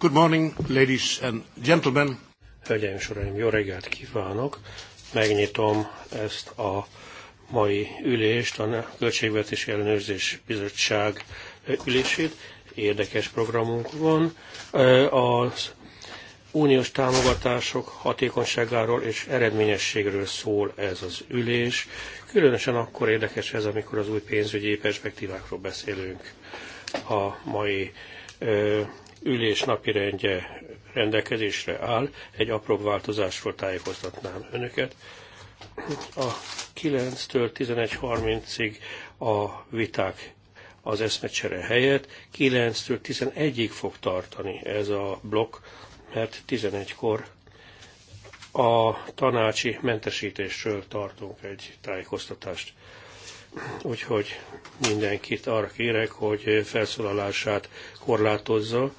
Good morning, ladies and gentlemen. Hölgyeim és uraim, jó reggelt kívánok! Megnyitom ezt a mai ülést, a Költségvetési Ellenőrzés Bizottság ülését. Érdekes programunk van. Az uniós támogatások hatékonyságáról és eredményességről szól ez az ülés. Különösen akkor érdekes ez, amikor az új pénzügyi perspektívákról beszélünk. A mai ülés napirendje rendelkezésre áll. Egy apró változásról tájékoztatnám önöket. A 9-től 11.30-ig a viták az eszmecsere helyett 9-től 11-ig fog tartani ez a blokk, mert 11-kor a tanácsi mentesítésről tartunk egy tájékoztatást. Úgyhogy mindenkit arra kérek, hogy felszólalását korlátozza,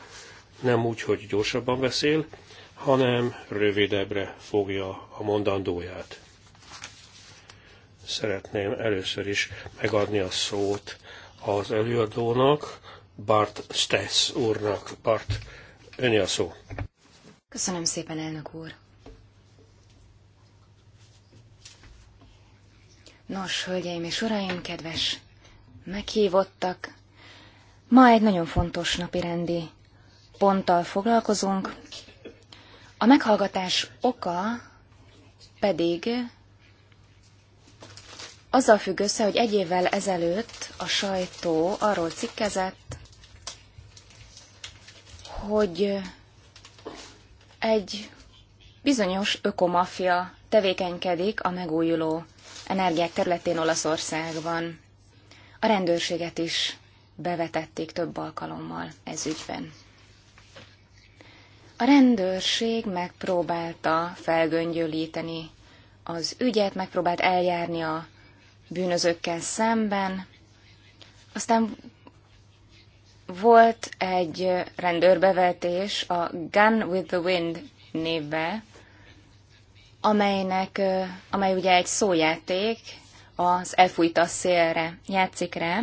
nem úgy, hogy gyorsabban beszél, hanem rövidebbre fogja a mondandóját. Szeretném először is megadni a szót az előadónak, Bart Stess úrnak. Bart, öni a szó. Köszönöm szépen, elnök úr. Nos, hölgyeim és uraim, kedves meghívottak, ma egy nagyon fontos napi rendi ponttal foglalkozunk. A meghallgatás oka pedig azzal függ össze, hogy egy évvel ezelőtt a sajtó arról cikkezett, hogy egy bizonyos ökomafia tevékenykedik a megújuló energiák területén Olaszországban. A rendőrséget is bevetették több alkalommal ez ügyben. A rendőrség megpróbálta felgöngyölíteni az ügyet, megpróbált eljárni a bűnözőkkel szemben. Aztán volt egy rendőrbevetés a Gun with the Wind névbe, amelynek, amely ugye egy szójáték, az elfújt a szélre játszik rá,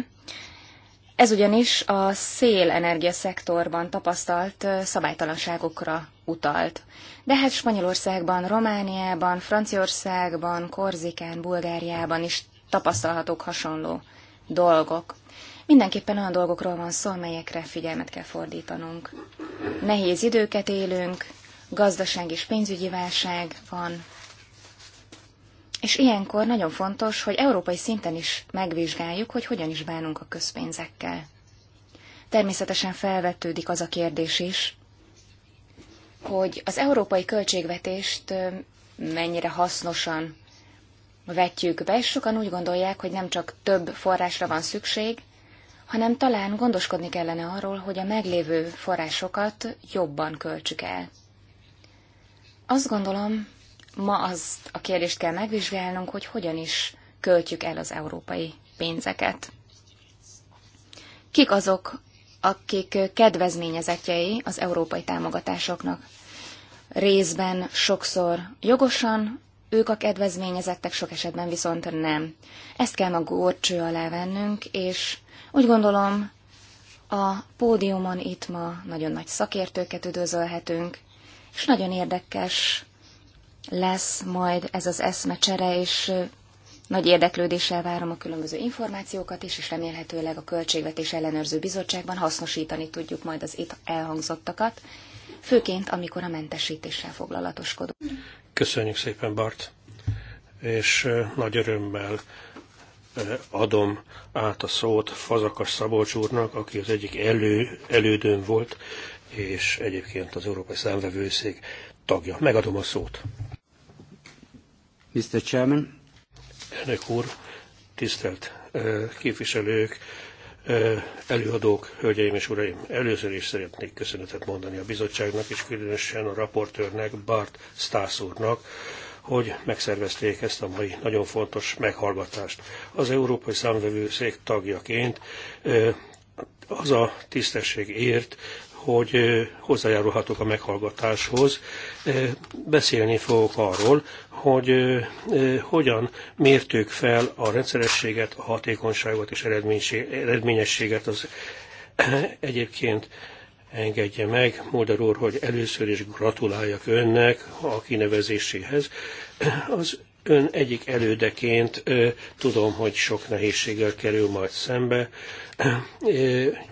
ez ugyanis a szélenergia szektorban tapasztalt szabálytalanságokra utalt. De hát Spanyolországban, Romániában, Franciaországban, Korzikán, Bulgáriában is tapasztalhatók hasonló dolgok. Mindenképpen olyan dolgokról van szó, amelyekre figyelmet kell fordítanunk. Nehéz időket élünk, gazdaság és pénzügyi válság van, és ilyenkor nagyon fontos, hogy európai szinten is megvizsgáljuk, hogy hogyan is bánunk a közpénzekkel. Természetesen felvetődik az a kérdés is, hogy az európai költségvetést mennyire hasznosan vetjük be, és sokan úgy gondolják, hogy nem csak több forrásra van szükség, hanem talán gondoskodni kellene arról, hogy a meglévő forrásokat jobban költsük el. Azt gondolom, ma azt a kérdést kell megvizsgálnunk, hogy hogyan is költjük el az európai pénzeket. Kik azok, akik kedvezményezetjei az európai támogatásoknak? Részben sokszor jogosan, ők a kedvezményezettek, sok esetben viszont nem. Ezt kell ma górcső alá vennünk, és úgy gondolom, a pódiumon itt ma nagyon nagy szakértőket üdvözölhetünk, és nagyon érdekes lesz majd ez az eszmecsere, és nagy érdeklődéssel várom a különböző információkat is, és remélhetőleg a Költségvetés Ellenőrző Bizottságban hasznosítani tudjuk majd az itt elhangzottakat, főként amikor a mentesítéssel foglalatoskodunk. Köszönjük szépen, Bart, és nagy örömmel adom át a szót Fazakas Szabolcs úrnak, aki az egyik elő, elődőn volt, és egyébként az Európai Számvevőszék tagja. Megadom a szót. Mr. Chairman. Elnök úr, tisztelt képviselők, előadók, hölgyeim és uraim! Először is szeretnék köszönetet mondani a bizottságnak, és különösen a raportőrnek, Bart Stász úrnak, hogy megszervezték ezt a mai nagyon fontos meghallgatást. Az Európai Számvevőszék tagjaként az a tisztesség ért, hogy hozzájárulhatok a meghallgatáshoz. Beszélni fogok arról, hogy hogyan mértük fel a rendszerességet, a hatékonyságot és eredményességet az egyébként engedje meg, Móder úr, hogy először is gratuláljak önnek a kinevezéséhez. Az ön egyik elődeként tudom, hogy sok nehézséggel kerül majd szembe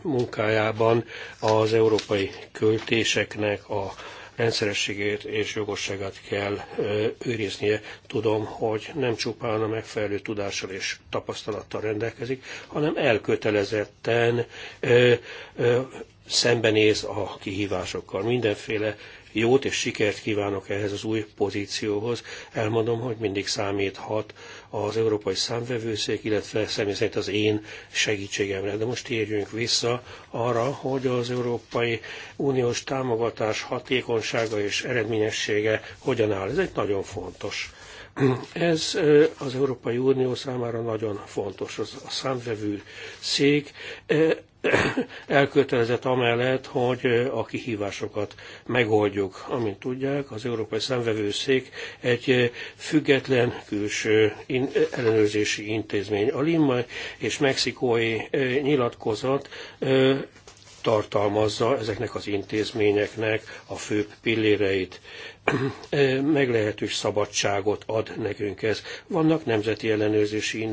munkájában az európai költéseknek a rendszerességét és jogosságát kell őriznie. Tudom, hogy nem csupán a megfelelő tudással és tapasztalattal rendelkezik, hanem elkötelezetten szembenéz a kihívásokkal. Mindenféle jót és sikert kívánok ehhez az új pozícióhoz. Elmondom, hogy mindig számíthat az Európai Számvevőszék, illetve személy szerint az én segítségemre. De most térjünk vissza arra, hogy az Európai Uniós támogatás hatékonysága és eredményessége hogyan áll. Ez egy nagyon fontos ez az Európai Unió számára nagyon fontos. Az a számvevő szék elkötelezett amellett, hogy a kihívásokat megoldjuk. Amint tudják, az Európai Számvevőszék egy független külső ellenőrzési intézmény. A Lima és Mexikói nyilatkozat tartalmazza ezeknek az intézményeknek a fő pilléreit meglehetős szabadságot ad nekünk ez. Vannak nemzeti ellenőrzési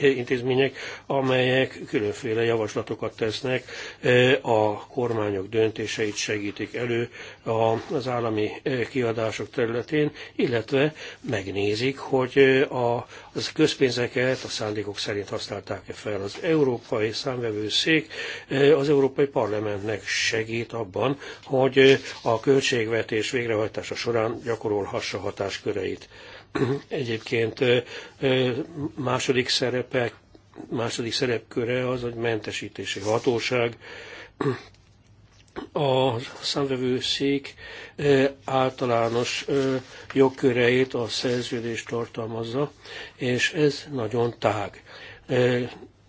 intézmények, amelyek különféle javaslatokat tesznek, a kormányok döntéseit segítik elő az állami kiadások területén, illetve megnézik, hogy az közpénzeket a szándékok szerint használták-e fel. Az Európai Számvevőszék az Európai Parlamentnek segít abban, hogy a költségvetés végrehajtása során gyakorolhassa hatásköreit. Egyébként második szerepe, második szerepköre az, egy mentesítési hatóság, a számvevőszék általános jogköreit a szerződés tartalmazza, és ez nagyon tág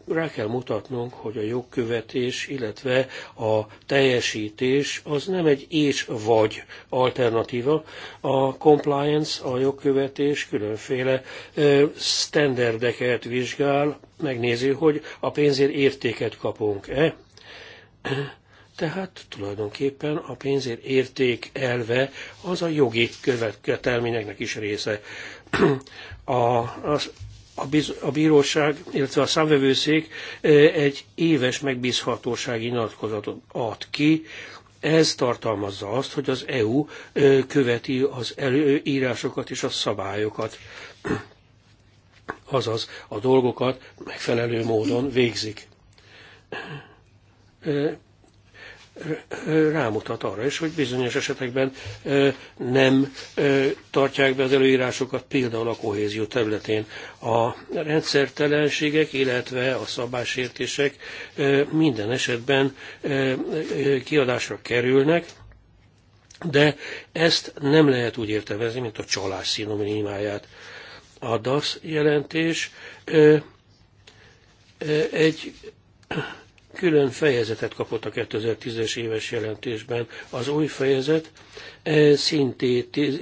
rá kell mutatnunk, hogy a jogkövetés, illetve a teljesítés az nem egy és vagy alternatíva. A compliance, a jogkövetés különféle standardeket vizsgál, megnézi, hogy a pénzért értéket kapunk-e. Tehát tulajdonképpen a pénzért érték elve az a jogi követelményeknek is része. A, az a, bíróság, illetve a számvevőszék egy éves megbízhatósági nyilatkozatot ad ki. Ez tartalmazza azt, hogy az EU követi az előírásokat és a szabályokat, azaz a dolgokat megfelelő módon végzik rámutat arra is, hogy bizonyos esetekben nem tartják be az előírásokat, például a kohézió területén. A rendszertelenségek, illetve a szabásértések minden esetben kiadásra kerülnek, de ezt nem lehet úgy értelmezni, mint a csalás szinonimáját. A DASZ jelentés egy külön fejezetet kapott a 2010-es éves jelentésben. Az új fejezet e,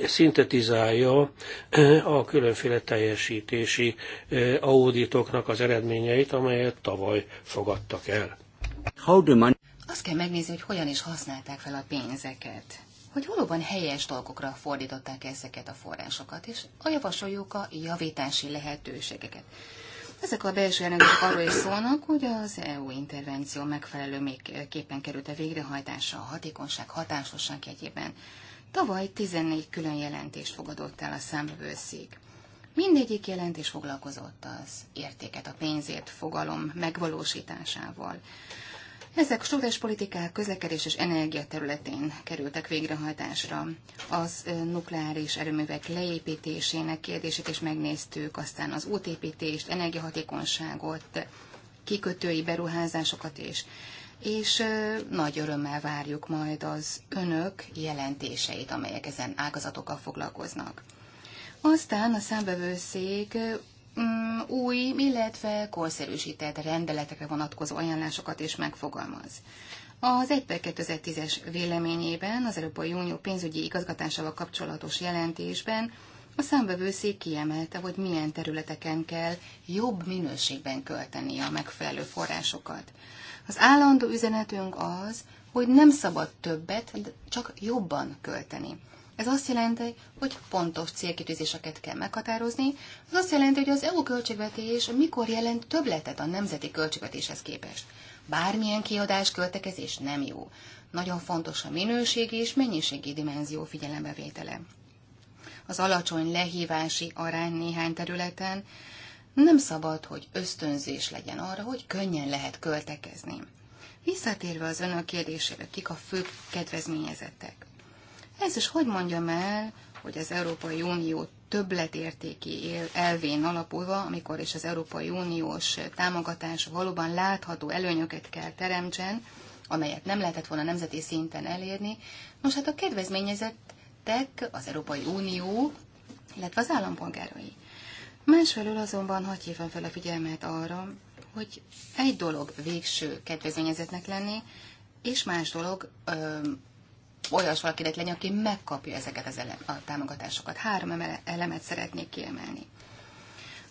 szintetizálja e, a különféle teljesítési e, auditoknak az eredményeit, amelyet tavaly fogadtak el. Azt kell megnézni, hogy hogyan is használták fel a pénzeket hogy valóban helyes dolgokra fordították ezeket a forrásokat, és a javasoljuk a javítási lehetőségeket. Ezek a belső elemzések arról is szólnak, hogy az EU intervenció megfelelő még képen került a végrehajtása, a hatékonyság, hatásosság jegyében. Tavaly 14 külön jelentést fogadott el a számbevőszék. Mindegyik jelentés foglalkozott az értéket a pénzért fogalom megvalósításával. Ezek struktúrás politikák, közlekedés és energia területén kerültek végrehajtásra. Az nukleáris erőművek leépítésének kérdését is megnéztük, aztán az útépítést, energiahatékonyságot, kikötői beruházásokat is és nagy örömmel várjuk majd az önök jelentéseit, amelyek ezen ágazatokkal foglalkoznak. Aztán a számbevőszék Mm, új, illetve korszerűsített rendeletekre vonatkozó ajánlásokat is megfogalmaz. Az 1 2010-es véleményében, az Európai Unió pénzügyi igazgatásával kapcsolatos jelentésben a számbevőszék kiemelte, hogy milyen területeken kell jobb minőségben költeni a megfelelő forrásokat. Az állandó üzenetünk az, hogy nem szabad többet, csak jobban költeni. Ez azt jelenti, hogy pontos célkitűzéseket kell meghatározni. Ez azt jelenti, hogy az EU költségvetés mikor jelent többletet a nemzeti költségvetéshez képest. Bármilyen kiadás költekezés nem jó. Nagyon fontos a minőségi és mennyiségi dimenzió figyelembevétele. Az alacsony lehívási arány néhány területen nem szabad, hogy ösztönzés legyen arra, hogy könnyen lehet költekezni. Visszatérve az önök kérdésére, kik a fő kedvezményezettek. Ez is hogy mondjam el, hogy az Európai Unió többletértéki elvén alapulva, amikor is az Európai Uniós támogatás valóban látható előnyöket kell teremtsen, amelyet nem lehetett volna nemzeti szinten elérni. Nos, hát a kedvezményezettek az Európai Unió, illetve az állampolgárai. Másfelől azonban hagy hívom fel a figyelmet arra, hogy egy dolog végső kedvezményezetnek lenni, és más dolog ö, olyas valakinek lenni, aki megkapja ezeket az elem, a támogatásokat. Három elemet szeretnék kiemelni.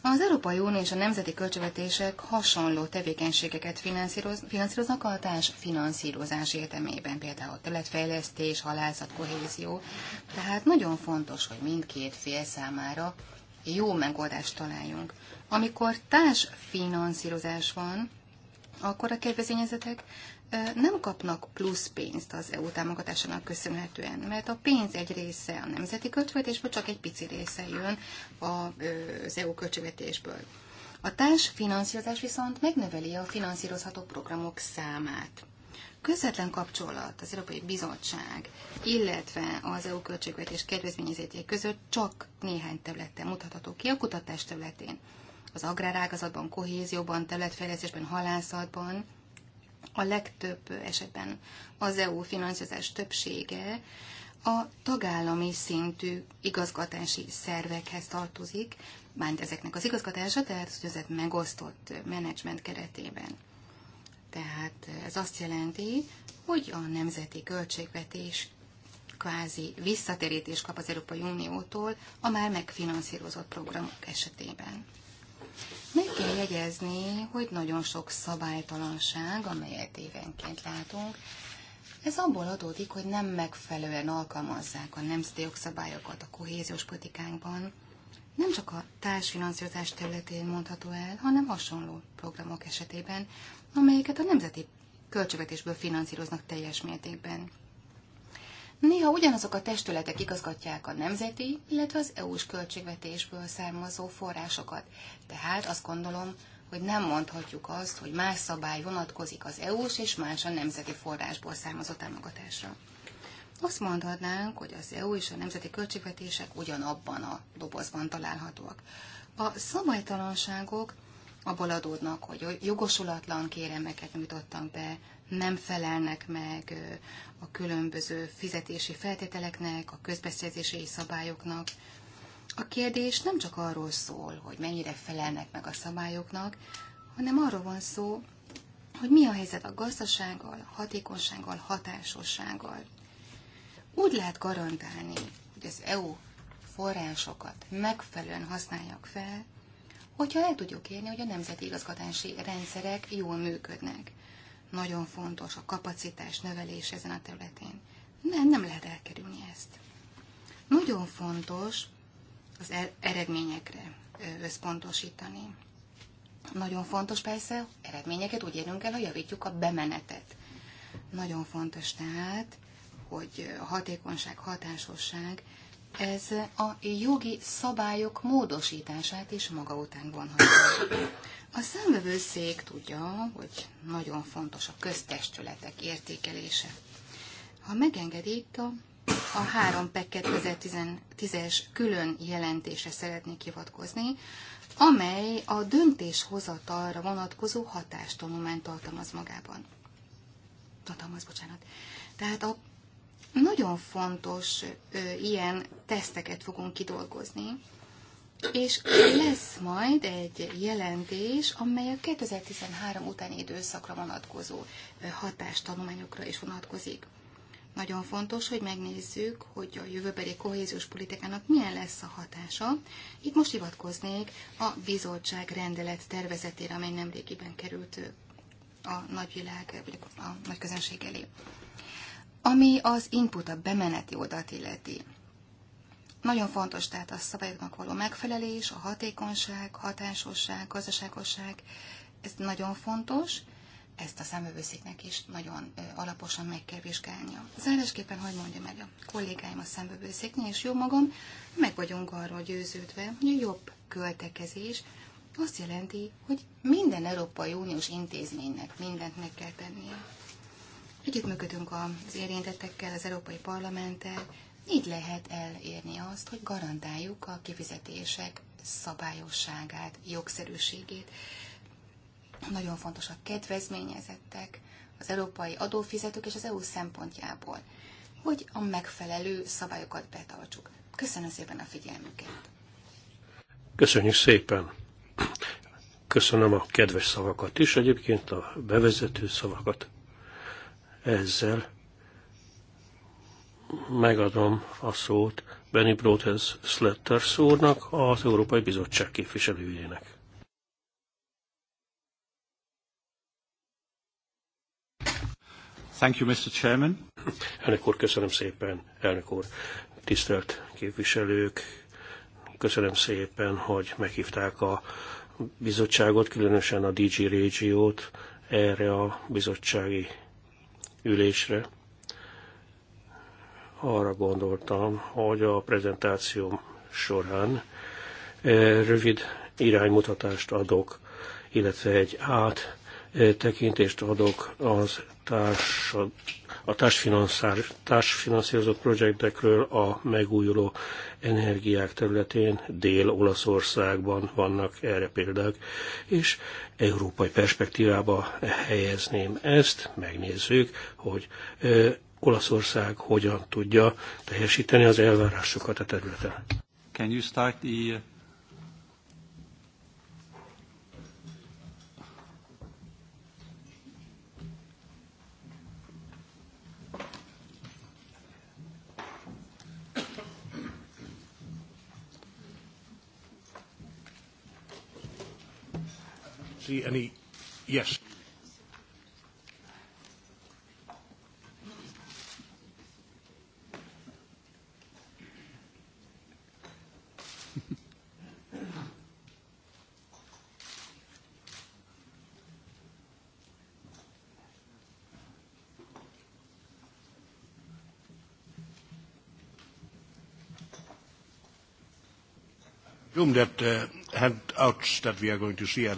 Az Európai Unió és a nemzeti költségvetések hasonló tevékenységeket finanszíroz, finanszíroznak a társ finanszírozás értelmében, például területfejlesztés, halászat, kohézió. Tehát nagyon fontos, hogy mindkét fél számára jó megoldást találjunk. Amikor társ finanszírozás van, akkor a kedvezményezetek nem kapnak plusz pénzt az EU támogatásának köszönhetően, mert a pénz egy része a nemzeti költségvetésből, csak egy pici része jön az EU költségvetésből. A társfinanszírozás viszont megnöveli a finanszírozható programok számát. Közvetlen kapcsolat az Európai Bizottság, illetve az EU költségvetés kedvezményezetjei között csak néhány területen mutatható ki a kutatás területén. Az agrárágazatban, kohézióban, területfejlesztésben, halászatban, a legtöbb esetben az EU finanszírozás többsége a tagállami szintű igazgatási szervekhez tartozik, bánt ezeknek az igazgatása, tehát az úgynevezett megosztott menedzsment keretében. Tehát ez azt jelenti, hogy a nemzeti költségvetés kvázi visszatérítés kap az Európai Uniótól a már megfinanszírozott programok esetében. Meg kell jegyezni, hogy nagyon sok szabálytalanság, amelyet évenként látunk, ez abból adódik, hogy nem megfelelően alkalmazzák a nemzeti jogszabályokat a kohéziós politikánkban. Nem csak a társfinanszírozás területén mondható el, hanem hasonló programok esetében, amelyeket a nemzeti költségvetésből finanszíroznak teljes mértékben. Néha ugyanazok a testületek igazgatják a nemzeti, illetve az EU-s költségvetésből származó forrásokat. Tehát azt gondolom, hogy nem mondhatjuk azt, hogy más szabály vonatkozik az EU-s és más a nemzeti forrásból származó támogatásra. Azt mondhatnánk, hogy az EU és a nemzeti költségvetések ugyanabban a dobozban találhatóak. A szabálytalanságok abból adódnak, hogy jogosulatlan kéremeket nyújtottak be, nem felelnek meg a különböző fizetési feltételeknek, a közbeszerzési szabályoknak. A kérdés nem csak arról szól, hogy mennyire felelnek meg a szabályoknak, hanem arról van szó, hogy mi a helyzet a gazdasággal, a hatékonysággal, hatásossággal. Úgy lehet garantálni, hogy az EU forrásokat megfelelően használják fel, hogyha el tudjuk érni, hogy a nemzeti igazgatási rendszerek jól működnek. Nagyon fontos a kapacitás növelés ezen a területén. Nem, nem lehet elkerülni ezt. Nagyon fontos az e- eredményekre összpontosítani. Nagyon fontos persze, eredményeket úgy érünk el, ha javítjuk a bemenetet. Nagyon fontos tehát, hogy a hatékonyság, hatásosság ez a jogi szabályok módosítását is maga után vonhatja. A szemvevőszék tudja, hogy nagyon fontos a köztestületek értékelése. Ha megengedik, a, a 3 PEC 2010-es külön jelentése szeretnék hivatkozni, amely a döntéshozatalra vonatkozó hatástanulmányt tartalmaz magában. Tartalmaz, bocsánat. Tehát a nagyon fontos ilyen teszteket fogunk kidolgozni, és lesz majd egy jelentés, amely a 2013 utáni időszakra vonatkozó hatástanulmányokra is vonatkozik. Nagyon fontos, hogy megnézzük, hogy a jövőbeli kohéziós politikának milyen lesz a hatása. Itt most hivatkoznék a bizottság rendelet tervezetére, amely nemrégiben került a nagyvilág, vagy a nagyközönség elé. Ami az input, a bemeneti oldalt illeti. Nagyon fontos tehát a szabályoknak való megfelelés, a hatékonyság, hatásosság, gazdaságosság, ez nagyon fontos, ezt a számvevőszéknek is nagyon alaposan meg kell vizsgálnia. Zárásképpen, hogy mondja meg a kollégáim a számvevőszéknél, és jó magam, meg vagyunk arról győződve, hogy a jobb költekezés azt jelenti, hogy minden Európai Uniós intézménynek mindent meg kell tennie Együttműködünk az érintettekkel, az Európai Parlamenttel, így lehet elérni azt, hogy garantáljuk a kifizetések szabályosságát, jogszerűségét. Nagyon fontos a kedvezményezettek, az európai adófizetők és az EU szempontjából, hogy a megfelelő szabályokat betartsuk. Köszönöm szépen a figyelmüket! Köszönjük szépen! Köszönöm a kedves szavakat is, egyébként a bevezető szavakat. Ezzel megadom a szót Benny Brothers Sletters szórnak, az Európai Bizottság képviselőjének. Thank you, Mr. Chairman. Elnök úr, köszönöm szépen, elnök úr, tisztelt képviselők, köszönöm szépen, hogy meghívták a bizottságot, különösen a DG Régiót erre a bizottsági ülésre. Arra gondoltam, hogy a prezentációm során eh, rövid iránymutatást adok, illetve egy át tekintést adok az társad, a társfinanszírozott projektekről a megújuló energiák területén, Dél-Olaszországban vannak erre példák, és európai perspektívába helyezném ezt, megnézzük, hogy Olaszország hogyan tudja teljesíteni az elvárásokat a területen. Can you start the see any... Yes. assume that uh, handouts that we are going to see are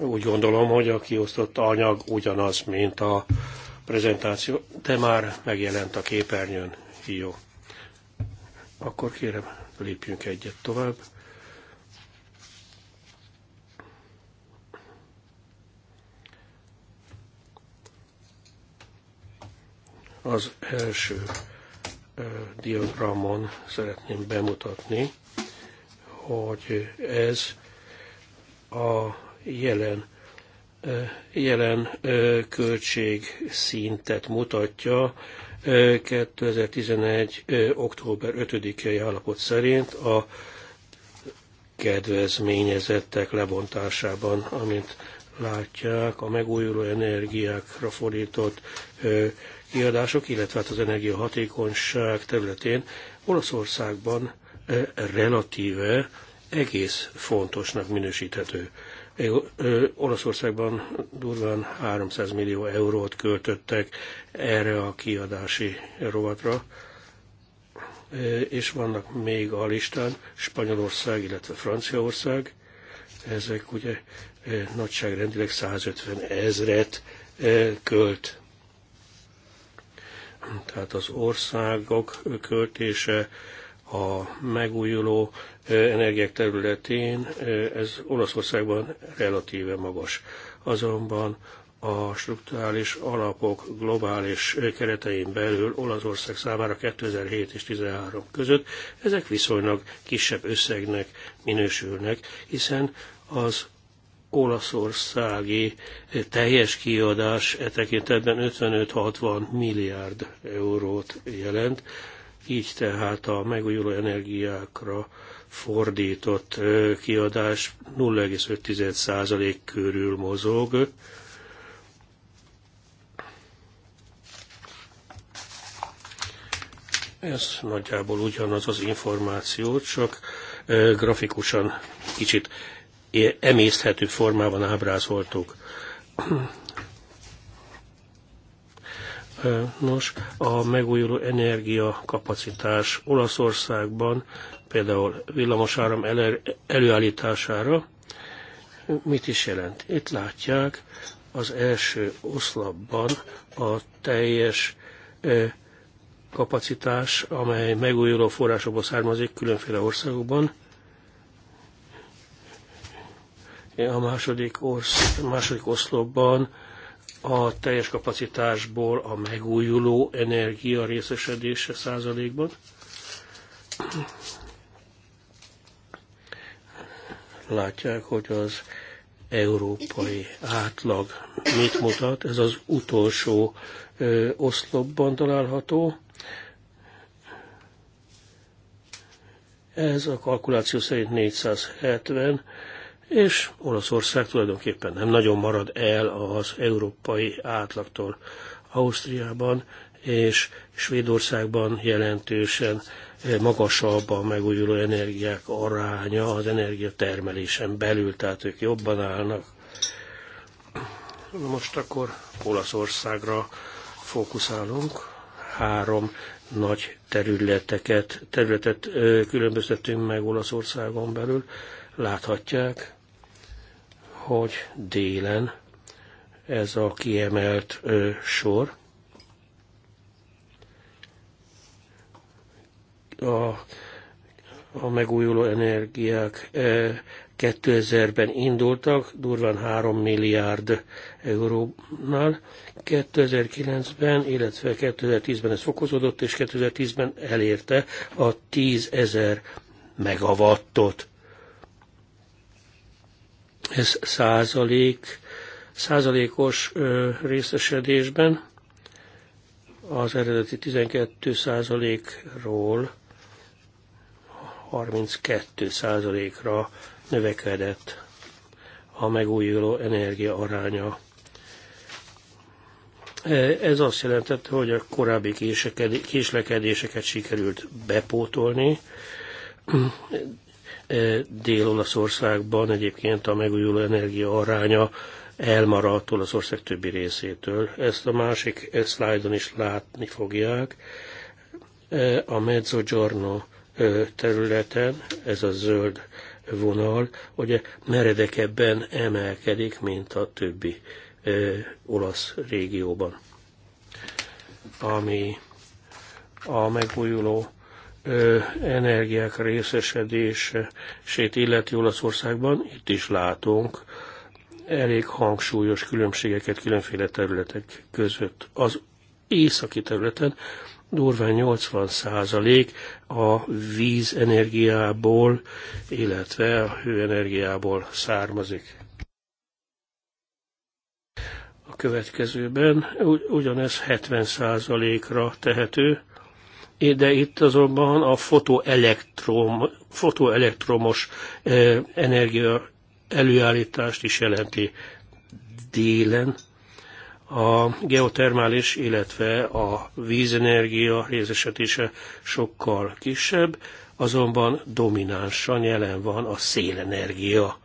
úgy gondolom, hogy a kiosztott anyag ugyanaz, mint a prezentáció, de már megjelent a képernyőn. Jó. Akkor kérem, lépjünk egyet tovább. az első diagramon szeretném bemutatni, hogy ez a jelen, jelen költségszintet mutatja 2011. október 5-i állapot szerint a kedvezményezettek lebontásában, amint látják a megújuló energiákra fordított kiadások, illetve hát az energiahatékonyság területén Olaszországban relatíve egész fontosnak minősíthető. Olaszországban durván 300 millió eurót költöttek erre a kiadási rovatra, és vannak még a listán Spanyolország, illetve Franciaország, ezek ugye nagyságrendileg 150 ezret költ. Tehát az országok költése a megújuló energiák területén ez Olaszországban relatíve magas. Azonban a strukturális alapok globális keretein belül Olaszország számára 2007 és 2013 között ezek viszonylag kisebb összegnek minősülnek, hiszen az olaszországi teljes kiadás e tekintetben 55-60 milliárd eurót jelent, így tehát a megújuló energiákra fordított kiadás 0,5% körül mozog. Ez nagyjából ugyanaz az információ, csak grafikusan kicsit emészthető formában ábrázoltuk Nos, a megújuló energiakapacitás Olaszországban például villamosáram előállítására mit is jelent? Itt látják az első oszlapban a teljes kapacitás, amely megújuló forrásokból származik különféle országokban. A második, orsz, második oszlopban a teljes kapacitásból a megújuló energia részesedése százalékban. Látják, hogy az európai átlag mit mutat. Ez az utolsó ö, oszlopban található. Ez a kalkuláció szerint 470 és Olaszország tulajdonképpen nem nagyon marad el az európai átlagtól. Ausztriában és Svédországban jelentősen eh, magasabb a megújuló energiák aránya az energiatermelésen belül, tehát ők jobban állnak. Na most akkor Olaszországra fókuszálunk. Három nagy területeket, területet eh, különböztetünk meg Olaszországon belül. Láthatják, hogy délen ez a kiemelt ö, sor a, a megújuló energiák 2000-ben indultak, durván 3 milliárd eurónál, 2009-ben, illetve 2010-ben ez fokozódott, és 2010-ben elérte a 10 ezer megawattot ez százalék, százalékos részesedésben az eredeti 12 százalékról 32 százalékra növekedett a megújuló energia aránya. Ez azt jelentette, hogy a korábbi késlekedéseket sikerült bepótolni, E, Dél-Olaszországban egyébként a megújuló energia aránya elmaradt Olaszország többi részétől. Ezt a másik e, szlájdon is látni fogják. E, a Mezzogiorno területen, ez a zöld vonal, ugye meredekebben emelkedik, mint a többi olasz régióban. Ami a megújuló energiák részesedését illeti Olaszországban, itt is látunk elég hangsúlyos különbségeket különféle területek között. Az északi területen durván 80 százalék a vízenergiából, illetve a hőenergiából származik. A következőben ugyanez 70 százalékra tehető, de itt azonban a fotoelektrom, fotoelektromos eh, energia előállítást is jelenti délen. A geotermális, illetve a vízenergia részesetése sokkal kisebb, azonban dominánsan jelen van a szélenergia.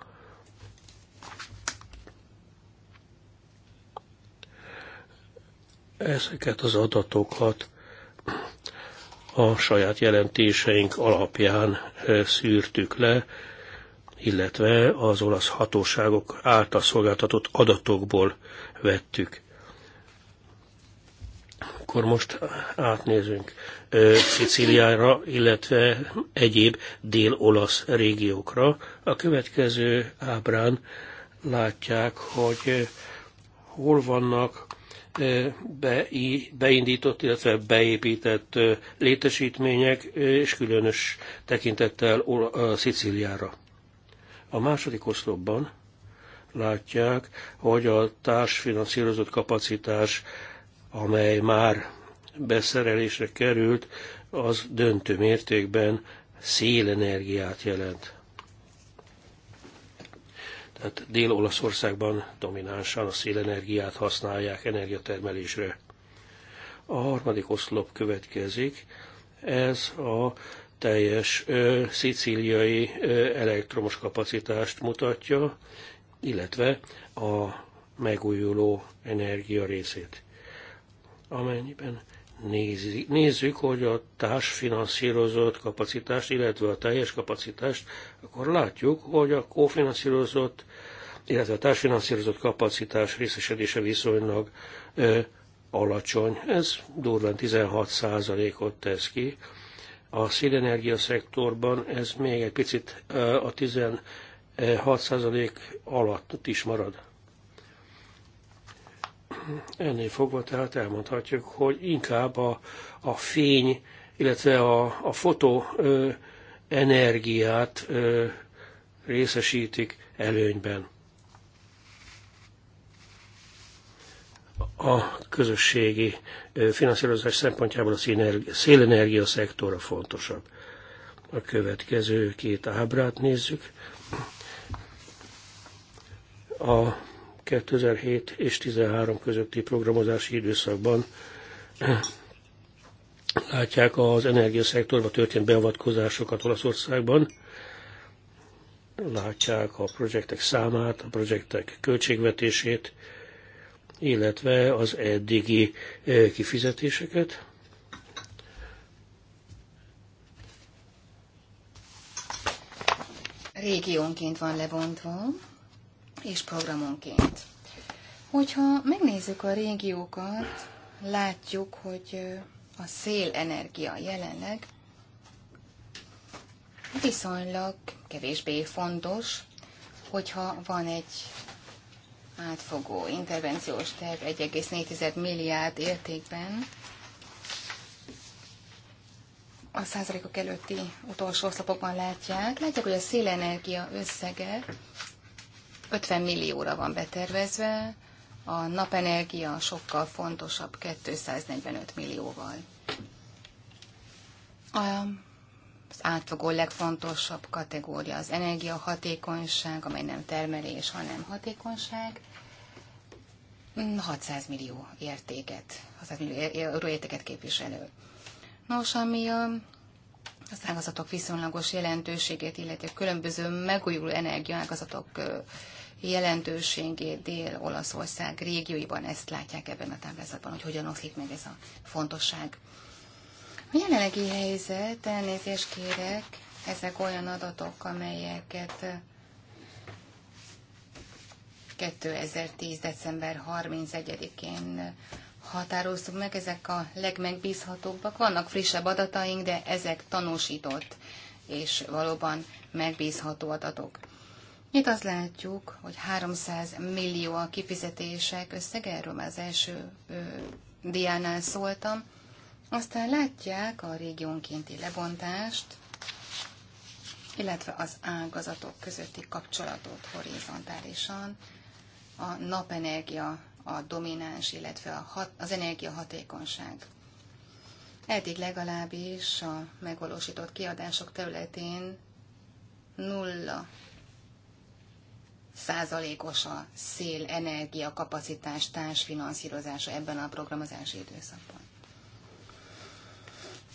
Ezeket az adatokat a saját jelentéseink alapján eh, szűrtük le, illetve az olasz hatóságok által szolgáltatott adatokból vettük. Akkor most átnézünk eh, Sziciliára, illetve egyéb dél-olasz régiókra. A következő ábrán látják, hogy eh, hol vannak beindított, illetve beépített létesítmények, és különös tekintettel Sziciliára. A második oszlopban látják, hogy a társfinanszírozott kapacitás, amely már beszerelésre került, az döntő mértékben szélenergiát jelent. Tehát Dél-Olaszországban dominánsan a szélenergiát használják energiatermelésre. A harmadik oszlop következik, ez a teljes ö, szicíliai ö, elektromos kapacitást mutatja, illetve a megújuló energia részét. Amennyiben nézi, nézzük, hogy a társfinanszírozott kapacitást, illetve a teljes kapacitást, akkor látjuk, hogy a kófinanszírozott, illetve a társfinanszírozott kapacitás részesedése viszonylag ö, alacsony. Ez durván 16%-ot tesz ki. A szélenergia szektorban ez még egy picit a 16% alatt is marad. Ennél fogva tehát elmondhatjuk, hogy inkább a, a fény, illetve a, a fotó ö, energiát ö, részesítik előnyben. a közösségi finanszírozás szempontjából a szélenergia szektora fontosabb. A következő két ábrát nézzük. A 2007 és 2013 közötti programozási időszakban látják az energiaszektorba történt beavatkozásokat Olaszországban, látják a projektek számát, a projektek költségvetését, illetve az eddigi eh, kifizetéseket. Régiónként van lebontva és programonként. Hogyha megnézzük a régiókat, látjuk, hogy a szélenergia jelenleg viszonylag kevésbé fontos, hogyha van egy átfogó intervenciós terv 1,4 milliárd értékben, a százalékok előtti utolsó oszlopokban látják, látják, hogy a szélenergia összege 50 millióra van betervezve, a napenergia sokkal fontosabb 245 millióval. A Az átfogó legfontosabb kategória az energiahatékonyság, amely nem termelés, hanem hatékonyság. 600 millió értéket, 600 millió euró értéket képviselő. Nos, ami a, az szágazatok viszonylagos jelentőségét, illetve különböző megújuló energiaágazatok jelentőségét Dél-Olaszország régióiban. Ezt látják ebben a táblázatban, hogy hogyan oszlik meg ez a fontosság. A jelenlegi helyzet, elnézést kérek, ezek olyan adatok, amelyeket 2010. december 31-én határoztuk meg, ezek a legmegbízhatóbbak. Vannak frissebb adataink, de ezek tanúsított és valóban megbízható adatok. Itt azt látjuk, hogy 300 millió a kifizetések összege, erről már az első ö, diánál szóltam. Aztán látják a régiónkénti lebontást, illetve az ágazatok közötti kapcsolatot horizontálisan. A napenergia a domináns, illetve a hat, az energiahatékonyság. Eddig legalábbis a megvalósított kiadások területén nulla százalékos a energia kapacitás társfinanszírozása ebben a programozási időszakban.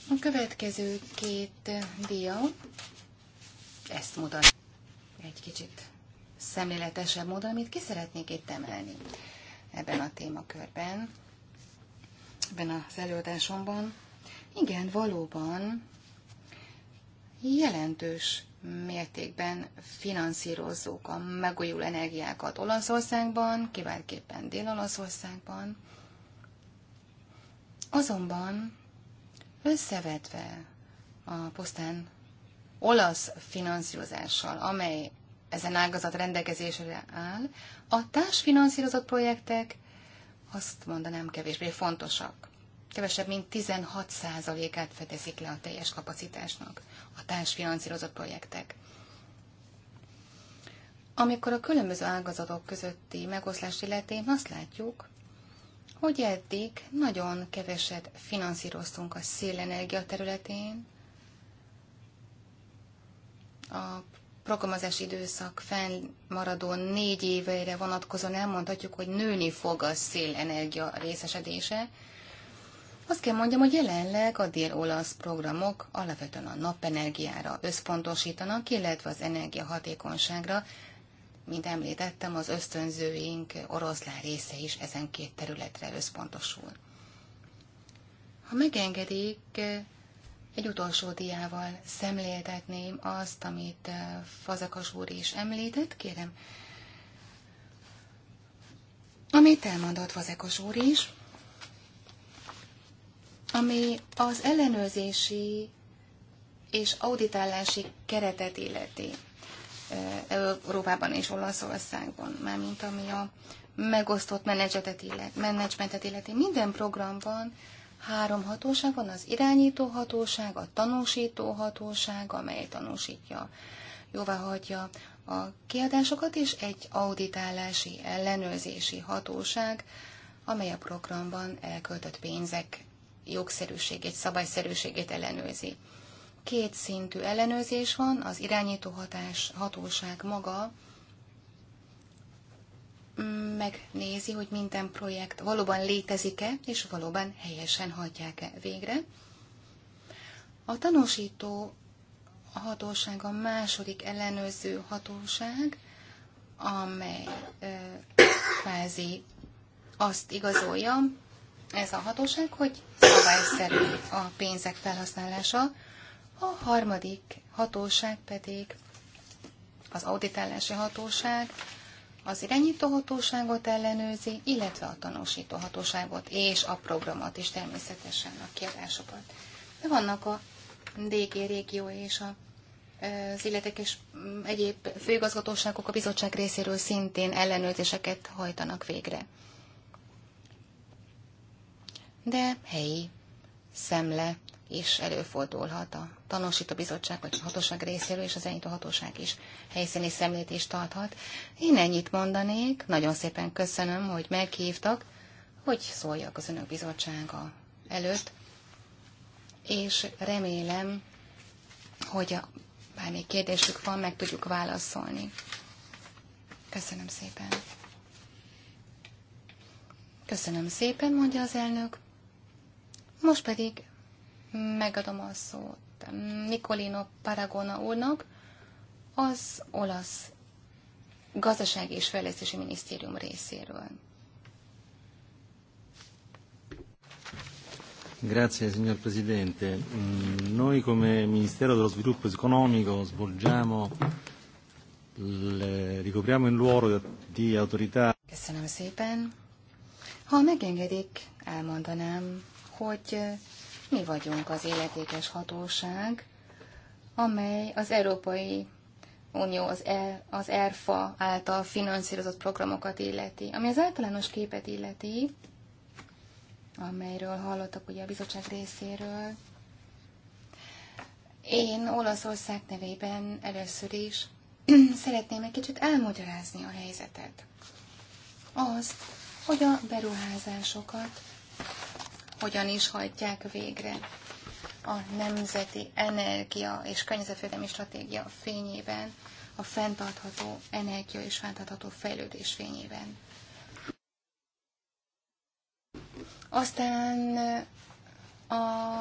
A következő két dia ezt mutat egy kicsit szemléletesebb módon, amit ki szeretnék itt emelni ebben a témakörben, ebben az előadásomban. Igen, valóban jelentős mértékben finanszírozzuk a megújuló energiákat Olaszországban, kiváltképpen Dél-Olaszországban. Azonban összevetve a pusztán olasz finanszírozással, amely ezen ágazat rendelkezésre áll, a társfinanszírozott projektek azt mondanám kevésbé fontosak. Kevesebb, mint 16%-át fedezik le a teljes kapacitásnak a társfinanszírozott projektek. Amikor a különböző ágazatok közötti megoszlás illetén azt látjuk, hogy eddig nagyon keveset finanszíroztunk a szélenergia területén, a programozási időszak fennmaradó négy éveire vonatkozóan elmondhatjuk, hogy nőni fog a szélenergia részesedése, azt kell mondjam, hogy jelenleg a dél-olasz programok alapvetően a napenergiára összpontosítanak, illetve az energiahatékonyságra. Mint említettem, az ösztönzőink oroszlán része is ezen két területre összpontosul. Ha megengedik, egy utolsó diával szemléltetném azt, amit Fazakas úr is említett, kérem. Amit elmondott Fazakas úr is, ami az ellenőrzési és auditálási keretet illeti Európában és Olaszországban, mármint ami a megosztott menedzsetet illeti, menedzsmentet illeti. Minden programban három hatóság van, az irányító hatóság, a tanúsító hatóság, amely tanúsítja, jóváhagyja a kiadásokat, és egy auditálási, ellenőrzési hatóság, amely a programban elköltött pénzek jogszerűségét, szabályszerűségét ellenőrzi. Két szintű ellenőrzés van, az irányító hatás, hatóság maga megnézi, hogy minden projekt valóban létezik-e, és valóban helyesen hagyják-e végre. A tanúsító hatóság a második ellenőrző hatóság, amely ö, kvázi azt igazolja, ez a hatóság, hogy szabályszerű a pénzek felhasználása, a harmadik hatóság pedig az auditálási hatóság, az irányító hatóságot ellenőrzi, illetve a tanúsító hatóságot és a programot is természetesen a kiadásokat. De vannak a DG régió és a, az illetek és mm, egyéb főigazgatóságok a bizottság részéről szintén ellenőrzéseket hajtanak végre de helyi szemle is előfordulhat a tanúsító bizottság vagy a hatóság részéről, és az a hatóság is helyszíni szemlét is tarthat. Én ennyit mondanék, nagyon szépen köszönöm, hogy meghívtak, hogy szóljak az önök bizottsága előtt, és remélem, hogy a bármi kérdésük van, meg tudjuk válaszolni. Köszönöm szépen. Köszönöm szépen, mondja az elnök. Most pedig megadom a szót Nicolino Paragona úrnak, az olasz gazdasági és fejlesztési minisztérium részéről. Grazie signor Presidente. Noi come Ministero dello Sviluppo Economico svolgiamo, le, ricopriamo il ruolo di autorità. Köszönöm szépen. Ha megengedik, elmondanám, hogy mi vagyunk az életékes hatóság, amely az Európai Unió az, e, az ERFA által finanszírozott programokat illeti. Ami az általános képet illeti, amelyről hallottak ugye a bizottság részéről, én Olaszország nevében először is szeretném egy kicsit elmagyarázni a helyzetet. Azt, hogy a beruházásokat hogyan is hajtják végre a nemzeti energia és környezetvédelmi stratégia fényében, a fenntartható energia és fenntartható fejlődés fényében. Aztán a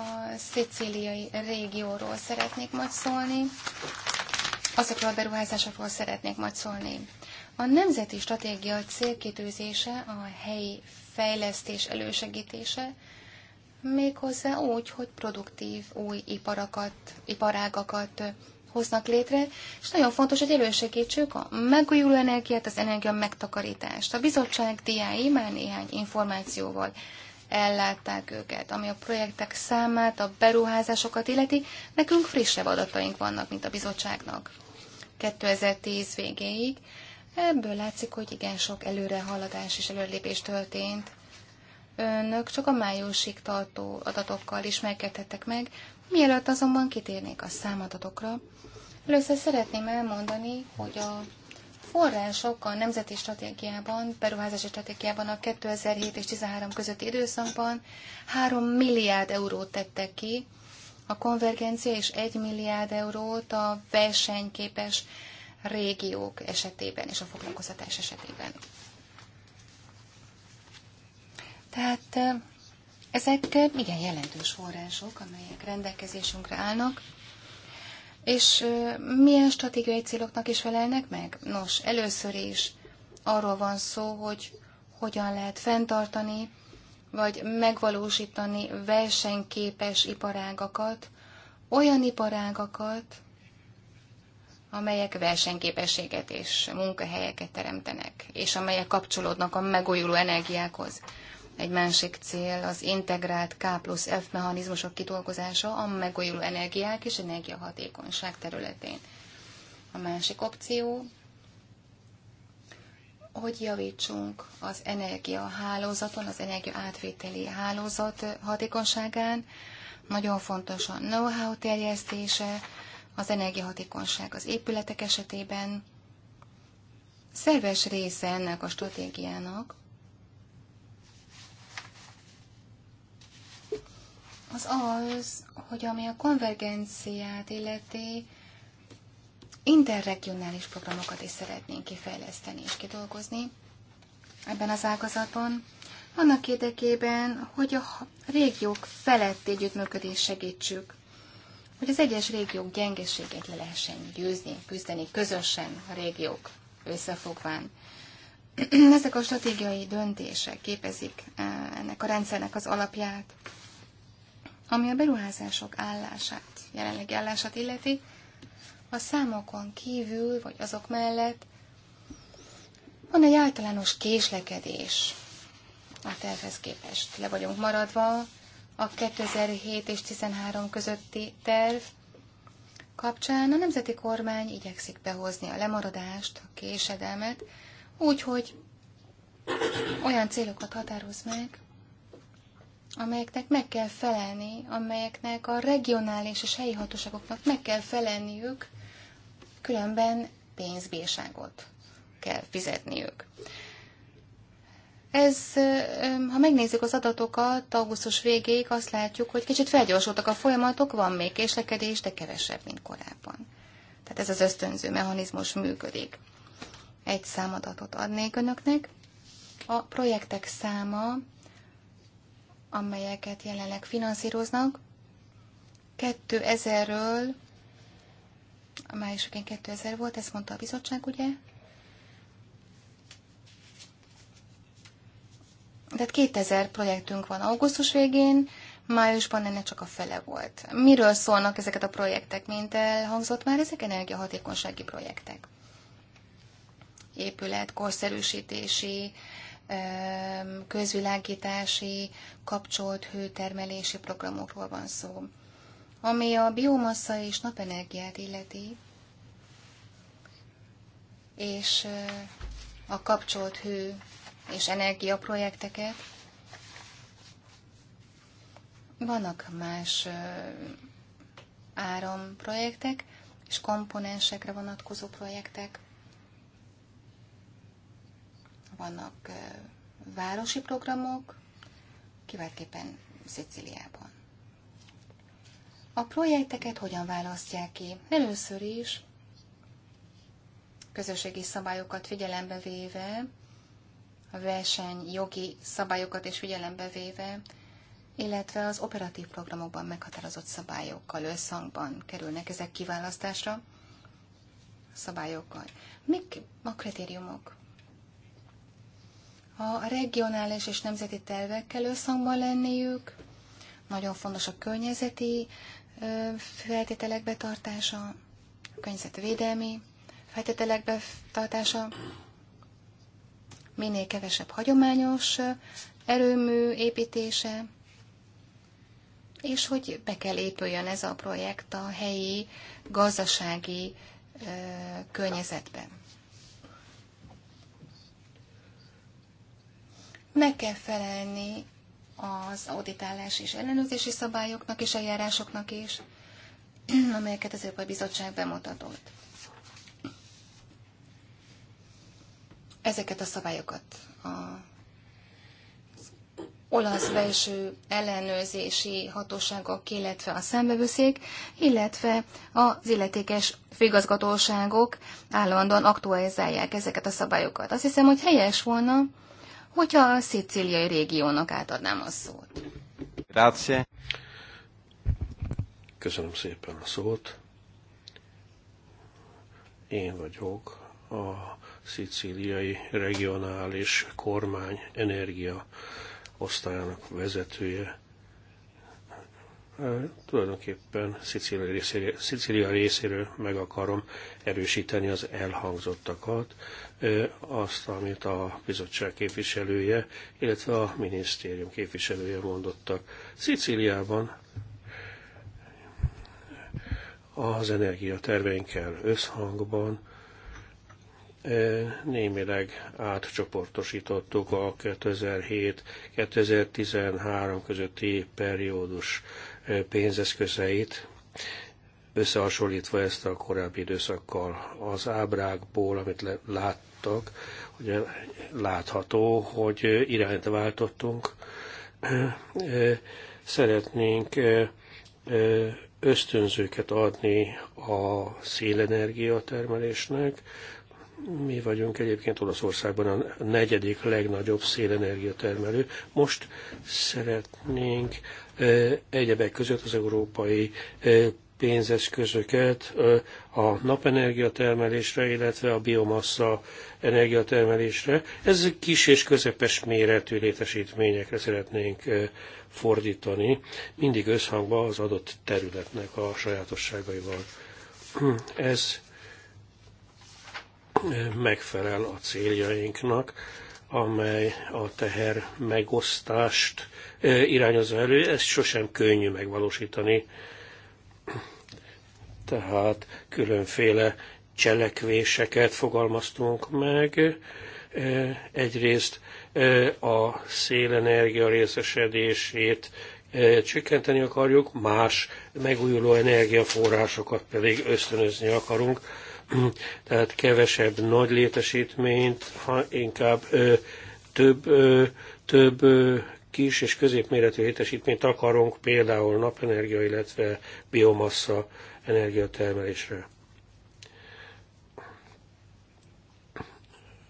szicíliai régióról szeretnék majd szólni, azokról a beruházásokról szeretnék majd szólni. A nemzeti stratégia célkitűzése a helyi fejlesztés elősegítése, méghozzá úgy, hogy produktív új iparakat, iparágakat hoznak létre, és nagyon fontos, hogy elősegítsük a megújuló energiát, az energia megtakarítást. A bizottság diái már néhány információval ellátták őket, ami a projektek számát, a beruházásokat illeti, nekünk frissebb adataink vannak, mint a bizottságnak. 2010 végéig ebből látszik, hogy igen sok előrehaladás és előrelépés történt önök csak a májusig tartó adatokkal ismerkedhettek meg, mielőtt azonban kitérnék a számadatokra. Először szeretném elmondani, hogy a források a nemzeti stratégiában, beruházási stratégiában a 2007 és 2013 közötti időszakban 3 milliárd eurót tettek ki, a konvergencia és 1 milliárd eurót a versenyképes régiók esetében és a foglalkoztatás esetében. Tehát ezek igen jelentős források, amelyek rendelkezésünkre állnak, és milyen stratégiai céloknak is felelnek meg? Nos, először is arról van szó, hogy hogyan lehet fenntartani, vagy megvalósítani versenyképes iparágakat, olyan iparágakat, amelyek versenyképességet és munkahelyeket teremtenek, és amelyek kapcsolódnak a megújuló energiákhoz. Egy másik cél az integrált K plusz F mechanizmusok kidolgozása a megújuló energiák és energiahatékonyság területén. A másik opció, hogy javítsunk az energiahálózaton, az energia átvételi hálózat hatékonyságán. Nagyon fontos a know-how terjesztése, az energiahatékonyság az épületek esetében. Szerves része ennek a stratégiának az az, hogy ami a konvergenciát illeti, interregionális programokat is szeretnénk kifejleszteni és kidolgozni ebben az ágazatban, annak érdekében, hogy a régiók feletti együttműködést segítsük, hogy az egyes régiók gyengeségeit le lehessen győzni, küzdeni közösen a régiók összefogván. Ezek a stratégiai döntések képezik eh, ennek a rendszernek az alapját. Ami a beruházások állását, jelenlegi állását illeti, a számokon kívül, vagy azok mellett van egy általános késlekedés a tervhez képest. Le vagyunk maradva a 2007 és 13 közötti terv kapcsán a nemzeti kormány igyekszik behozni a lemaradást, a késedelmet, úgyhogy olyan célokat határoz meg, amelyeknek meg kell felelni, amelyeknek a regionális és helyi hatóságoknak meg kell felelniük, különben pénzbírságot kell fizetniük. Ez, ha megnézzük az adatokat augusztus végéig, azt látjuk, hogy kicsit felgyorsultak a folyamatok, van még késlekedés, de kevesebb, mint korábban. Tehát ez az ösztönző mechanizmus működik. Egy számadatot adnék önöknek. A projektek száma amelyeket jelenleg finanszíroznak. 2000-ről, májusokén 2000 volt, ezt mondta a bizottság, ugye? Tehát 2000 projektünk van augusztus végén, májusban ennek csak a fele volt. Miről szólnak ezeket a projektek, mint elhangzott már, ezek energiahatékonysági projektek. Épület, korszerűsítési, közvilágítási, kapcsolt hőtermelési programokról van szó. Ami a biomassa és napenergiát illeti, és eh, a kapcsolt hő és energia projekteket, vannak más eh, áramprojektek és komponensekre vonatkozó projektek vannak városi programok, kiváltképpen Szicíliában. A projekteket hogyan választják ki? Először is közösségi szabályokat figyelembe véve, a verseny jogi szabályokat is figyelembe véve, illetve az operatív programokban meghatározott szabályokkal összhangban kerülnek ezek kiválasztásra szabályokkal. Mik a kritériumok? a regionális és nemzeti tervekkel összhangban lenniük, nagyon fontos a környezeti feltételek betartása, a környezetvédelmi feltételek betartása, minél kevesebb hagyományos erőmű építése, és hogy be kell épüljön ez a projekt a helyi gazdasági környezetben. meg kell felelni az auditálás és ellenőrzési szabályoknak és eljárásoknak is, amelyeket az Európai Bizottság bemutatott. Ezeket a szabályokat a olasz belső ellenőrzési hatóságok, illetve a szembevőszék, illetve az illetékes főigazgatóságok állandóan aktualizálják ezeket a szabályokat. Azt hiszem, hogy helyes volna, hogyha a szicíliai régiónak átadnám a szót. Grazie. Köszönöm szépen a szót. Én vagyok a szicíliai regionális kormány energia osztályának vezetője. Tulajdonképpen Szicília részéről, Szicília részéről meg akarom erősíteni az elhangzottakat azt, amit a bizottság képviselője, illetve a minisztérium képviselője mondottak. Szicíliában az energiaterveinkkel összhangban némileg átcsoportosítottuk a 2007-2013 közötti periódus pénzeszközeit összehasonlítva ezt a korábbi időszakkal az ábrákból, amit láttak, hogy látható, hogy irányt váltottunk. Szeretnénk ösztönzőket adni a szélenergia termelésnek. Mi vagyunk egyébként Olaszországban a negyedik legnagyobb szélenergia termelő. Most szeretnénk egyebek között az európai pénzeszközöket a napenergia termelésre, illetve a biomassa energiatermelésre. Ez kis és közepes méretű létesítményekre szeretnénk fordítani, mindig összhangban az adott területnek a sajátosságaival. Ez megfelel a céljainknak, amely a teher megosztást irányozza elő, ezt sosem könnyű megvalósítani tehát különféle cselekvéseket fogalmaztunk meg. E, egyrészt e, a szélenergia részesedését e, csökkenteni akarjuk, más megújuló energiaforrásokat pedig ösztönözni akarunk, tehát kevesebb nagy létesítményt, ha inkább több, több kis és középméretű létesítményt akarunk, például napenergia, illetve biomassa energiatermelésre.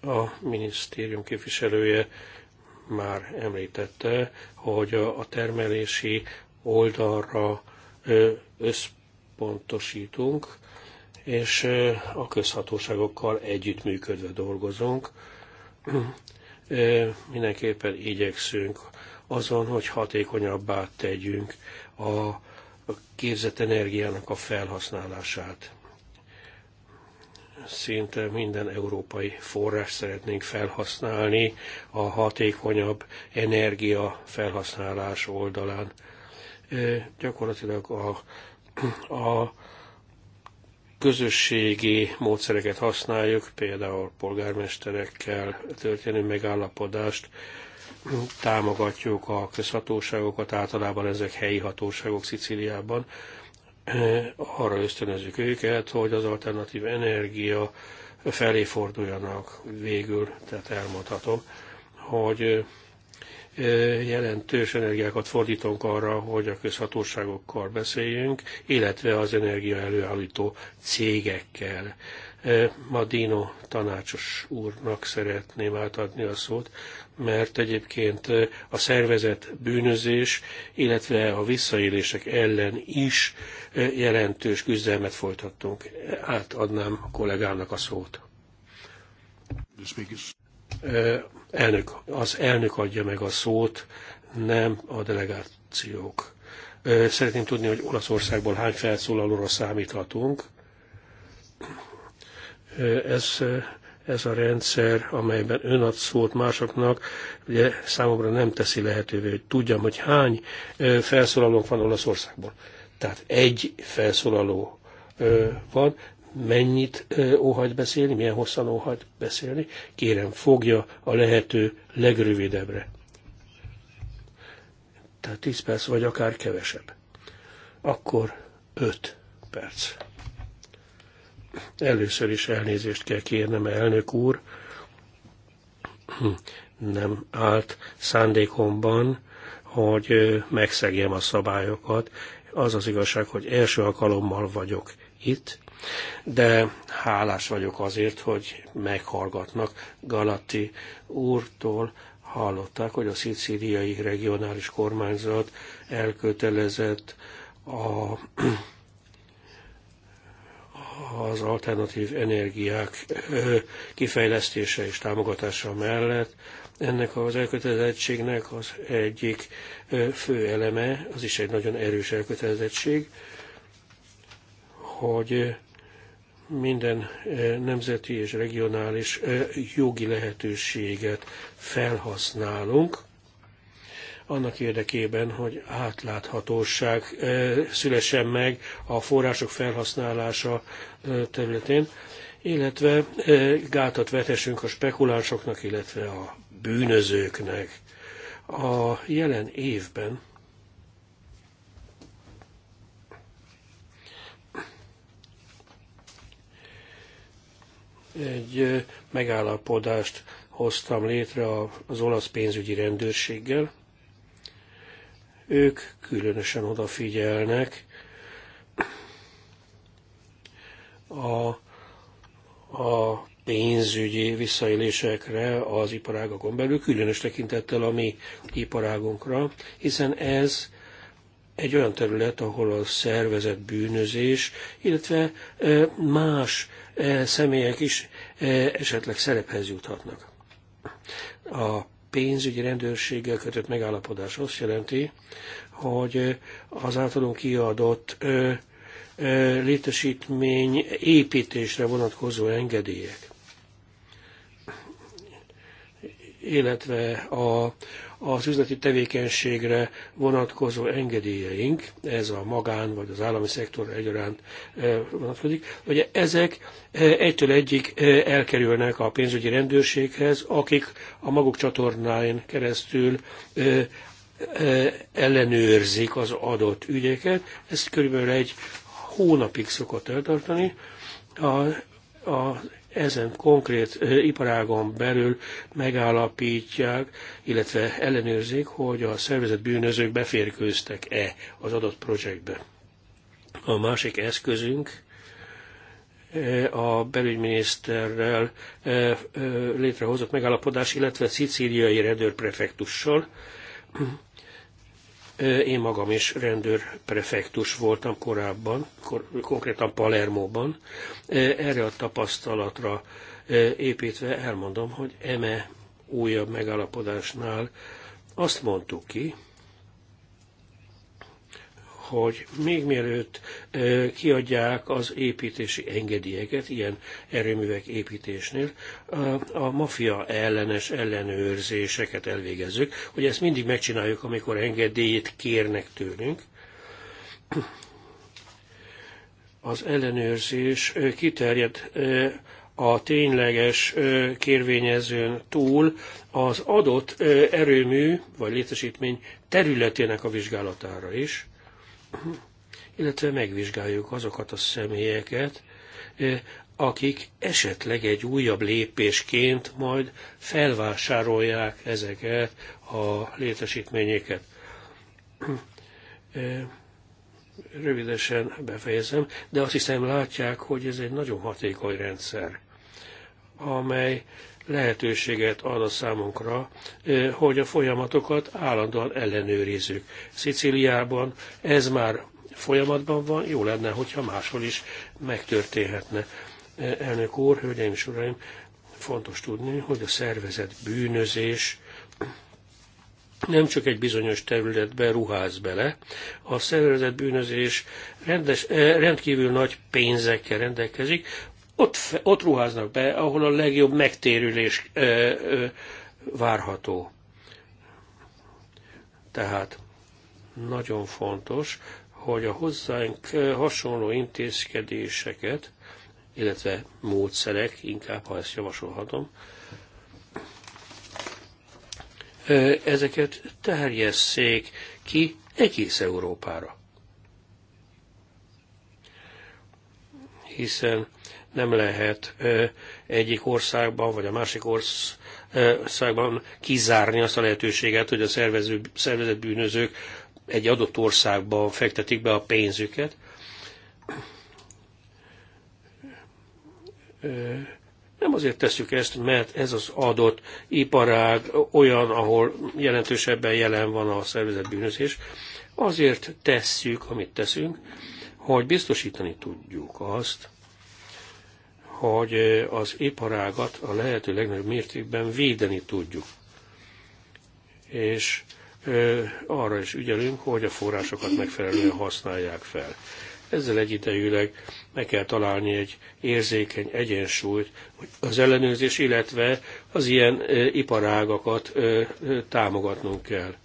A minisztérium képviselője már említette, hogy a termelési oldalra összpontosítunk, és a közhatóságokkal együttműködve dolgozunk. Mindenképpen igyekszünk azon, hogy hatékonyabbá tegyünk a a képzett energiának a felhasználását. Szinte minden európai forrás szeretnénk felhasználni a hatékonyabb energia felhasználás oldalán. Gyakorlatilag a, a közösségi módszereket használjuk, például polgármesterekkel történő megállapodást, támogatjuk a közhatóságokat, általában ezek helyi hatóságok Szicíliában, arra ösztönözzük őket, hogy az alternatív energia felé forduljanak végül, tehát elmondhatom, hogy jelentős energiákat fordítunk arra, hogy a közhatóságokkal beszéljünk, illetve az energia előállító cégekkel Madino tanácsos úrnak szeretném átadni a szót, mert egyébként a szervezet bűnözés, illetve a visszaélések ellen is jelentős küzdelmet folytattunk. Átadnám a kollégának a szót. Elnök, az elnök adja meg a szót, nem a delegációk. Szeretném tudni, hogy Olaszországból hány felszólalóra számíthatunk ez, ez a rendszer, amelyben ön ad szót másoknak, ugye számomra nem teszi lehetővé, hogy tudjam, hogy hány felszólalónk van Olaszországból. Tehát egy felszólaló van, mennyit óhajt beszélni, milyen hosszan óhajt beszélni, kérem fogja a lehető legrövidebbre. Tehát 10 perc, vagy akár kevesebb. Akkor 5 perc. Először is elnézést kell kérnem, elnök úr. Nem állt szándékomban, hogy megszegjem a szabályokat. Az az igazság, hogy első alkalommal vagyok itt, de hálás vagyok azért, hogy meghallgatnak Galati úrtól, hallották, hogy a szicíliai regionális kormányzat elkötelezett a az alternatív energiák kifejlesztése és támogatása mellett ennek az elkötelezettségnek az egyik fő eleme, az is egy nagyon erős elkötelezettség, hogy minden nemzeti és regionális jogi lehetőséget felhasználunk, annak érdekében, hogy átláthatóság szülessen meg a források felhasználása területén, illetve gátat vetessünk a spekulánsoknak, illetve a bűnözőknek. A jelen évben egy megállapodást hoztam létre az olasz pénzügyi rendőrséggel, ők különösen odafigyelnek a, a pénzügyi visszaélésekre az iparágakon belül, különös tekintettel a mi iparágunkra, hiszen ez egy olyan terület, ahol a szervezett bűnözés, illetve más személyek is esetleg szerephez juthatnak. A pénzügyi rendőrséggel kötött megállapodás azt jelenti, hogy az általunk kiadott létesítmény építésre vonatkozó engedélyek illetve a, az üzleti tevékenységre vonatkozó engedélyeink, ez a magán vagy az állami szektor egyaránt eh, vonatkozik, ugye ezek eh, egytől egyik eh, elkerülnek a pénzügyi rendőrséghez, akik a maguk csatornáin keresztül ellenőrzik az adott ügyeket. Ez körülbelül egy hónapig szokott eltartani. A, a ezen konkrét iparágon belül megállapítják, illetve ellenőrzik, hogy a szervezet bűnözők beférkőztek-e az adott projektbe. A másik eszközünk a belügyminiszterrel létrehozott megállapodás, illetve szicíliai rendőrprefektussal én magam is rendőrprefektus voltam korábban, konkrétan Palermóban. Erre a tapasztalatra építve elmondom, hogy eme újabb megállapodásnál azt mondtuk ki, hogy még mielőtt kiadják az építési engedélyeket, ilyen erőművek építésnél, a mafia ellenes ellenőrzéseket elvégezzük, hogy ezt mindig megcsináljuk, amikor engedélyt kérnek tőlünk. Az ellenőrzés kiterjed a tényleges kérvényezőn túl az adott erőmű vagy létesítmény területének a vizsgálatára is illetve megvizsgáljuk azokat a személyeket, akik esetleg egy újabb lépésként majd felvásárolják ezeket a létesítményeket. Rövidesen befejezem, de azt hiszem látják, hogy ez egy nagyon hatékony rendszer, amely lehetőséget ad a számunkra, hogy a folyamatokat állandóan ellenőrizzük. Szicíliában ez már folyamatban van, jó lenne, hogyha máshol is megtörténhetne. Elnök úr, hölgyeim és uraim, fontos tudni, hogy a szervezet bűnözés nem csak egy bizonyos területbe ruház bele, a szervezet bűnözés rendes, rendkívül nagy pénzekkel rendelkezik, ott, ott ruháznak be, ahol a legjobb megtérülés ö, ö, várható. Tehát nagyon fontos, hogy a hozzánk hasonló intézkedéseket, illetve módszerek, inkább ha ezt javasolhatom, ezeket terjesszék ki egész Európára. Hiszen nem lehet egyik országban vagy a másik országban kizárni azt a lehetőséget, hogy a szervező, szervezett bűnözők egy adott országban fektetik be a pénzüket. Nem azért tesszük ezt, mert ez az adott iparág olyan, ahol jelentősebben jelen van a szervezett bűnözés. Azért tesszük, amit teszünk, hogy biztosítani tudjuk azt, hogy az iparágat a lehető legnagyobb mértékben védeni tudjuk. És arra is ügyelünk, hogy a forrásokat megfelelően használják fel. Ezzel egyidejűleg meg kell találni egy érzékeny egyensúlyt, hogy az ellenőrzés, illetve az ilyen iparágakat támogatnunk kell.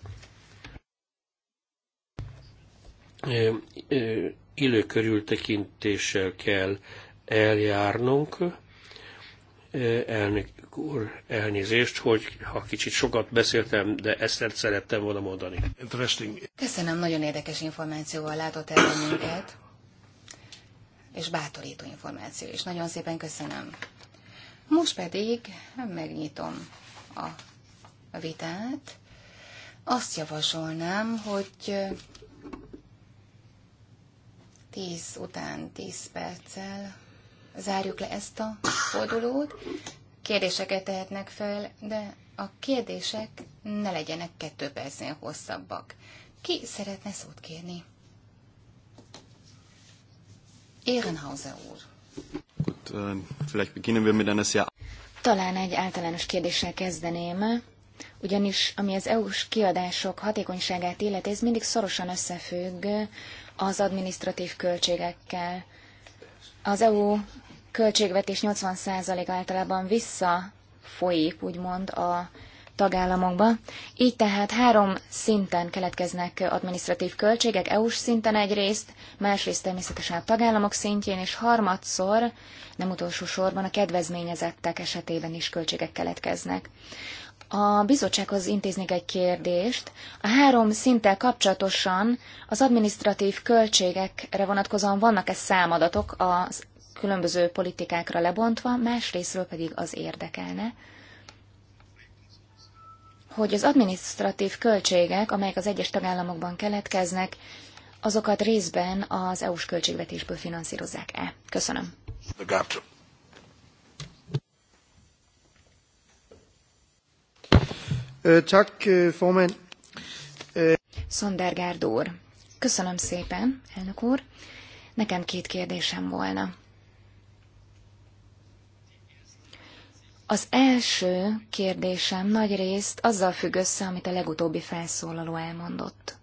Illő körültekintéssel kell eljárnunk. Elnök úr, elnézést, hogy ha kicsit sokat beszéltem, de ezt szerettem volna mondani. Interesting. Köszönöm, nagyon érdekes információval látott el minket, és bátorító információ is. Nagyon szépen köszönöm. Most pedig megnyitom a vitát. Azt javasolnám, hogy 10 után 10 perccel zárjuk le ezt a fordulót. Kérdéseket tehetnek fel, de a kérdések ne legyenek kettő percnél hosszabbak. Ki szeretne szót kérni? Ehrenhauser úr. Gut, äh, vielleicht beginnen wir mit einer sehr... Talán egy általános kérdéssel kezdeném, ugyanis ami az EU-s kiadások hatékonyságát illeti, ez mindig szorosan összefügg az administratív költségekkel az EU költségvetés 80% általában visszafolyik, úgymond a tagállamokba. Így tehát három szinten keletkeznek administratív költségek, EU-s szinten egyrészt, másrészt természetesen a tagállamok szintjén, és harmadszor, nem utolsó sorban a kedvezményezettek esetében is költségek keletkeznek a bizottsághoz intéznék egy kérdést. A három szinttel kapcsolatosan az administratív költségekre vonatkozóan vannak-e számadatok a különböző politikákra lebontva, másrésztről pedig az érdekelne, hogy az administratív költségek, amelyek az egyes tagállamokban keletkeznek, azokat részben az EU-s költségvetésből finanszírozzák-e? Köszönöm. Tak, formand. Szondergárd úr. Köszönöm szépen, elnök úr. Nekem két kérdésem volna. Az első kérdésem nagy részt azzal függ össze, amit a legutóbbi felszólaló elmondott.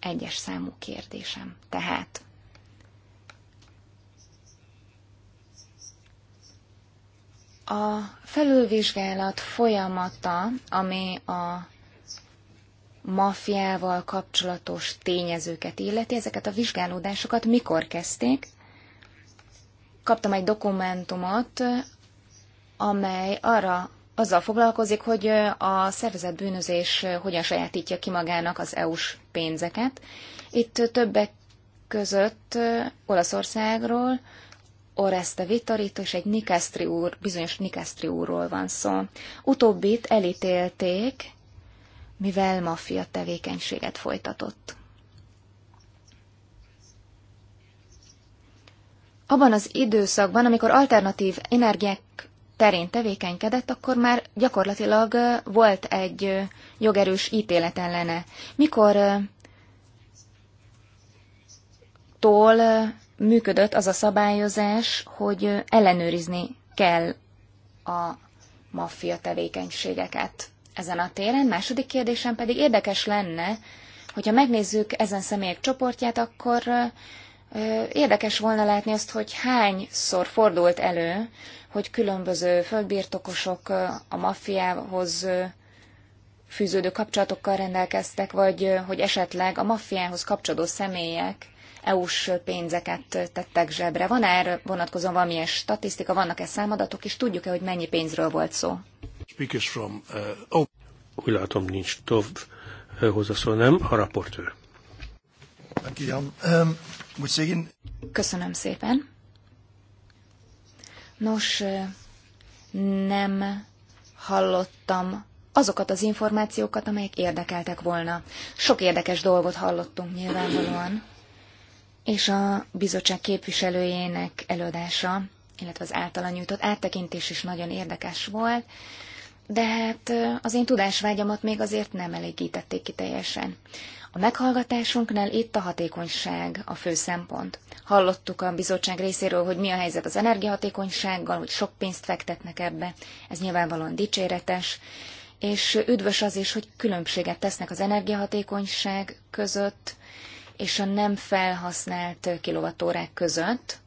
Egyes számú kérdésem. Tehát A felülvizsgálat folyamata, ami a mafiával kapcsolatos tényezőket illeti, ezeket a vizsgálódásokat mikor kezdték? Kaptam egy dokumentumot, amely arra azzal foglalkozik, hogy a szervezett bűnözés hogyan sajátítja ki magának az EU-s pénzeket. Itt többek között Olaszországról, Oreste Vitorito és egy Nikestri úr, bizonyos Nikestri úrról van szó. Utóbbit elítélték, mivel maffia tevékenységet folytatott. Abban az időszakban, amikor alternatív energiák terén tevékenykedett, akkor már gyakorlatilag volt egy jogerős ítélet ellene. Mikor tól működött az a szabályozás, hogy ellenőrizni kell a maffia tevékenységeket ezen a téren. Második kérdésem pedig érdekes lenne, hogyha megnézzük ezen személyek csoportját, akkor érdekes volna látni azt, hogy hányszor fordult elő, hogy különböző földbirtokosok a maffiához fűződő kapcsolatokkal rendelkeztek, vagy hogy esetleg a maffiához kapcsolódó személyek EU-s pénzeket tettek zsebre. Van -e erre vonatkozóan valamilyen statisztika, vannak-e számadatok, és tudjuk-e, hogy mennyi pénzről volt szó? From, uh, oh. Úgy látom, nincs tovább uh, hozzászól, nem? A raportőr. Um, Köszönöm szépen. Nos, uh, nem hallottam azokat az információkat, amelyek érdekeltek volna. Sok érdekes dolgot hallottunk nyilvánvalóan és a bizottság képviselőjének előadása, illetve az általa nyújtott áttekintés is nagyon érdekes volt, de hát az én tudásvágyamat még azért nem elégítették ki teljesen. A meghallgatásunknál itt a hatékonyság a fő szempont. Hallottuk a bizottság részéről, hogy mi a helyzet az energiahatékonysággal, hogy sok pénzt fektetnek ebbe, ez nyilvánvalóan dicséretes, és üdvös az is, hogy különbséget tesznek az energiahatékonyság között, és a nem felhasznált kilovatórák között.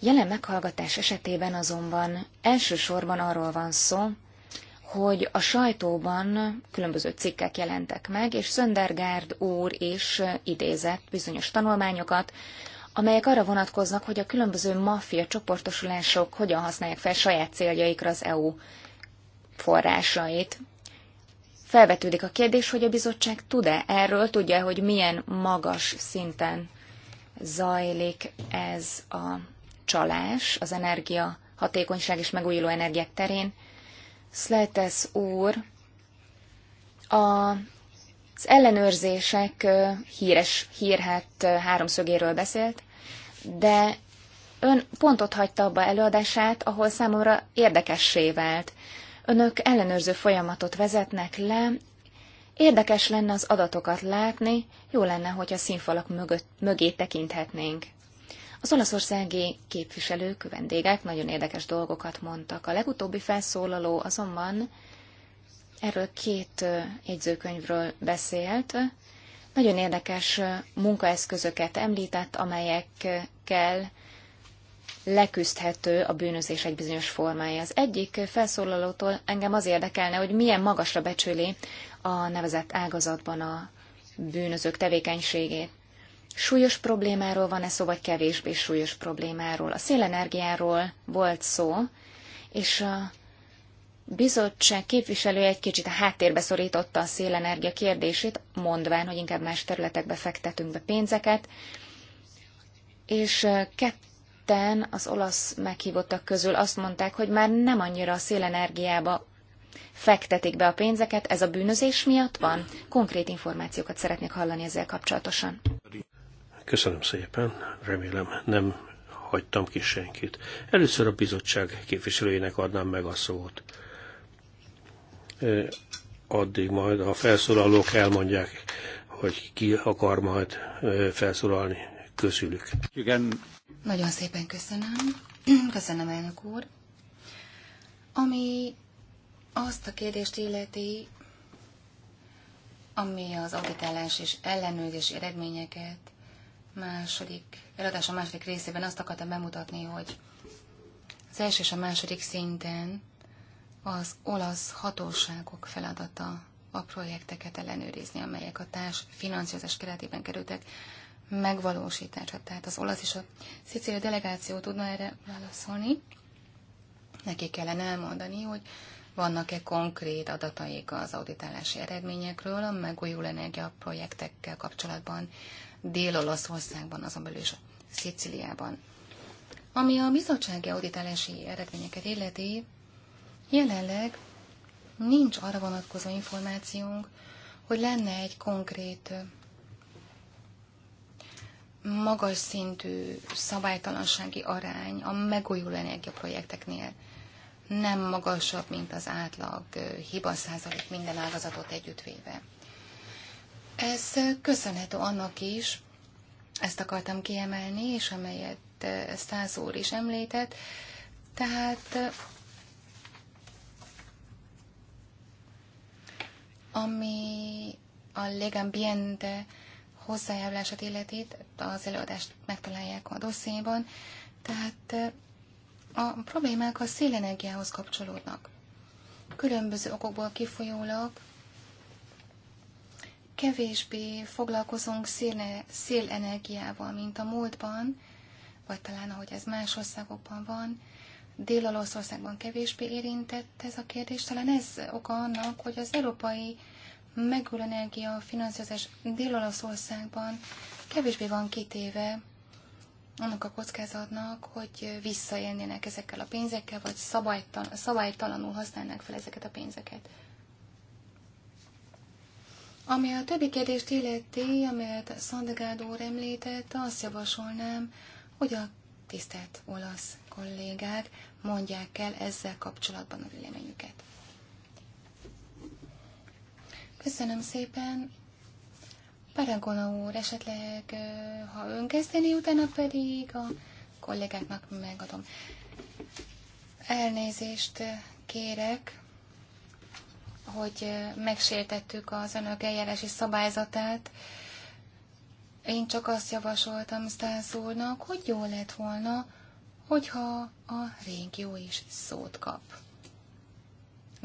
Jelen meghallgatás esetében azonban elsősorban arról van szó, hogy a sajtóban különböző cikkek jelentek meg, és Söndergaard úr is idézett bizonyos tanulmányokat, amelyek arra vonatkoznak, hogy a különböző maffia csoportosulások hogyan használják fel saját céljaikra az EU forrásait. Felvetődik a kérdés, hogy a bizottság tud-e erről, tudja, hogy milyen magas szinten zajlik ez a csalás az energia hatékonyság és megújuló energiák terén. Szlejtesz úr, a az ellenőrzések híres, hírhet háromszögéről beszélt, de ön pontot hagyta abba előadását, ahol számomra érdekessé vált. Önök ellenőrző folyamatot vezetnek le, érdekes lenne az adatokat látni, jó lenne, hogy a színfalak mögött, mögé tekinthetnénk. Az olaszországi képviselők, vendégek nagyon érdekes dolgokat mondtak. A legutóbbi felszólaló azonban erről két jegyzőkönyvről beszélt. Nagyon érdekes munkaeszközöket említett, amelyekkel leküzdhető a bűnözés egy bizonyos formája. Az egyik felszólalótól engem az érdekelne, hogy milyen magasra becsüli a nevezett ágazatban a bűnözők tevékenységét. Súlyos problémáról van-e szó, vagy kevésbé súlyos problémáról? A szélenergiáról volt szó, és a bizottság képviselője egy kicsit a háttérbe szorította a szélenergia kérdését, mondván, hogy inkább más területekbe fektetünk be pénzeket, és kettő ketten az olasz meghívottak közül azt mondták, hogy már nem annyira a szélenergiába fektetik be a pénzeket, ez a bűnözés miatt van? Konkrét információkat szeretnék hallani ezzel kapcsolatosan. Köszönöm szépen, remélem nem hagytam ki senkit. Először a bizottság képviselőjének adnám meg a szót. Addig majd a felszólalók elmondják, hogy ki akar majd felszólalni közülük. Igen, nagyon szépen köszönöm. Köszönöm, elnök úr. Ami azt a kérdést illeti, ami az auditálás és ellenőrzési eredményeket második, eladás a második részében azt akartam bemutatni, hogy az első és a második szinten az olasz hatóságok feladata a projekteket ellenőrizni, amelyek a társ finanszírozás keretében kerültek megvalósítása. Tehát az olasz és a szicília delegáció tudna erre válaszolni. Neki kellene elmondani, hogy vannak-e konkrét adataik az auditálási eredményekről a megújuló energia projektekkel kapcsolatban Dél-Olaszországban, azon belül is a Ami a bizottsági auditálási eredményeket illeti, jelenleg nincs arra vonatkozó információnk, hogy lenne egy konkrét magas szintű szabálytalansági arány a megújuló energiaprojekteknél nem magasabb, mint az átlag hiba százalék minden ágazatot együttvéve. Ez köszönhető annak is, ezt akartam kiemelni, és amelyet Száz úr is említett, tehát ami a legambiente, hozzájárulását illeti, az előadást megtalálják a dosszéban, tehát a problémák a szélenergiához kapcsolódnak. Különböző okokból kifolyólag kevésbé foglalkozunk szélne, szélenergiával, mint a múltban, vagy talán ahogy ez más országokban van. Dél-Olaszországban kevésbé érintett ez a kérdés. Talán ez oka annak, hogy az európai megül energia finanszírozás Dél-Olaszországban kevésbé van kitéve annak a kockázatnak, hogy visszaélnének ezekkel a pénzekkel, vagy szabálytalan, szabálytalanul használnák fel ezeket a pénzeket. Ami a többi kérdést illeti, amelyet Szandegád úr említett, azt javasolnám, hogy a tisztelt olasz kollégák mondják el ezzel kapcsolatban a véleményüket. Köszönöm szépen. Paragona úr, esetleg ha ön kezdeni, utána pedig a kollégáknak megadom. Elnézést kérek, hogy megsértettük az önök eljárási szabályzatát. Én csak azt javasoltam Stász úrnak, hogy jó lett volna, hogyha a régió is szót kap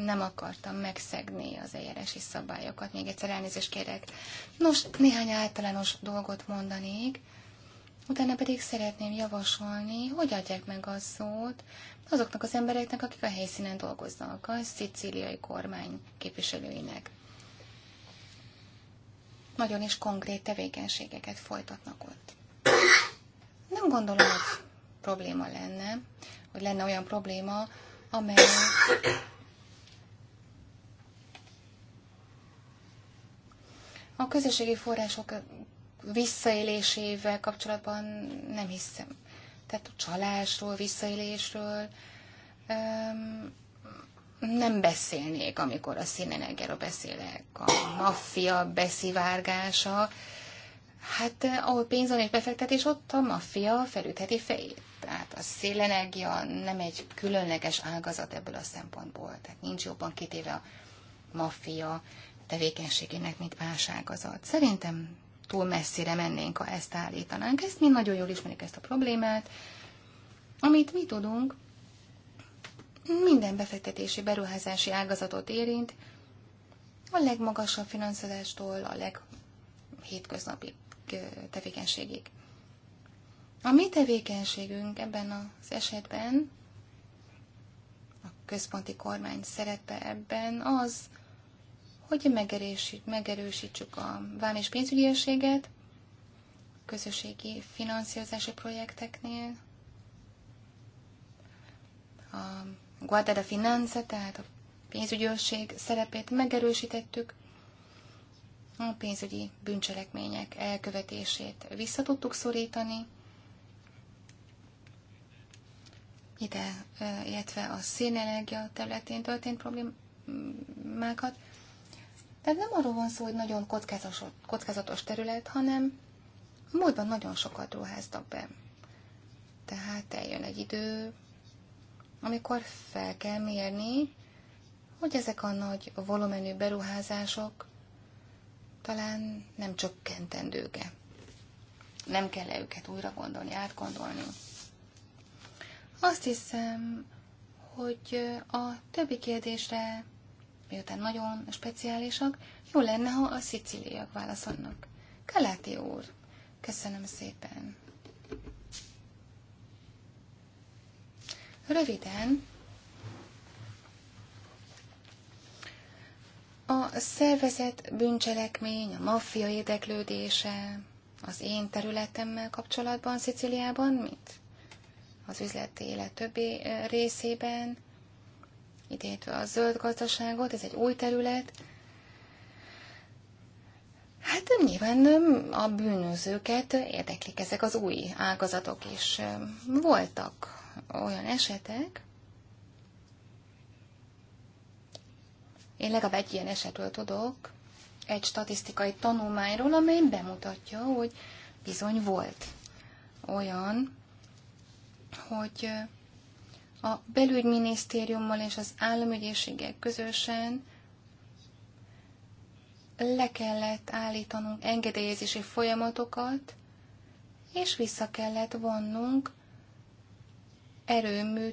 nem akartam megszegni az eljárási szabályokat. Még egyszer elnézést kérek. Nos, néhány általános dolgot mondanék, utána pedig szeretném javasolni, hogy adják meg a szót azoknak az embereknek, akik a helyszínen dolgoznak, a szicíliai kormány képviselőinek. Nagyon is konkrét tevékenységeket folytatnak ott. Nem gondolom, hogy probléma lenne, hogy lenne olyan probléma, amely A közösségi források visszaélésével kapcsolatban nem hiszem. Tehát a csalásról, visszaélésről öm, nem beszélnék, amikor a színenegerről beszélek. A maffia beszivárgása, hát ahol pénz van és befektetés, ott a maffia felütheti fejét. Tehát a szélenergia nem egy különleges ágazat ebből a szempontból. Tehát nincs jobban kitéve a maffia tevékenységének, mint válságazat. Szerintem túl messzire mennénk, ha ezt állítanánk. Ezt mi nagyon jól ismerjük ezt a problémát. Amit mi tudunk, minden befektetési, beruházási ágazatot érint, a legmagasabb finanszírozástól a leghétköznapi tevékenységig. A mi tevékenységünk ebben az esetben, a központi kormány szerepe ebben az, hogy megerősítsük a vám és pénzügyészséget közösségi finanszírozási projekteknél, a Guarda da Finanza, tehát a pénzügyőrség szerepét megerősítettük, a pénzügyi bűncselekmények elkövetését vissza tudtuk szorítani, ide, illetve a szénenergia területén történt problémákat, tehát nem arról van szó, hogy nagyon kockázatos, kockázatos terület, hanem a múltban nagyon sokat ruháztak be. Tehát eljön egy idő, amikor fel kell mérni, hogy ezek a nagy volumenű beruházások talán nem csökkentendőke. Nem kell -e őket újra gondolni, átgondolni. Azt hiszem, hogy a többi kérdésre miután nagyon speciálisak, jó lenne, ha a szicíliak válaszolnak. Keleti úr, köszönöm szépen. Röviden, a szervezet bűncselekmény, a maffia érdeklődése az én területemmel kapcsolatban Sziciliában, mint az üzleti élet többi részében, idétve a zöld gazdaságot, ez egy új terület. Hát nyilván a bűnözőket érdeklik ezek az új ágazatok, és voltak olyan esetek, én legalább egy ilyen esetről tudok, egy statisztikai tanulmányról, amely bemutatja, hogy bizony volt olyan, hogy a belügyminisztériummal és az államügyészséggel közösen le kellett állítanunk engedélyezési folyamatokat, és vissza kellett vonnunk erőmű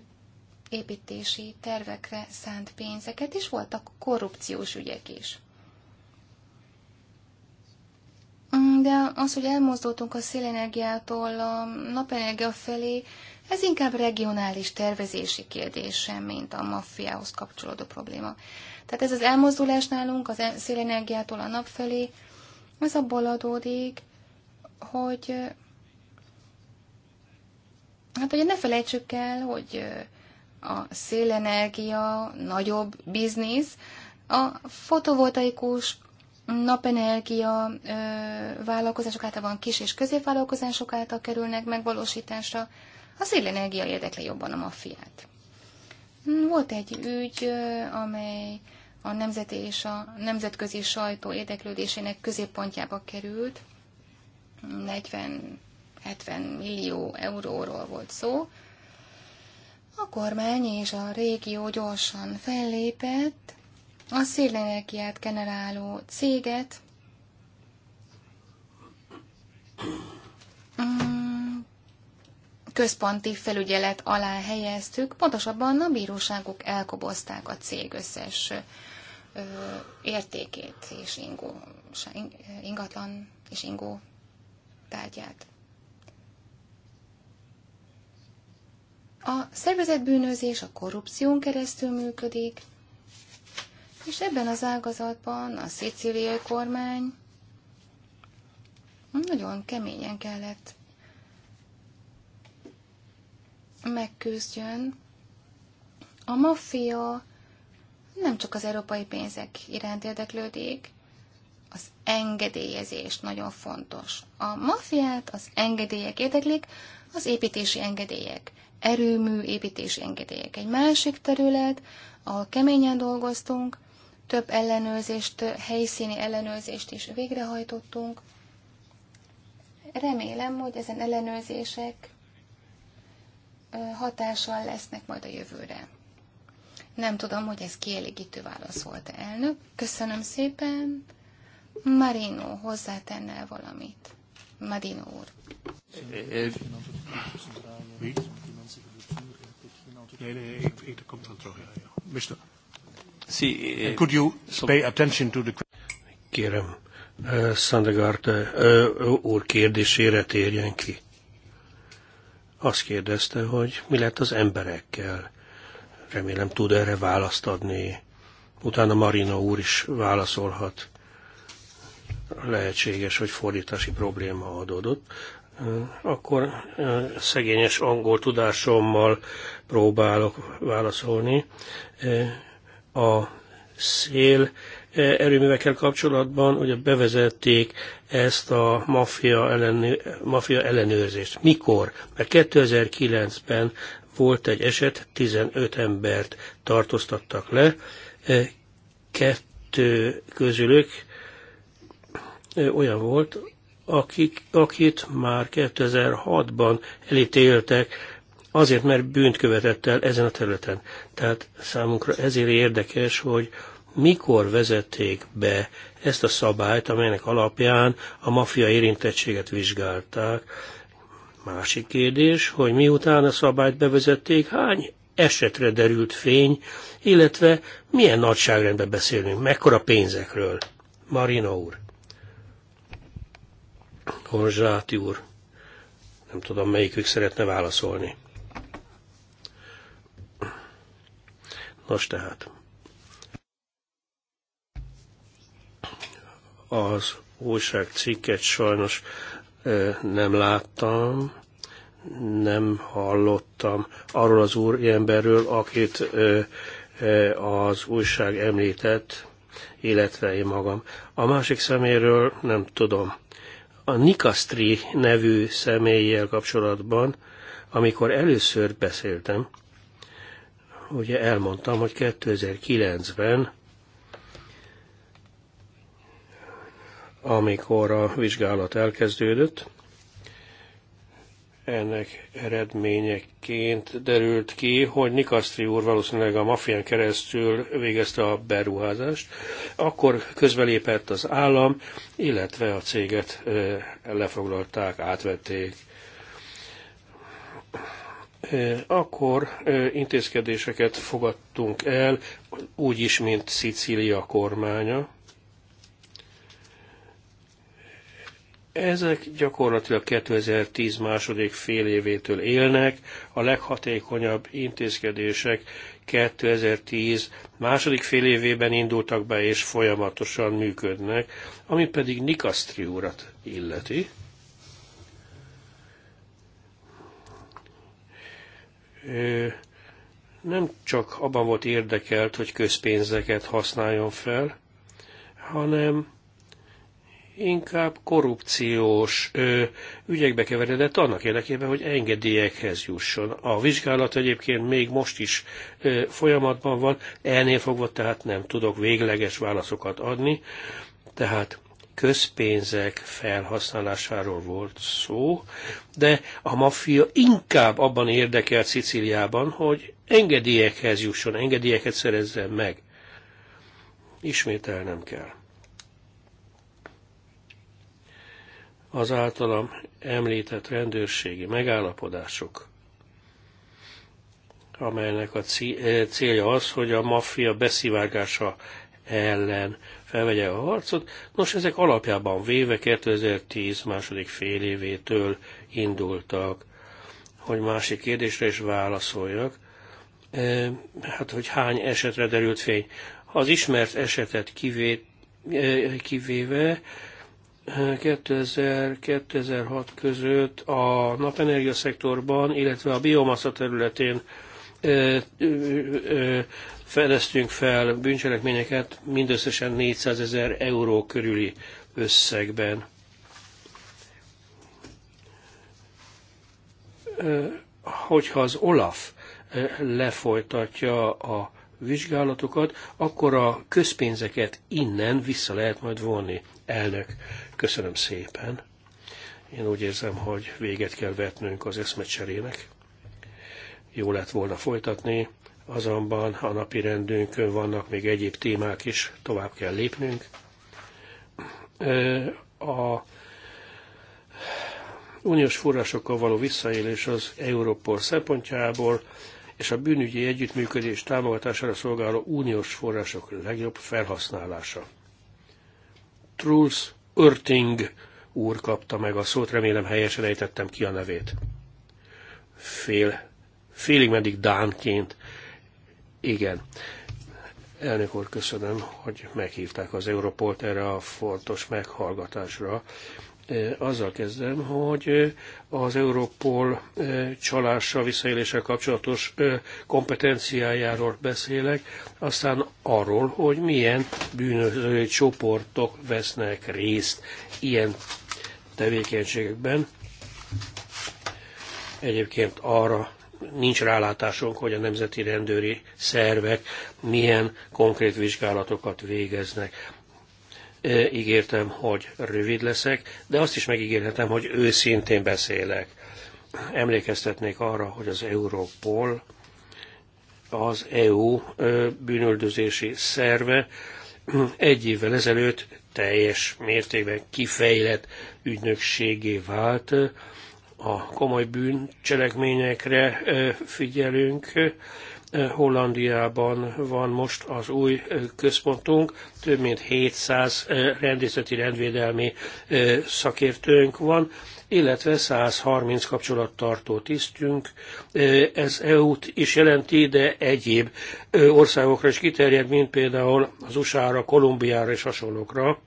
építési tervekre szánt pénzeket, és voltak korrupciós ügyek is. Mm, de az, hogy elmozdultunk a szélenergiától a napenergia felé, ez inkább regionális tervezési kérdése, mint a maffiához kapcsolódó probléma. Tehát ez az elmozdulás nálunk az szélenergiától a nap felé, ez abból adódik, hogy hát ugye ne felejtsük el, hogy a szélenergia nagyobb biznisz, a fotovoltaikus napenergia ö, vállalkozások általában kis és középvállalkozások által kerülnek megvalósításra. A szélenergia érdekli jobban a maffiát. Volt egy ügy, amely a nemzeti és a nemzetközi sajtó érdeklődésének középpontjába került. 40-70 millió euróról volt szó. A kormány és a régió gyorsan fellépett, a szélenergiát generáló céget mm, központi felügyelet alá helyeztük, pontosabban a bíróságok elkobozták a cég összes ö, értékét és ingó, ingatlan és ingó tárgyát. A szervezetbűnözés a korrupción keresztül működik, és ebben az ágazatban a szicíliai kormány nagyon keményen kellett megküzdjön. A maffia nem csak az európai pénzek iránt érdeklődik, az engedélyezés nagyon fontos. A maffiát, az engedélyek érdeklik, az építési engedélyek, erőmű építési engedélyek. Egy másik terület, ahol keményen dolgoztunk, több ellenőrzést, helyszíni ellenőrzést is végrehajtottunk. Remélem, hogy ezen ellenőrzések hatással lesznek majd a jövőre. Nem tudom, hogy ez kielégítő válasz volt, elnök. Köszönöm szépen. Marino hozzátenne valamit. Marino úr. Eh, eh, could you pay attention to the... Kérem, eh, Sandegard úr kérdésére térjen ki azt kérdezte, hogy mi lett az emberekkel. Remélem tud erre választ adni. Utána Marina úr is válaszolhat. Lehetséges, hogy fordítási probléma adódott. Akkor szegényes angol tudásommal próbálok válaszolni. A szél erőművekkel kapcsolatban ugye bevezették ezt a maffia, ellenő, maffia ellenőrzést. Mikor? Mert 2009-ben volt egy eset, 15 embert tartóztattak le, e, kettő közülük e, olyan volt, akik, akit már 2006-ban elítéltek, azért, mert bűnt követett el ezen a területen. Tehát számunkra ezért érdekes, hogy mikor vezették be ezt a szabályt, amelynek alapján a maffia érintettséget vizsgálták. Másik kérdés, hogy miután a szabályt bevezették, hány esetre derült fény, illetve milyen nagyságrendben beszélünk, mekkora pénzekről. Marina úr. Konzsáti úr. Nem tudom, melyikük szeretne válaszolni. Nos tehát. az újságcikket sajnos nem láttam, nem hallottam arról az emberről, akit az újság említett, illetve én magam. A másik szeméről nem tudom. A Nikastri nevű személlyel kapcsolatban, amikor először beszéltem, ugye elmondtam, hogy 2009-ben amikor a vizsgálat elkezdődött. Ennek eredményeként derült ki, hogy Nikasztri úr valószínűleg a mafián keresztül végezte a beruházást, akkor közbelépett az állam, illetve a céget eh, lefoglalták, átvették eh, akkor eh, intézkedéseket fogadtunk el, úgy is, mint Szicília kormánya. Ezek gyakorlatilag 2010 második fél évétől élnek, a leghatékonyabb intézkedések 2010 második fél évében indultak be és folyamatosan működnek, ami pedig Nikasztri urat illeti. Ő nem csak abban volt érdekelt, hogy közpénzeket használjon fel, hanem inkább korrupciós ö, ügyekbe keveredett annak érdekében, hogy engedélyekhez jusson. A vizsgálat egyébként még most is ö, folyamatban van, elnél fogva tehát nem tudok végleges válaszokat adni. Tehát közpénzek felhasználásáról volt szó, de a maffia inkább abban érdekelt Sziciliában, hogy engedélyekhez jusson, engedélyeket szerezzen meg. Ismételnem kell az általam említett rendőrségi megállapodások, amelynek a e, célja az, hogy a maffia beszivágása ellen felvegye a harcot. Nos, ezek alapjában véve 2010 második fél évétől indultak. Hogy másik kérdésre is válaszoljak, e, hát hogy hány esetre derült fény. Az ismert esetet kivé, e, kivéve 2000-2006 között a napenergia szektorban, illetve a biomasza területén fedeztünk fel bűncselekményeket mindösszesen 400 ezer euró körüli összegben. Hogyha az OLAF lefolytatja a vizsgálatokat, akkor a közpénzeket innen vissza lehet majd vonni. Elnök, Köszönöm szépen. Én úgy érzem, hogy véget kell vetnünk az eszmecserének. Jó lett volna folytatni, azonban a napi rendünkön vannak még egyéb témák is, tovább kell lépnünk. A uniós forrásokkal való visszaélés az Európol szempontjából és a bűnügyi együttműködés támogatására szolgáló uniós források legjobb felhasználása. Truls Örting úr kapta meg a szót, remélem helyesen ejtettem ki a nevét. Fél, félig meddig Dánként. Igen. Elnök úr, köszönöm, hogy meghívták az Europolt erre a fontos meghallgatásra azzal kezdem, hogy az Európol csalással, visszaéléssel kapcsolatos kompetenciájáról beszélek, aztán arról, hogy milyen bűnözői csoportok vesznek részt ilyen tevékenységekben. Egyébként arra nincs rálátásunk, hogy a nemzeti rendőri szervek milyen konkrét vizsgálatokat végeznek ígértem, hogy rövid leszek, de azt is megígérhetem, hogy őszintén beszélek. Emlékeztetnék arra, hogy az Europol az EU bűnöldözési szerve egy évvel ezelőtt teljes mértékben kifejlett ügynökségé vált. A komoly bűncselekményekre figyelünk, Hollandiában van most az új központunk, több mint 700 rendészeti rendvédelmi szakértőnk van, illetve 130 kapcsolattartó tisztünk. Ez EU-t is jelenti, de egyéb országokra is kiterjed, mint például az USA-ra, Kolumbiára és hasonlókra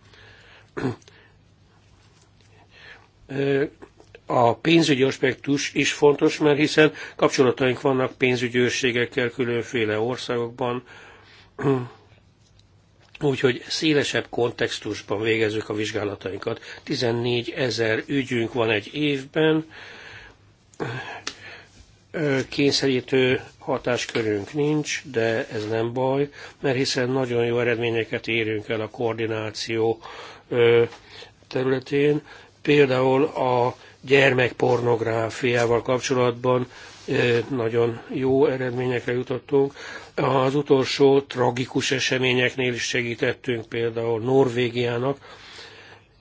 a pénzügyi aspektus is fontos, mert hiszen kapcsolataink vannak pénzügyi őrségekkel különféle országokban, úgyhogy szélesebb kontextusban végezzük a vizsgálatainkat. 14 ezer ügyünk van egy évben, kényszerítő hatáskörünk nincs, de ez nem baj, mert hiszen nagyon jó eredményeket érünk el a koordináció területén. Például a gyermekpornográfiával kapcsolatban nagyon jó eredményekre jutottunk. Az utolsó tragikus eseményeknél is segítettünk például Norvégiának.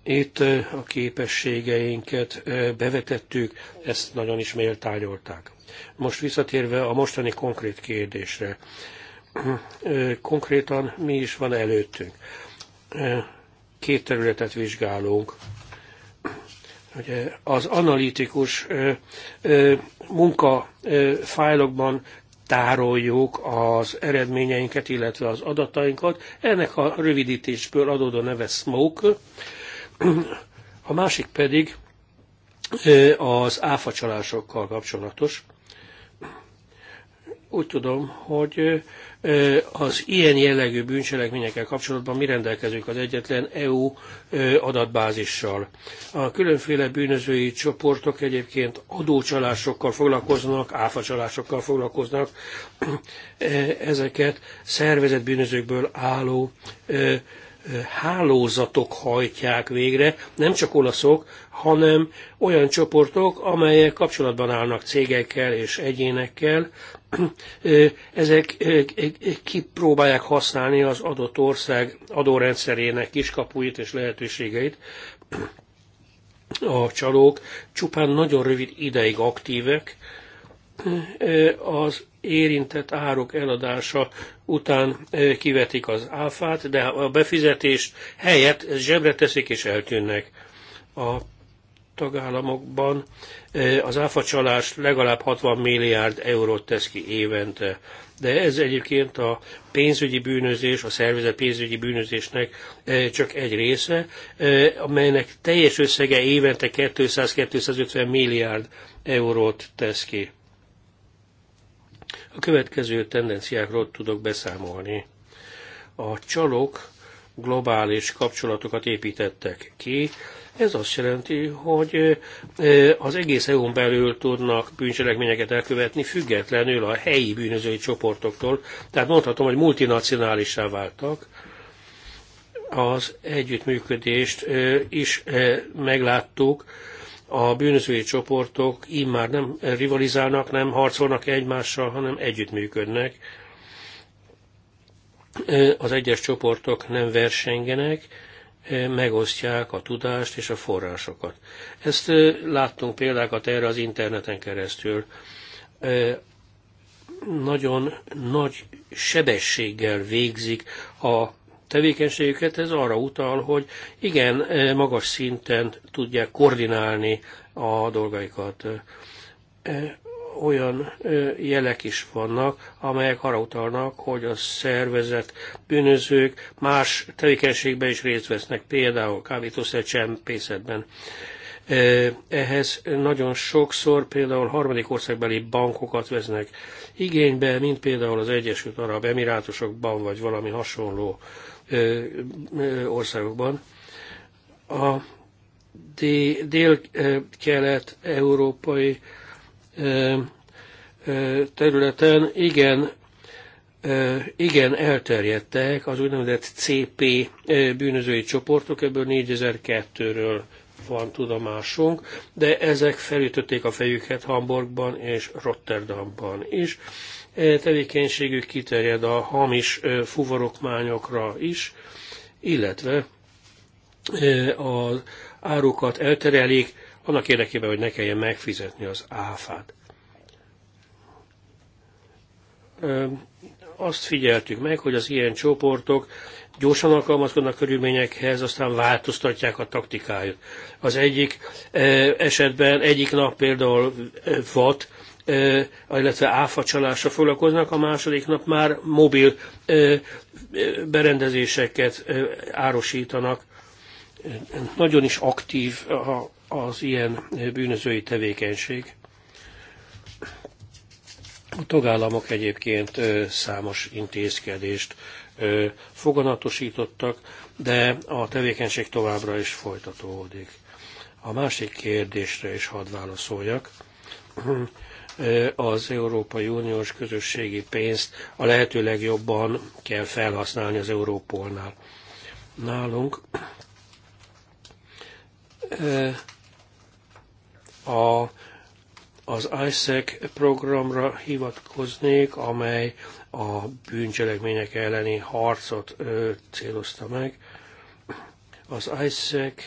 Itt a képességeinket bevetettük, ezt nagyon is méltányolták. Most visszatérve a mostani konkrét kérdésre. Konkrétan mi is van előttünk? Két területet vizsgálunk Ugye az analitikus munkafájlokban tároljuk az eredményeinket, illetve az adatainkat. Ennek a rövidítésből adódó neve SMOKE. A másik pedig az áfacsalásokkal kapcsolatos. Úgy tudom, hogy az ilyen jellegű bűncselekményekkel kapcsolatban mi rendelkezünk az egyetlen EU adatbázissal. A különféle bűnözői csoportok egyébként adócsalásokkal foglalkoznak, áfacsalásokkal foglalkoznak, ezeket szervezett bűnözőkből álló hálózatok hajtják végre, nem csak olaszok, hanem olyan csoportok, amelyek kapcsolatban állnak cégekkel és egyénekkel, ezek kipróbálják használni az adott ország adórendszerének kiskapuit és lehetőségeit. A csalók csupán nagyon rövid ideig aktívek, az érintett árok eladása után kivetik az áfát, de a befizetés helyett zsebre teszik és eltűnnek. A tagállamokban e, az áfacsalás legalább 60 milliárd eurót tesz ki évente. De ez egyébként a pénzügyi bűnözés, a szervezet pénzügyi bűnözésnek e, csak egy része, e, amelynek teljes összege évente 200-250 milliárd eurót tesz ki. A következő tendenciákról tudok beszámolni. A csalók globális kapcsolatokat építettek ki, ez azt jelenti, hogy az egész EU-n belül tudnak bűncselekményeket elkövetni, függetlenül a helyi bűnözői csoportoktól. Tehát mondhatom, hogy multinacionálisá váltak. Az együttműködést is megláttuk. A bűnözői csoportok immár nem rivalizálnak, nem harcolnak egymással, hanem együttműködnek az egyes csoportok nem versengenek, megosztják a tudást és a forrásokat. Ezt láttunk példákat erre az interneten keresztül. Nagyon nagy sebességgel végzik a tevékenységüket, ez arra utal, hogy igen, magas szinten tudják koordinálni a dolgaikat olyan jelek is vannak, amelyek arra utalnak, hogy a szervezet bűnözők más tevékenységben is részt vesznek, például kábítószer csempészetben. Ehhez nagyon sokszor például harmadik országbeli bankokat veznek igénybe, mint például az Egyesült Arab Emirátusokban, vagy valami hasonló országokban. A dél-kelet-európai dél területen igen, igen elterjedtek az úgynevezett CP bűnözői csoportok, ebből 4002-ről van tudomásunk, de ezek felütötték a fejüket Hamburgban és Rotterdamban is. Tevékenységük kiterjed a hamis fuvarokmányokra is, illetve az árukat elterelik annak érdekében, hogy ne kelljen megfizetni az áfát. Azt figyeltük meg, hogy az ilyen csoportok gyorsan alkalmazkodnak a körülményekhez, aztán változtatják a taktikájuk. Az egyik esetben egyik nap például VAT, illetve áfa csalásra foglalkoznak, a második nap már mobil berendezéseket árosítanak nagyon is aktív az ilyen bűnözői tevékenység. A tagállamok egyébként számos intézkedést foganatosítottak, de a tevékenység továbbra is folytatódik. A másik kérdésre is hadd válaszoljak. Az Európai Uniós közösségi pénzt a lehető legjobban kell felhasználni az Európolnál. Nálunk a, az ISEC programra hivatkoznék, amely a bűncselekmények elleni harcot ö, célozta meg. Az ISEC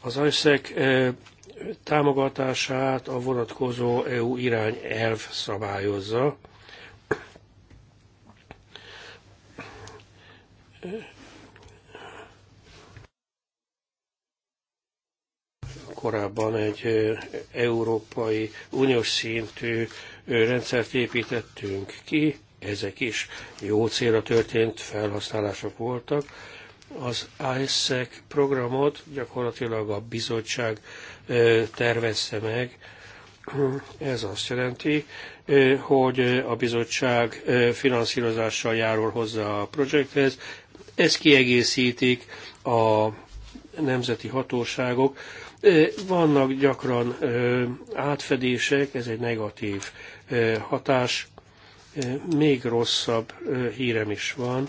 az ISEC támogatását a vonatkozó EU irány elv szabályozza. korábban egy európai uniós szintű rendszert építettünk ki, ezek is jó célra történt felhasználások voltak. Az ISEC programot gyakorlatilag a bizottság tervezte meg, ez azt jelenti, hogy a bizottság finanszírozással járul hozzá a projekthez. Ezt kiegészítik a nemzeti hatóságok, vannak gyakran átfedések, ez egy negatív hatás. Még rosszabb hírem is van.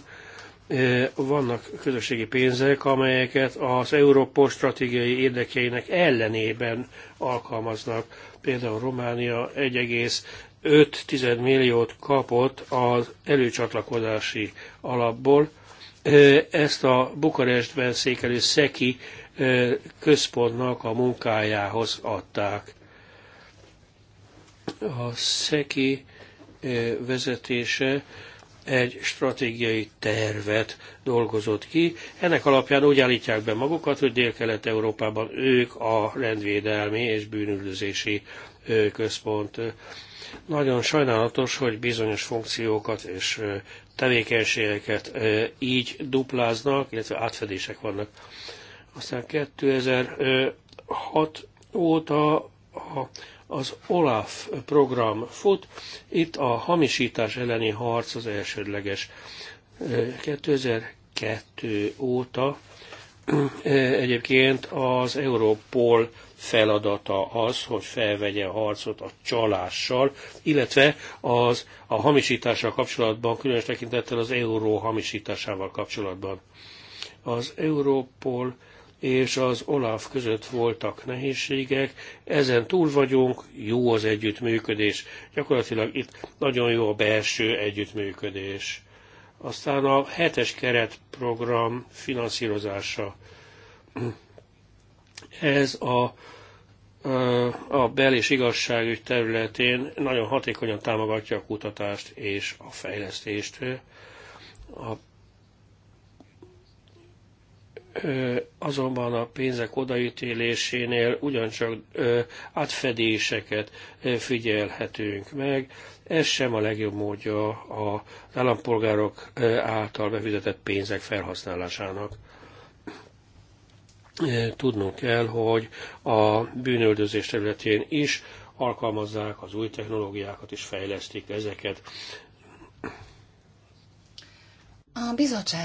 Vannak közösségi pénzek, amelyeket az Európa stratégiai érdekeinek ellenében alkalmaznak. Például Románia 1,5 milliót kapott az előcsatlakozási alapból, ezt a Bukarestben székelő Szeki központnak a munkájához adták. A SZEKI vezetése egy stratégiai tervet dolgozott ki. Ennek alapján úgy állítják be magukat, hogy Dél-Kelet-Európában ők a rendvédelmi és bűnüldözési központ. Nagyon sajnálatos, hogy bizonyos funkciókat és tevékenységeket így dupláznak, illetve átfedések vannak. Aztán 2006 óta a, az OLAF program fut, itt a hamisítás elleni harc az elsődleges. 2002 óta egyébként az Európol feladata az, hogy felvegye a harcot a csalással, illetve az a hamisítással kapcsolatban, különös tekintettel az euró hamisításával kapcsolatban. Az Európol és az OLAF között voltak nehézségek, ezen túl vagyunk, jó az együttműködés. Gyakorlatilag itt nagyon jó a belső együttműködés. Aztán a hetes keretprogram finanszírozása. Ez a, a bel- és igazságügy területén nagyon hatékonyan támogatja a kutatást és a fejlesztést. A azonban a pénzek odaítélésénél ugyancsak átfedéseket figyelhetünk meg. Ez sem a legjobb módja az állampolgárok által befizetett pénzek felhasználásának. Tudnunk kell, hogy a bűnöldözés területén is alkalmazzák az új technológiákat és fejlesztik ezeket. A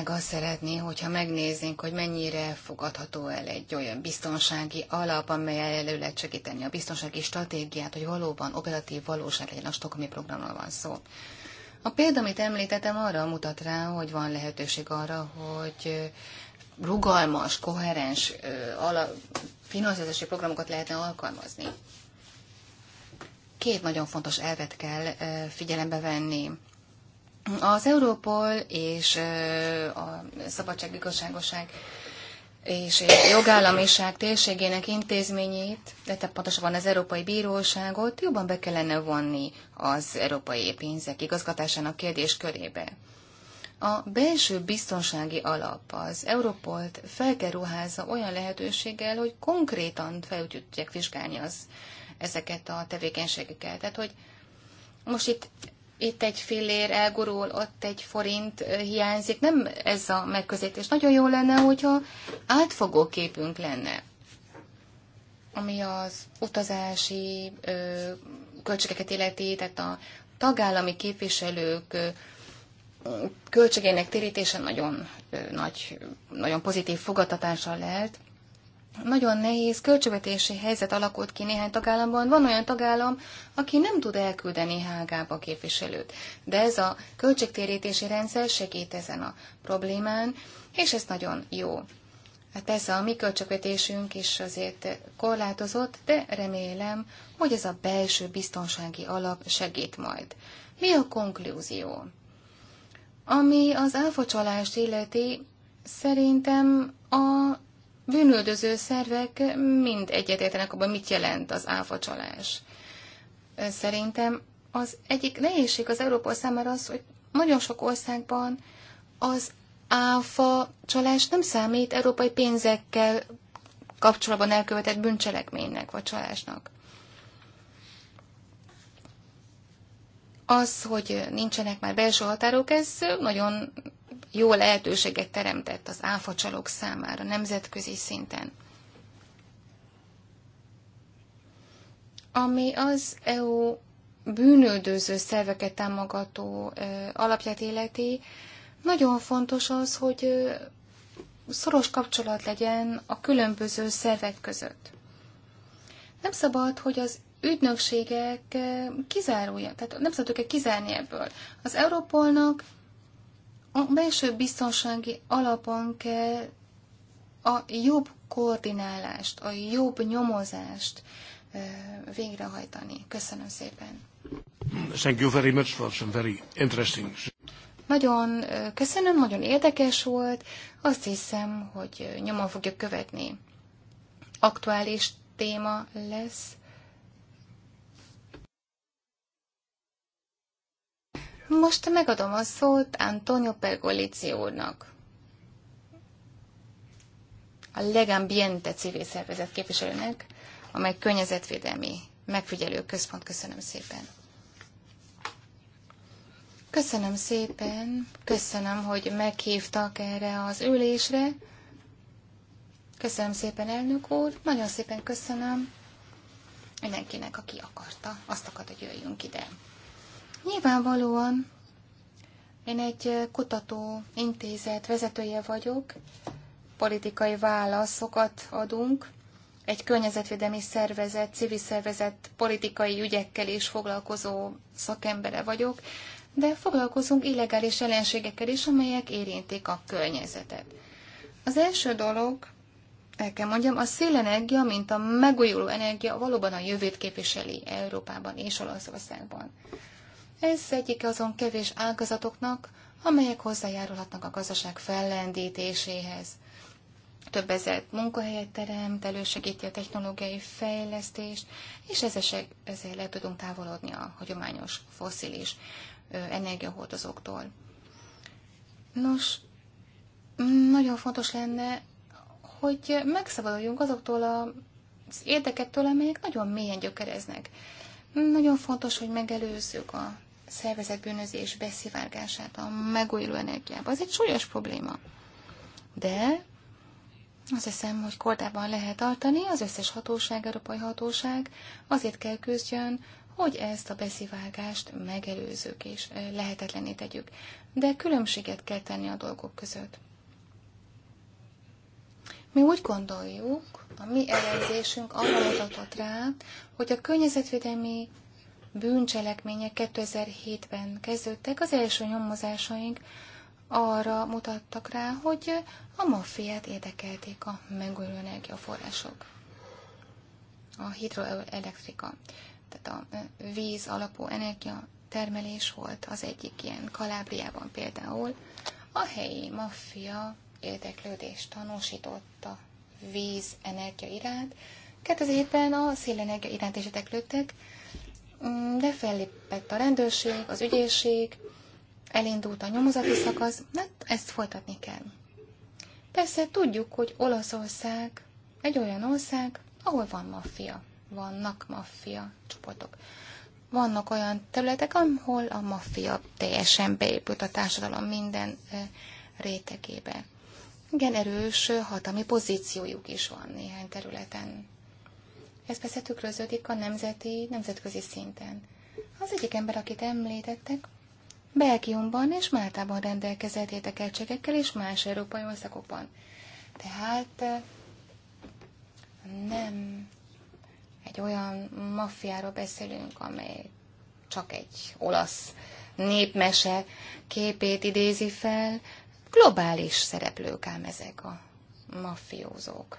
azt szeretné, hogyha megnéznénk, hogy mennyire fogadható el egy olyan biztonsági alap, amely elő lehet segíteni a biztonsági stratégiát, hogy valóban operatív valóság legyen a stokholmi programról van szó. A példa, amit említettem, arra mutat rá, hogy van lehetőség arra, hogy rugalmas, koherens finanszírozási programokat lehetne alkalmazni. Két nagyon fontos elvet kell figyelembe venni. Az Európol és a Szabadság, Igazságoság és jogállamiság térségének intézményét, de pontosabban az Európai Bíróságot jobban be kellene vonni az európai pénzek igazgatásának kérdés körébe. A belső biztonsági alap az Európolt fel kell ruházza olyan lehetőséggel, hogy konkrétan fel tudják vizsgálni az, ezeket a tevékenységeket. Tehát, hogy most itt itt egy fillér elgurul, ott egy forint hiányzik. Nem ez a megközelítés. Nagyon jó lenne, hogyha átfogó képünk lenne, ami az utazási ö, költségeket illeti, tehát a tagállami képviselők költségének térítése nagyon ö, nagy, nagyon pozitív fogadtatással lehet. Nagyon nehéz költségvetési helyzet alakult ki néhány tagállamban. Van olyan tagállam, aki nem tud elküldeni Hágába képviselőt. De ez a költségtérítési rendszer segít ezen a problémán, és ez nagyon jó. Hát persze a mi költségvetésünk is azért korlátozott, de remélem, hogy ez a belső biztonsági alap segít majd. Mi a konklúzió? Ami az áfacsalást illeti, szerintem a bűnöldöző szervek mind egyetértenek abban, mit jelent az áfacsalás. Szerintem az egyik nehézség az Európa számára az, hogy nagyon sok országban az áfa csalás nem számít európai pénzekkel kapcsolatban elkövetett bűncselekménynek vagy csalásnak. Az, hogy nincsenek már belső határok, ez nagyon jó lehetőséget teremtett az áfacsalók számára nemzetközi szinten. Ami az EU bűnöldöző szerveket támogató alapját életi, nagyon fontos az, hogy szoros kapcsolat legyen a különböző szervek között. Nem szabad, hogy az ügynökségek kizárulja, tehát nem szabad őket kizárni ebből. Az Európolnak a belső biztonsági alapon kell a jobb koordinálást, a jobb nyomozást végrehajtani. Köszönöm szépen. Thank you very much for some very interesting... Nagyon köszönöm, nagyon érdekes volt. Azt hiszem, hogy nyomon fogjuk követni. Aktuális téma lesz. Most megadom a szót Antonio Pergolici úrnak. A Legambiente civil szervezet képviselőnek, amely környezetvédelmi megfigyelő központ. Köszönöm szépen. Köszönöm szépen, köszönöm, hogy meghívtak erre az ülésre. Köszönöm szépen, elnök úr, nagyon szépen köszönöm mindenkinek, aki akarta, azt akarta, hogy jöjjünk ide. Nyilvánvalóan én egy kutató intézet vezetője vagyok, politikai válaszokat adunk, egy környezetvédelmi szervezet, civil szervezet, politikai ügyekkel is foglalkozó szakembere vagyok, de foglalkozunk illegális ellenségekkel is, amelyek érintik a környezetet. Az első dolog, el kell mondjam, a szélenergia, mint a megújuló energia valóban a jövőt képviseli Európában és Olaszországban. Ez egyik azon kevés ágazatoknak, amelyek hozzájárulhatnak a gazdaság fellendítéséhez. Több ezer munkahelyet teremt, elősegíti a technológiai fejlesztést, és ezek, ezért le tudunk távolodni a hagyományos foszilis energiahordozóktól. Nos, nagyon fontos lenne, hogy megszabaduljunk azoktól az érdekektől, amelyek nagyon mélyen gyökereznek. Nagyon fontos, hogy megelőzzük a szervezetbűnözés beszivárgását, a megújuló energiába. Az egy súlyos probléma. De azt hiszem, hogy kordában lehet tartani, az összes hatóság, európai hatóság azért kell küzdjön, hogy ezt a beszivárgást megelőzzük és lehetetlené tegyük. De különbséget kell tenni a dolgok között. Mi úgy gondoljuk, a mi elemzésünk arra mutatott rá, hogy a környezetvédelmi bűncselekmények 2007-ben kezdődtek, az első nyomozásaink arra mutattak rá, hogy a maffiát érdekelték a megújuló energiaforrások. A hidroelektrika, tehát a víz alapú energia termelés volt az egyik ilyen Kalábriában például. A helyi maffia érdeklődést tanúsította víz energia iránt. 2007-ben a szélenergia iránt is érdeklődtek, Mm, de fellépett a rendőrség, az ügyészség, elindult a nyomozati szakasz, hát ezt folytatni kell. Persze tudjuk, hogy Olaszország egy olyan ország, ahol van maffia, vannak maffia csoportok. Vannak olyan területek, ahol a maffia teljesen beépült a társadalom minden rétegébe. Igen, erős hatalmi pozíciójuk is van néhány területen. Ez persze tükröződik a nemzeti, nemzetközi szinten. Az egyik ember, akit említettek, Belgiumban és Máltában rendelkezett értekeltségekkel és más európai országokban. Tehát eh, nem egy olyan maffiáról beszélünk, amely csak egy olasz népmese képét idézi fel. Globális szereplők ám ezek a mafiózók.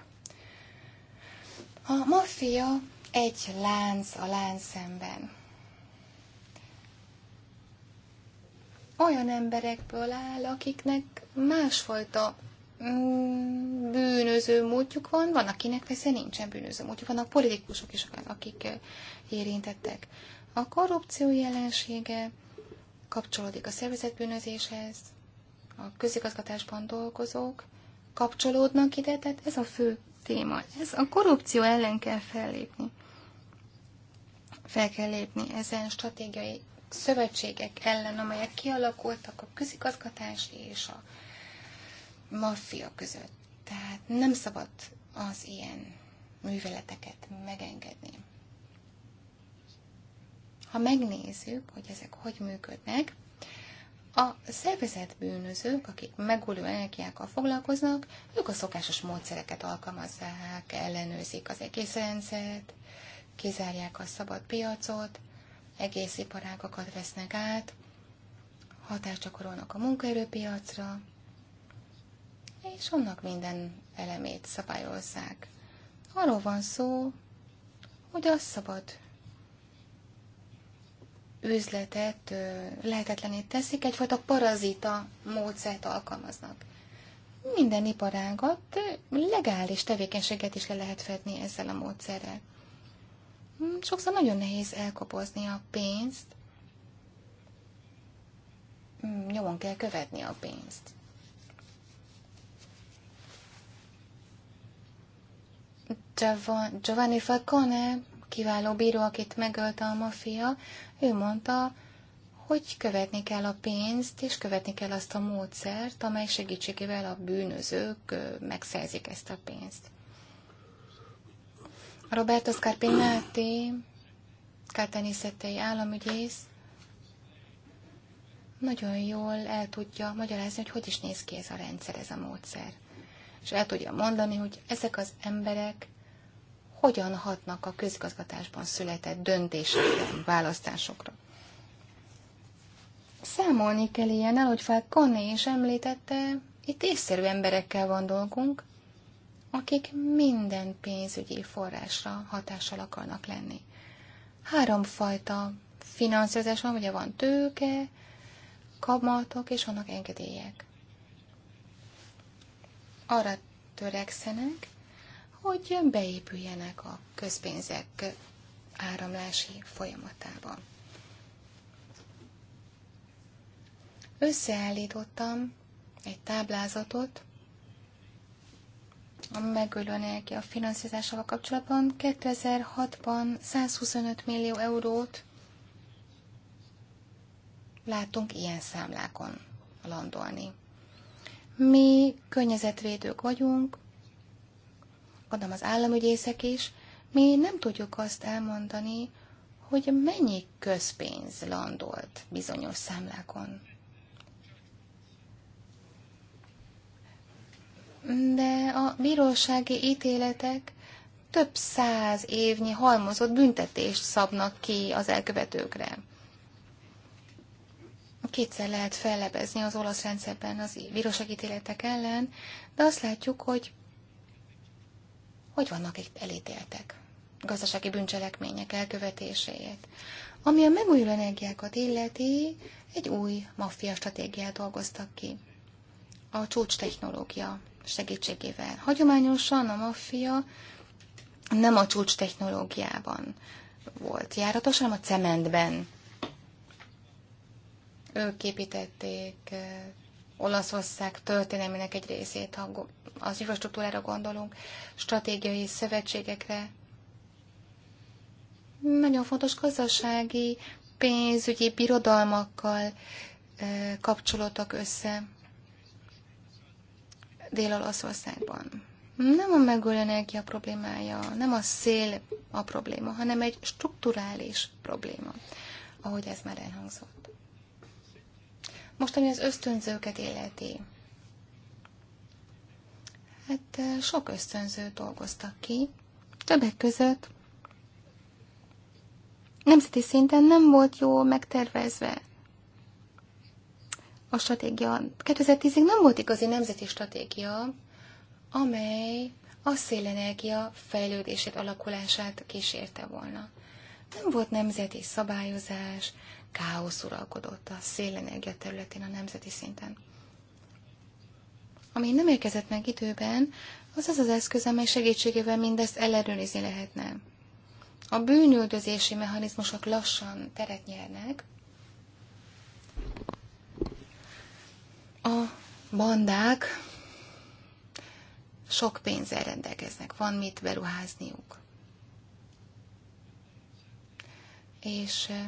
A maffia egy lánc a lánc szemben. Olyan emberekből áll, akiknek másfajta mm, bűnöző módjuk van, van, akinek persze nincsen bűnöző módjuk, vannak politikusok is, akik eh, érintettek. A korrupció jelensége kapcsolódik a szervezetbűnözéshez, a közigazgatásban dolgozók kapcsolódnak ide, tehát ez a fő téma. Ez a korrupció ellen kell fellépni. Fel kell lépni ezen stratégiai szövetségek ellen, amelyek kialakultak a közigazgatás és a maffia között. Tehát nem szabad az ilyen műveleteket megengedni. Ha megnézzük, hogy ezek hogy működnek, a szervezett bűnözők, akik megújuló energiákkal foglalkoznak, ők a szokásos módszereket alkalmazzák, ellenőrzik az egész rendszert, kizárják a szabad piacot, egész iparágakat vesznek át, hatást gyakorolnak a munkaerőpiacra, és annak minden elemét szabályozzák. Arról van szó, hogy a szabad üzletet lehetetlené teszik, egyfajta parazita módszert alkalmaznak. Minden iparágat, legális tevékenységet is le lehet fedni ezzel a módszerrel. Hm, sokszor nagyon nehéz elkopozni a pénzt, hm, nyomon kell követni a pénzt. Giovanni Falcone kiváló bíró, akit megölte a mafia, ő mondta, hogy követni kell a pénzt, és követni kell azt a módszert, amely segítségével a bűnözők megszerzik ezt a pénzt. Roberto Scarpinati, kártenészetei államügyész, nagyon jól el tudja magyarázni, hogy hogy is néz ki ez a rendszer, ez a módszer. És el tudja mondani, hogy ezek az emberek hogyan hatnak a közigazgatásban született döntésekre, választásokra. Számolni kell el, hogy fel Conné is említette, itt észszerű emberekkel van dolgunk, akik minden pénzügyi forrásra hatással akarnak lenni. Háromfajta finanszírozás van, ugye van tőke, kamatok és vannak engedélyek. Arra törekszenek, hogy beépüljenek a közpénzek áramlási folyamatába. Összeállítottam egy táblázatot a megölő energia finanszírozásával kapcsolatban 2006-ban 125 millió eurót látunk ilyen számlákon landolni. Mi környezetvédők vagyunk, gondolom az államügyészek is, mi nem tudjuk azt elmondani, hogy mennyi közpénz landolt bizonyos számlákon. De a bírósági ítéletek több száz évnyi halmozott büntetést szabnak ki az elkövetőkre. Kétszer lehet fellebezni az olasz rendszerben az bírósági ítéletek ellen, de azt látjuk, hogy hogy vannak itt elítéltek gazdasági bűncselekmények elkövetéséért. Ami a megújuló energiákat illeti, egy új maffia stratégiát dolgoztak ki. A csúcs technológia segítségével. Hagyományosan a maffia nem a csúcs technológiában volt járatos, hanem a cementben. Ők építették Olaszország történelmének egy részét, ha az infrastruktúrára gondolunk, stratégiai szövetségekre, nagyon fontos gazdasági, pénzügyi birodalmakkal kapcsolódtak össze Dél-Olaszországban. Nem a megújuló energia problémája, nem a szél a probléma, hanem egy strukturális probléma, ahogy ez már elhangzott. Most, ami az ösztönzőket illeti. Hát eh, sok ösztönző dolgoztak ki. Többek között nemzeti szinten nem volt jó megtervezve a stratégia. 2010-ig nem volt igazi nemzeti stratégia, amely a szélenergia fejlődését, alakulását kísérte volna. Nem volt nemzeti szabályozás, káosz uralkodott a szélenergia területén a nemzeti szinten. Ami nem érkezett meg időben, az az az eszköz, amely segítségével mindezt ellenőrizni lehetne. A bűnüldözési mechanizmusok lassan teret nyernek, a bandák sok pénzzel rendelkeznek, van mit beruházniuk. És eh,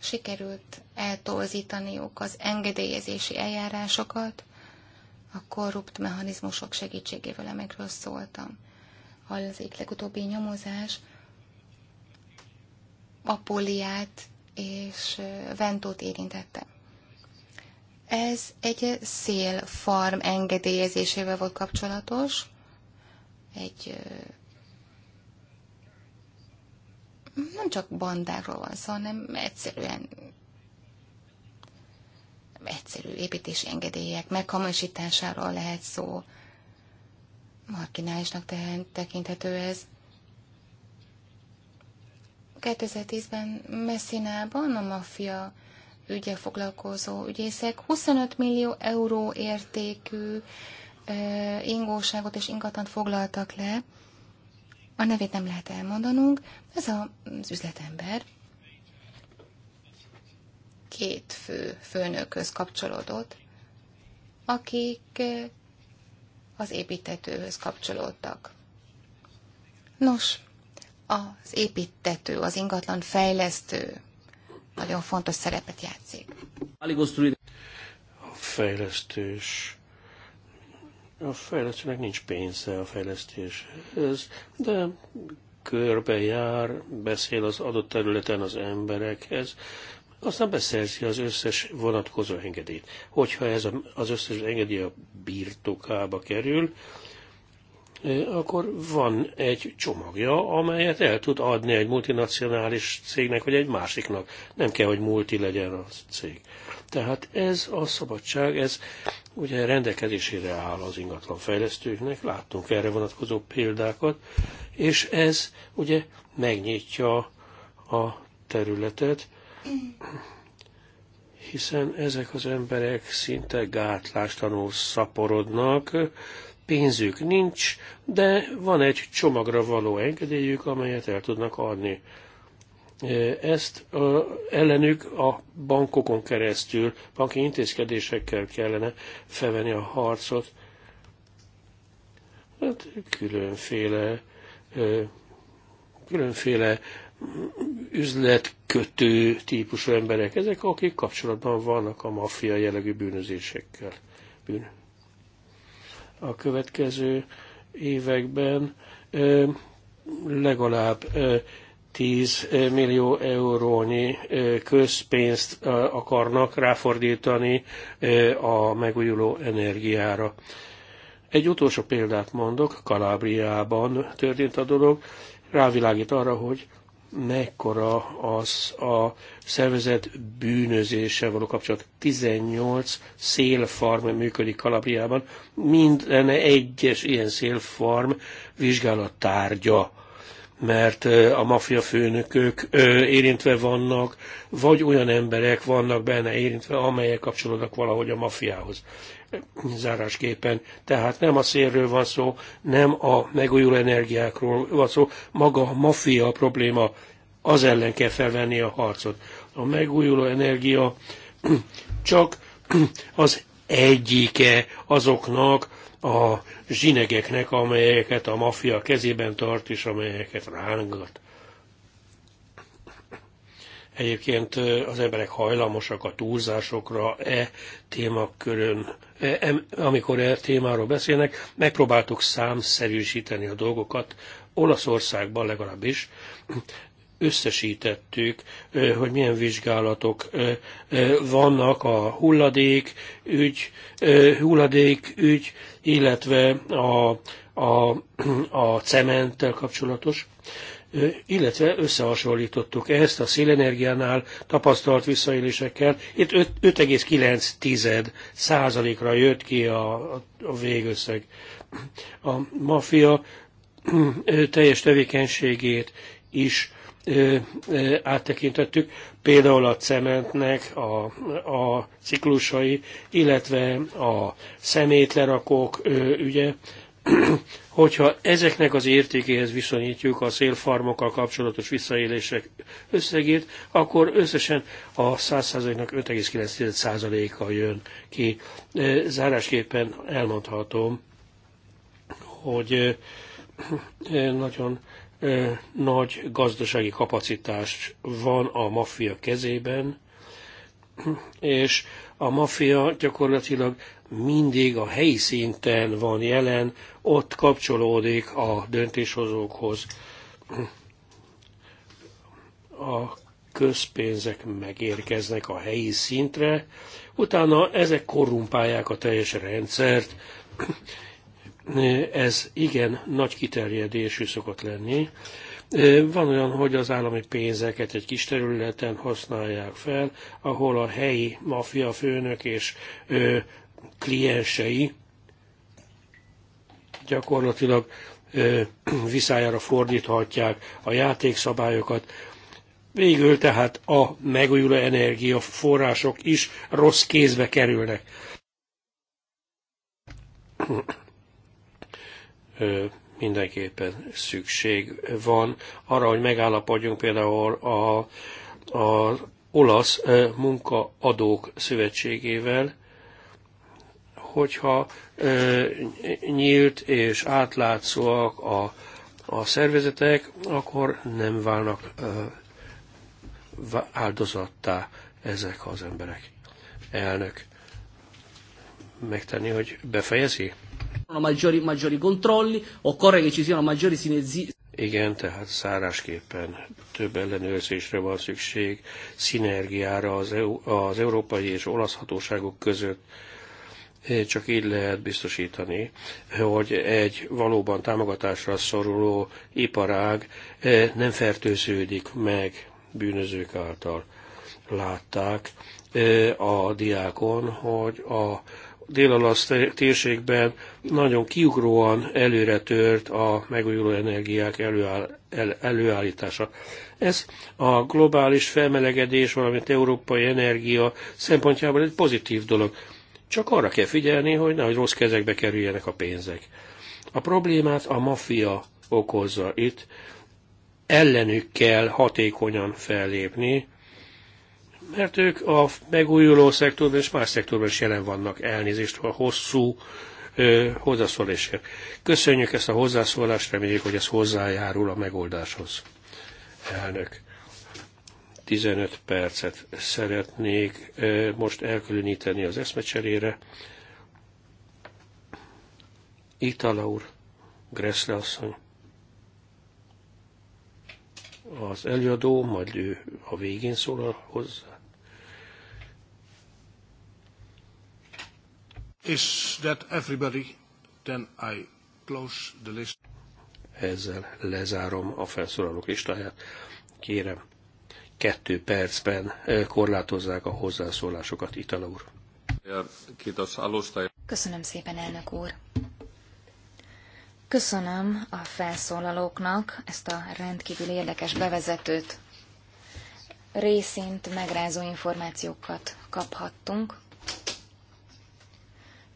sikerült eltolzítaniuk az engedélyezési eljárásokat a korrupt mechanizmusok segítségével, amikről szóltam. Az egyik legutóbbi nyomozás Apóliát és Ventót érintette. Ez egy szélfarm engedélyezésével volt kapcsolatos, egy nem csak bandákról van szó, hanem egyszerűen egyszerű építési engedélyek meghamisításáról lehet szó. Marginálisnak tekinthető ez. 2010-ben Messinában a maffia ügye foglalkozó ügyészek 25 millió euró értékű ingóságot és ingatlant foglaltak le, a nevét nem lehet elmondanunk, ez az üzletember két fő főnökhöz kapcsolódott, akik eh, az építetőhöz kapcsolódtak. Nos, az építető, az ingatlan fejlesztő nagyon fontos szerepet játszik. A fejlesztős a fejlesztőnek nincs pénze a fejlesztéshez, de körbe jár, beszél az adott területen az emberekhez, aztán beszerzi az összes vonatkozó engedélyt. Hogyha ez a, az összes engedély a birtokába kerül, eh, akkor van egy csomagja, amelyet el tud adni egy multinacionális cégnek, vagy egy másiknak. Nem kell, hogy multi legyen a cég. Tehát ez a szabadság, ez ugye rendelkezésére áll az fejlesztőknek, láttunk erre vonatkozó példákat, és ez ugye megnyitja a területet, hiszen ezek az emberek szinte gátlástanul szaporodnak, pénzük nincs, de van egy csomagra való engedélyük, amelyet el tudnak adni. Ezt ellenük a bankokon keresztül, banki intézkedésekkel kellene felvenni a harcot. Hát különféle, különféle üzletkötő típusú emberek, ezek akik kapcsolatban vannak a maffia jellegű bűnözésekkel. Bűn. A következő években legalább 10 millió eurónyi közpénzt akarnak ráfordítani a megújuló energiára. Egy utolsó példát mondok, Kalábriában történt a dolog, rávilágít arra, hogy mekkora az a szervezet bűnözéssel való kapcsolat. 18 szélfarm működik Kalabriában, minden egyes ilyen szélfarm vizsgálat tárgya mert a maffia főnökök érintve vannak, vagy olyan emberek vannak benne érintve, amelyek kapcsolódnak valahogy a maffiához. Zárásképpen. Tehát nem a szélről van szó, nem a megújuló energiákról van szó, maga a maffia a probléma, az ellen kell felvenni a harcot. A megújuló energia csak az egyike azoknak a zsinegeknek, amelyeket a maffia kezében tart, és amelyeket rángat. Egyébként az emberek hajlamosak a túlzásokra e témakörön, e, amikor e témáról beszélnek, megpróbáltuk számszerűsíteni a dolgokat, Olaszországban legalábbis összesítettük, hogy milyen vizsgálatok vannak a hulladék ügy, hulladék ügy illetve a, a, a cementtel kapcsolatos illetve összehasonlítottuk ezt a szélenergiánál tapasztalt visszaélésekkel. Itt 5,9 százalékra jött ki a, a végösszeg. A mafia teljes tevékenységét is áttekintettük, például a cementnek a, a ciklusai, illetve a szemétlerakók ügye, hogyha ezeknek az értékéhez viszonyítjuk a szélfarmokkal kapcsolatos visszaélések összegét, akkor összesen a 100%-nak 5,9%-a jön ki. Zárásképpen elmondhatom, hogy nagyon nagy gazdasági kapacitás van a maffia kezében, és a maffia gyakorlatilag mindig a helyi szinten van jelen, ott kapcsolódik a döntéshozókhoz. A közpénzek megérkeznek a helyi szintre, utána ezek korrumpálják a teljes rendszert, ez igen nagy kiterjedésű szokott lenni. Van olyan, hogy az állami pénzeket egy kis területen használják fel, ahol a helyi maffia főnök és kliensei gyakorlatilag viszájára fordíthatják a játékszabályokat. Végül tehát a megújuló energiaforrások is rossz kézbe kerülnek mindenképpen szükség van arra, hogy megállapodjunk például a, a olasz munkaadók szövetségével, hogyha nyílt és átlátszóak a, a szervezetek, akkor nem válnak áldozattá ezek az emberek. Elnök megtenni, hogy befejezi? maggiori, maggiori controlli, occorre che ci siano maggiori sinergie. Igen, tehát szárásképpen több ellenőrzésre van szükség, szinergiára az, EU, az európai és olasz hatóságok között. Csak így lehet biztosítani, hogy egy valóban támogatásra szoruló iparág nem fertőződik meg bűnözők által. Látták a diákon, hogy a dél-alasz térségben nagyon kiugróan előre tört a megújuló energiák előáll, el, előállítása. Ez a globális felmelegedés, valamint európai energia szempontjából egy pozitív dolog. Csak arra kell figyelni, hogy nehogy rossz kezekbe kerüljenek a pénzek. A problémát a maffia okozza itt, ellenük kell hatékonyan fellépni, mert ők a megújuló szektorban és más szektorban is jelen vannak. Elnézést a hosszú ö, hozzászólásért. Köszönjük ezt a hozzászólást, reméljük, hogy ez hozzájárul a megoldáshoz. Elnök. 15 percet szeretnék ö, most elkülöníteni az eszmecserére. Itala úr, Gressle asszony, az előadó, majd ő a végén szólal hozzá. Is that everybody? Then I close the list. Ezzel lezárom a felszólalók listáját. Kérem, kettő percben korlátozzák a hozzászólásokat, Itala úr. Köszönöm szépen, elnök úr. Köszönöm a felszólalóknak ezt a rendkívül érdekes bevezetőt. Részint megrázó információkat kaphattunk.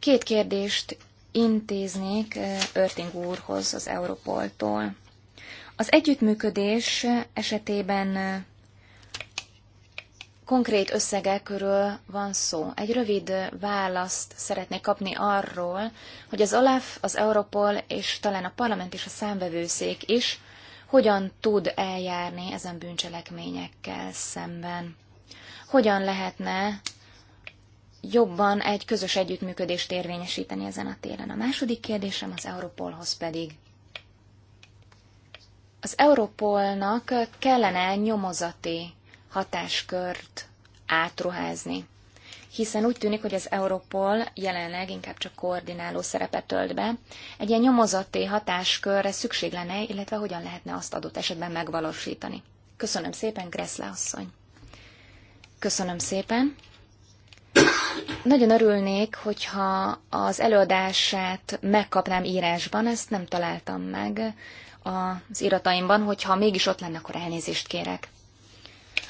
Két kérdést intéznék eh, Örting úrhoz az Europoltól. Az együttműködés esetében eh, konkrét összegekről van szó. Egy rövid eh, választ szeretnék kapni arról, hogy az OLAF, az Europol és talán a parlament és a számvevőszék is hogyan tud eljárni ezen bűncselekményekkel szemben. Hogyan lehetne jobban egy közös együttműködést érvényesíteni ezen a téren. A második kérdésem az Europolhoz pedig. Az Europolnak kellene nyomozati hatáskört átruházni, hiszen úgy tűnik, hogy az Europol jelenleg inkább csak koordináló szerepet tölt be. Egy ilyen nyomozati hatáskörre szükség lenne, illetve hogyan lehetne azt adott esetben megvalósítani. Köszönöm szépen, Greszle asszony! Köszönöm szépen! Nagyon örülnék, hogyha az előadását megkapnám írásban, ezt nem találtam meg az irataimban, hogyha mégis ott lenne, akkor elnézést kérek.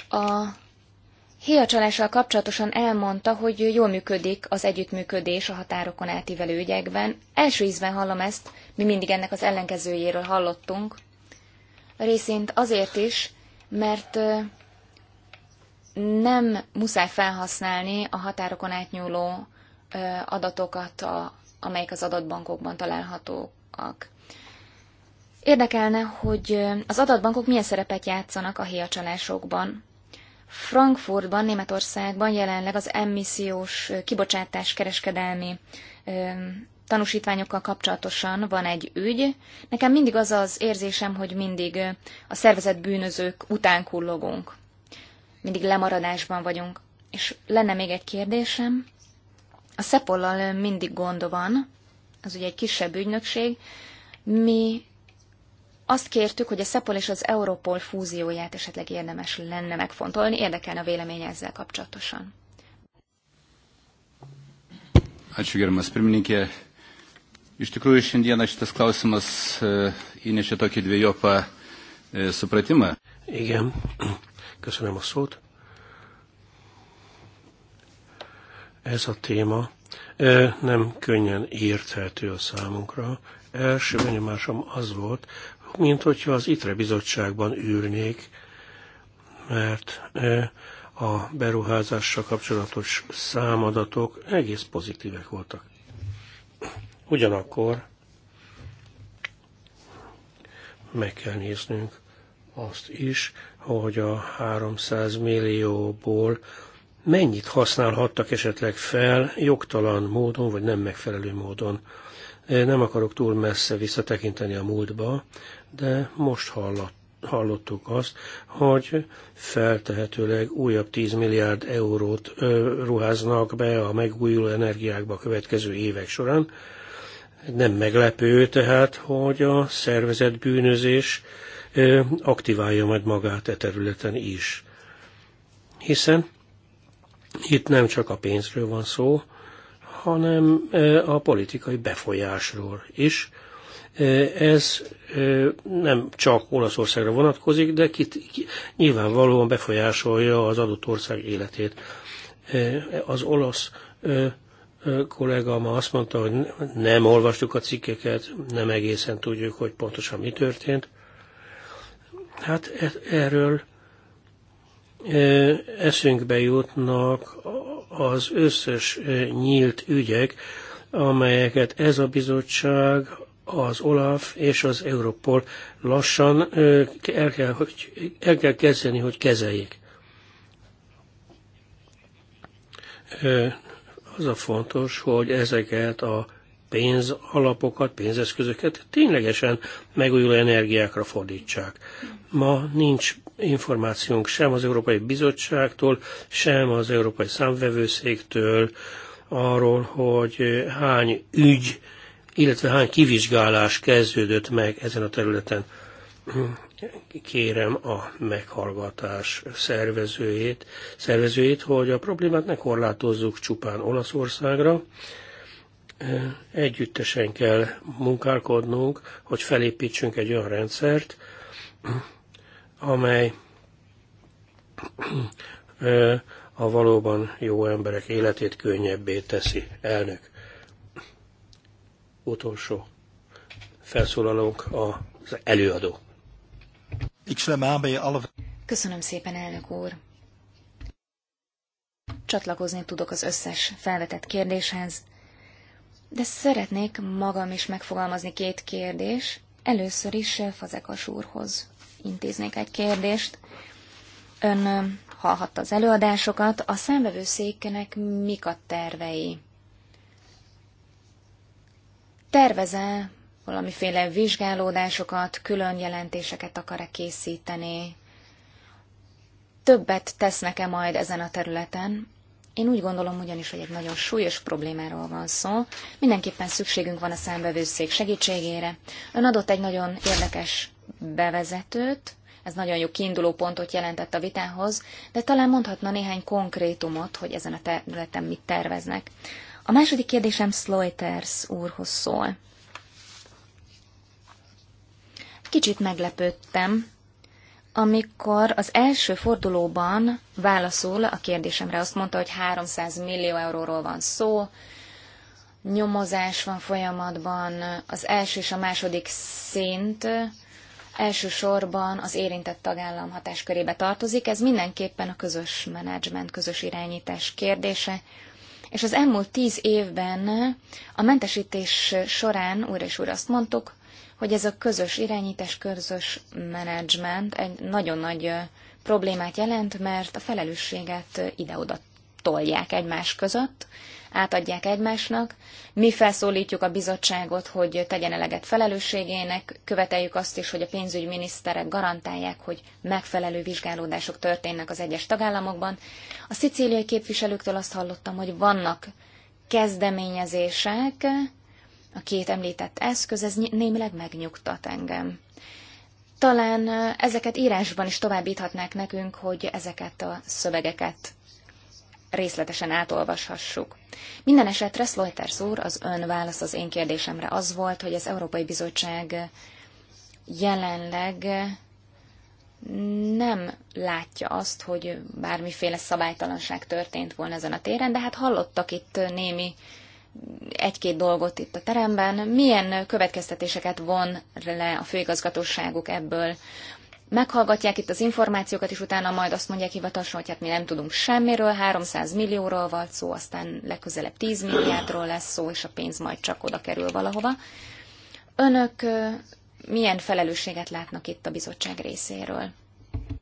A Héjacsalással kapcsolatosan elmondta, hogy jól működik az együttműködés a határokon átívelő ügyekben. Első ízben hallom ezt, mi mindig ennek az ellenkezőjéről hallottunk. Részint azért is, mert nem muszáj felhasználni a határokon átnyúló adatokat, a, amelyek az adatbankokban találhatóak. Érdekelne, hogy az adatbankok milyen szerepet játszanak a héjacsalásokban. Frankfurtban, Németországban jelenleg az emissziós kibocsátás kereskedelmi tanúsítványokkal kapcsolatosan van egy ügy. Nekem mindig az az érzésem, hogy mindig a szervezet bűnözők után kullogunk mindig lemaradásban vagyunk. És lenne még egy kérdésem. A Szepollal mindig gond van, az ugye egy kisebb ügynökség. Mi azt kértük, hogy a Szepol és az Europol fúzióját esetleg érdemes lenne megfontolni. Érdekelne a vélemény ezzel kapcsolatosan. Ačiū gerbiamas pirmininkė. Iš tikrųjų, šiandieną šitas klausimas e, įnešė tokį dviejopą e, supratimą. Igen. Köszönöm a szót. Ez a téma nem könnyen érthető a számunkra. Első benyomásom az volt, mint hogyha az ITRE bizottságban ülnék, mert a beruházással kapcsolatos számadatok egész pozitívek voltak. Ugyanakkor meg kell néznünk azt is, hogy a 300 millióból mennyit használhattak esetleg fel jogtalan módon, vagy nem megfelelő módon. Nem akarok túl messze visszatekinteni a múltba, de most hallott, hallottuk azt, hogy feltehetőleg újabb 10 milliárd eurót ruháznak be a megújuló energiákba a következő évek során. Nem meglepő tehát, hogy a szervezetbűnözés bűnözés aktiválja majd magát e területen is. Hiszen itt nem csak a pénzről van szó, hanem a politikai befolyásról is. Ez nem csak Olaszországra vonatkozik, de kit, nyilvánvalóan befolyásolja az adott ország életét. Az olasz kollega ma azt mondta, hogy nem olvastuk a cikkeket, nem egészen tudjuk, hogy pontosan mi történt. Hát e, erről e, eszünkbe jutnak az összes e, nyílt ügyek, amelyeket ez a bizottság, az OLAF és az Europol lassan el kell, hogy, el kell kezdeni, hogy kezeljék. Az a fontos, hogy ezeket a pénzalapokat, pénzeszközöket ténylegesen megújuló energiákra fordítsák. Ma nincs információnk sem az Európai Bizottságtól, sem az Európai Számvevőszéktől arról, hogy hány ügy, illetve hány kivizsgálás kezdődött meg ezen a területen. Kérem a meghallgatás szervezőjét, szervezőjét, hogy a problémát ne korlátozzuk csupán Olaszországra, együttesen kell munkálkodnunk, hogy felépítsünk egy olyan rendszert, amely a valóban jó emberek életét könnyebbé teszi. Elnök. Utolsó felszólalunk az előadó. Köszönöm szépen, elnök úr. Csatlakozni tudok az összes felvetett kérdéshez de szeretnék magam is megfogalmazni két kérdés. Először is eh, Fazekas úrhoz intéznék egy kérdést. Ön eh, hallhatta az előadásokat, a székenek mik a tervei? Terveze valamiféle vizsgálódásokat, külön jelentéseket akar-e készíteni? Többet tesznek-e majd ezen a területen, én úgy gondolom ugyanis, hogy egy nagyon súlyos problémáról van szó. Mindenképpen szükségünk van a számbevőszék segítségére. Ön adott egy nagyon érdekes bevezetőt, ez nagyon jó kiinduló pontot jelentett a vitához, de talán mondhatna néhány konkrétumot, hogy ezen a területen mit terveznek. A második kérdésem Sloiters úrhoz szól. Kicsit meglepődtem, amikor az első fordulóban válaszol a kérdésemre, azt mondta, hogy 300 millió euróról van szó, nyomozás van folyamatban, az első és a második szint elsősorban az érintett tagállam hatáskörébe tartozik. Ez mindenképpen a közös menedzsment, közös irányítás kérdése. És az elmúlt tíz évben a mentesítés során újra és újra azt mondtuk, hogy ez a közös irányítás, közös menedzsment egy nagyon nagy problémát jelent, mert a felelősséget ide-oda tolják egymás között, átadják egymásnak. Mi felszólítjuk a bizottságot, hogy tegyen eleget felelősségének, követeljük azt is, hogy a pénzügyminiszterek garantálják, hogy megfelelő vizsgálódások történnek az egyes tagállamokban. A szicíliai képviselőktől azt hallottam, hogy vannak kezdeményezések, a két említett eszköz, ez némileg megnyugtat engem. Talán ezeket írásban is továbbíthatnák nekünk, hogy ezeket a szövegeket részletesen átolvashassuk. Minden esetre Szlojters úr, az ön válasz az én kérdésemre az volt, hogy az Európai Bizottság jelenleg nem látja azt, hogy bármiféle szabálytalanság történt volna ezen a téren, de hát hallottak itt némi egy-két dolgot itt a teremben. Milyen következtetéseket von le a főigazgatóságuk ebből? Meghallgatják itt az információkat, és utána majd azt mondják hivatalosan, hogy hát mi nem tudunk semmiről, 300 millióról volt szó, aztán legközelebb 10 milliárdról lesz szó, és a pénz majd csak oda kerül valahova. Önök milyen felelősséget látnak itt a bizottság részéről?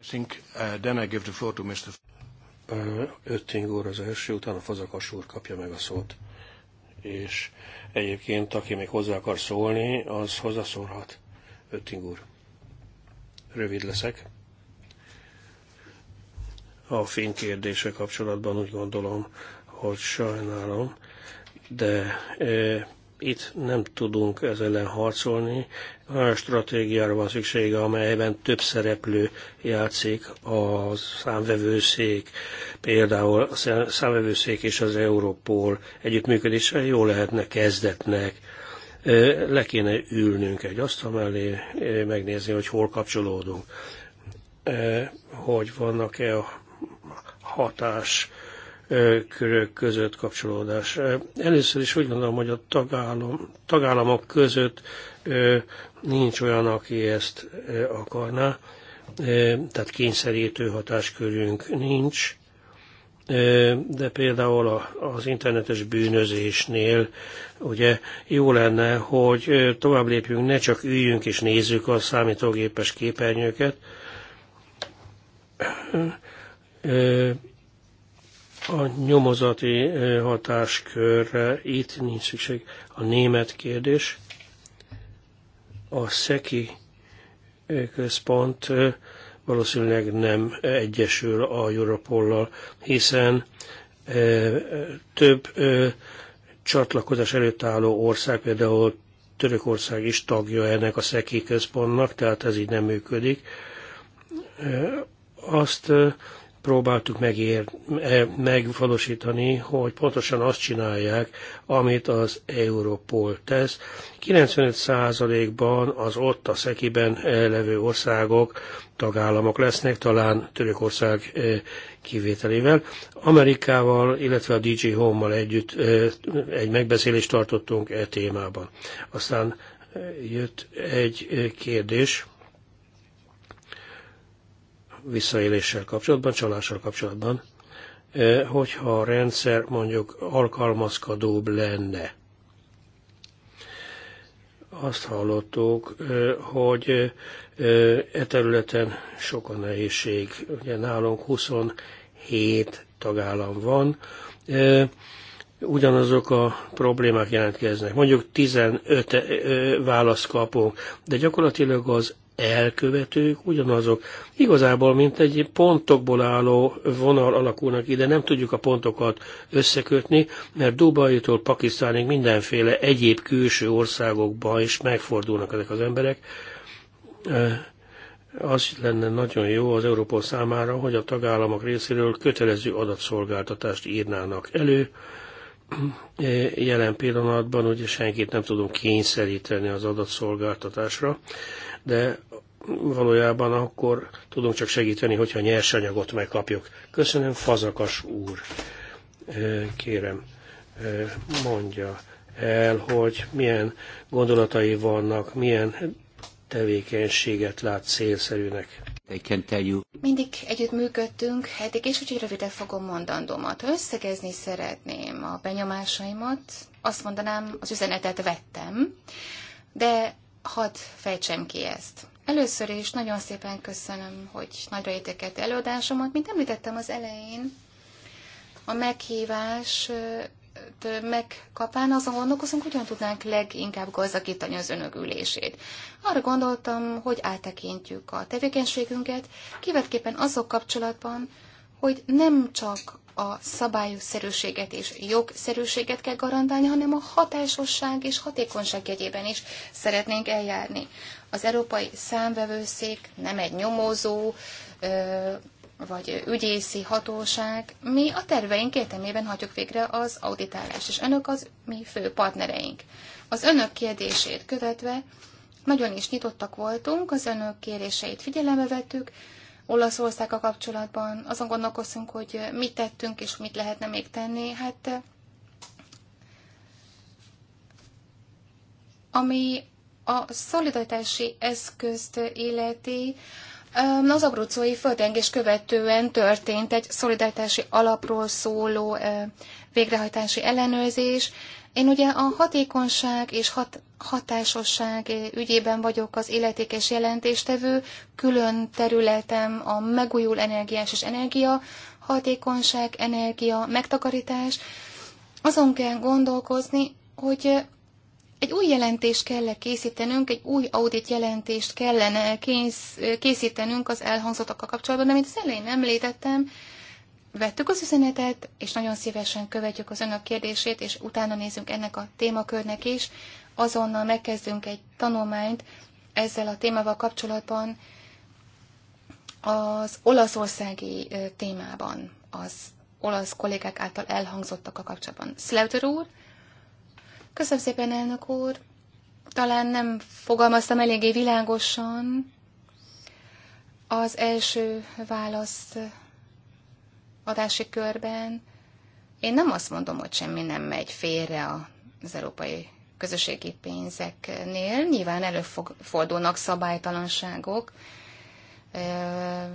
think, uh, then I give the floor to Mr. az első, utána Fazakas úr kapja meg a szót és egyébként aki még hozzá akar szólni, az hozzászólhat. Ötting úr. Rövid leszek. A fénykérdése kapcsolatban úgy gondolom, hogy sajnálom, de itt nem tudunk ez ellen harcolni. Olyan stratégiára van szüksége, amelyben több szereplő játszik, a számvevőszék, például a számvevőszék és az Európol együttműködése jó lehetne kezdetnek. Le kéne ülnünk egy asztal mellé, megnézni, hogy hol kapcsolódunk, hogy vannak-e a hatás körök között kapcsolódás. Először is úgy gondolom, hogy a tagállam, tagállamok között nincs olyan, aki ezt akarná, tehát kényszerítő hatáskörünk nincs, de például az internetes bűnözésnél ugye jó lenne, hogy tovább lépjünk, ne csak üljünk és nézzük a számítógépes képernyőket, a nyomozati hatáskörre itt nincs szükség. A német kérdés, a SZEKI központ valószínűleg nem egyesül a Europollal, hiszen több csatlakozás előtt álló ország, például Törökország is tagja ennek a SZEKI központnak, tehát ez így nem működik. Azt próbáltuk megér, e, megvalósítani, hogy pontosan azt csinálják, amit az Europol tesz. 95%-ban az ott a szekiben e, levő országok tagállamok lesznek, talán Törökország e, kivételével. Amerikával, illetve a DJ Home-mal együtt egy megbeszélést tartottunk e témában. Aztán jött egy kérdés, visszaéléssel kapcsolatban, csalással kapcsolatban, hogyha a rendszer mondjuk alkalmazkodóbb lenne. Azt hallottuk, hogy e területen sok a nehézség. Ugye nálunk 27 tagállam van, ugyanazok a problémák jelentkeznek. Mondjuk 15 választ kapunk, de gyakorlatilag az elkövetők ugyanazok. Igazából, mint egy pontokból álló vonal alakulnak ide, nem tudjuk a pontokat összekötni, mert Dubajtól Pakisztánig mindenféle egyéb külső országokban is megfordulnak ezek az emberek. Az lenne nagyon jó az Európa számára, hogy a tagállamok részéről kötelező adatszolgáltatást írnának elő, Jelen pillanatban ugye senkit nem tudunk kényszeríteni az adatszolgáltatásra, de valójában akkor tudunk csak segíteni, hogyha nyersanyagot megkapjuk. Köszönöm, Fazakas úr. Kérem, mondja el, hogy milyen gondolatai vannak, milyen tevékenységet lát célszerűnek. Mindig együtt működtünk eddig, és úgyhogy röviden fogom mondandómat. Összegezni szeretném a benyomásaimat, azt mondanám, az üzenetet vettem, de hadd fejtsem ki ezt. Először is nagyon szépen köszönöm, hogy nagyra értékelt előadásomat. Mint említettem az elején, a meghívás megkapán, azon gondolkozunk, hogyan tudnánk leginkább gazdagítani az önök ülését. Arra gondoltam, hogy áttekintjük a tevékenységünket, kivetképpen azok kapcsolatban, hogy nem csak a szerűséget és jogszerűséget kell garantálni, hanem a hatásosság és hatékonyság jegyében is szeretnénk eljárni. Az Európai Számvevőszék nem egy nyomozó, vagy ügyészi hatóság, mi a terveink értelmében hagyjuk végre az auditálást, és önök az mi fő partnereink. Az önök kérdését követve nagyon is nyitottak voltunk, az önök kéréseit figyelembe vettük, a kapcsolatban azon gondolkoztunk, hogy mit tettünk és mit lehetne még tenni. Hát ami a szolidaritási eszközt életi, az abrucói földrengés követően történt egy szolidaritási alapról szóló végrehajtási ellenőrzés. Én ugye a hatékonyság és hat hatásosság ügyében vagyok az életékes jelentéstevő, külön területem a megújul energiás és energia, hatékonyság, energia, megtakarítás. Azon kell gondolkozni, hogy egy új jelentést kellene készítenünk, egy új audit jelentést kellene kész, készítenünk az elhangzottakkal kapcsolatban, de mint az elején említettem, vettük az üzenetet, és nagyon szívesen követjük az önök kérdését, és utána nézünk ennek a témakörnek is. Azonnal megkezdünk egy tanulmányt ezzel a témával kapcsolatban az olaszországi témában, az olasz kollégák által elhangzottak a kapcsolatban. Slaughter úr, Köszönöm szépen, elnök úr. Talán nem fogalmaztam eléggé világosan az első választ adási körben. Én nem azt mondom, hogy semmi nem megy félre az európai közösségi pénzeknél. Nyilván előfordulnak szabálytalanságok.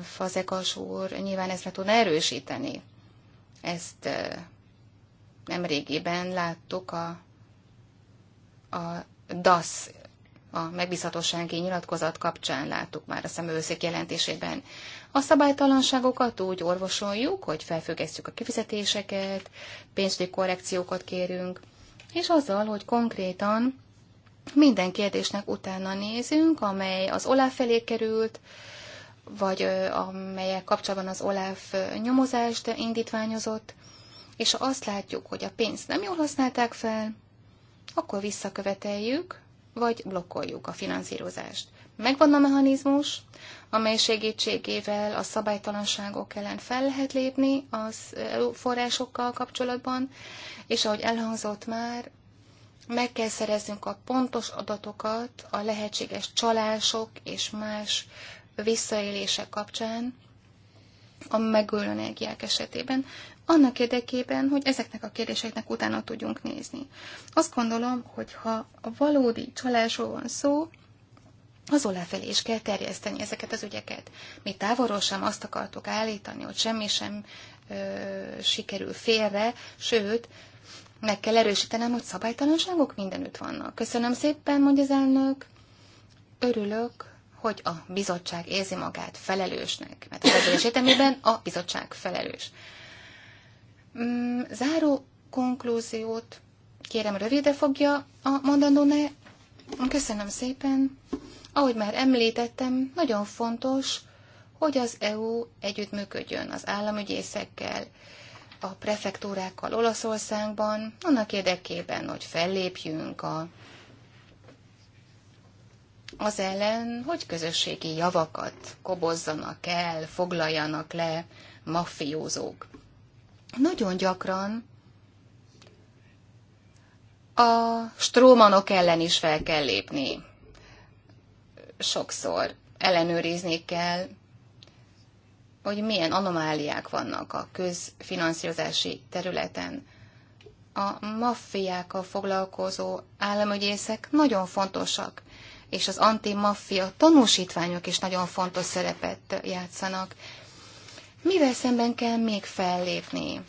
Fazekas úr nyilván ezt le tudna erősíteni. Ezt nem régiben láttuk a a DAS a megbízhatósági nyilatkozat kapcsán láttuk már a szemőszék jelentésében. A szabálytalanságokat úgy orvosoljuk, hogy felfüggesztjük a kifizetéseket, pénzügyi korrekciókat kérünk, és azzal, hogy konkrétan minden kérdésnek utána nézünk, amely az OLAF felé került, vagy amelyek kapcsolatban az OLAF nyomozást indítványozott, és azt látjuk, hogy a pénzt nem jól használták fel, akkor visszaköveteljük, vagy blokkoljuk a finanszírozást. Megvan a mechanizmus, amely segítségével a szabálytalanságok ellen fel lehet lépni az forrásokkal kapcsolatban, és ahogy elhangzott már, meg kell szereznünk a pontos adatokat a lehetséges csalások és más visszaélések kapcsán a megölő energiák esetében annak érdekében, hogy ezeknek a kérdéseknek utána tudjunk nézni. Azt gondolom, hogy ha a valódi csalásról van szó, azon lefelé is kell terjeszteni ezeket az ügyeket. Mi távolról sem azt akartuk állítani, hogy semmi sem ö, sikerül félre, sőt, meg kell erősítenem, hogy szabálytalanságok mindenütt vannak. Köszönöm szépen, mondja az elnök. Örülök, hogy a bizottság érzi magát felelősnek, mert a szerződés a bizottság felelős. Mm, záró konklúziót kérem rövide fogja a mondandó ne. Köszönöm szépen. Ahogy már említettem, nagyon fontos, hogy az EU együttműködjön az államügyészekkel, a prefektúrákkal Olaszországban, annak érdekében, hogy fellépjünk a, az ellen, hogy közösségi javakat kobozzanak el, foglaljanak le mafiózók. Nagyon gyakran a strómanok ellen is fel kell lépni. Sokszor ellenőrizni kell, hogy milyen anomáliák vannak a közfinanszírozási területen. A maffiákkal foglalkozó államügyészek nagyon fontosak, és az antimaffia tanúsítványok is nagyon fontos szerepet játszanak. Mivel szemben kell még fellépni?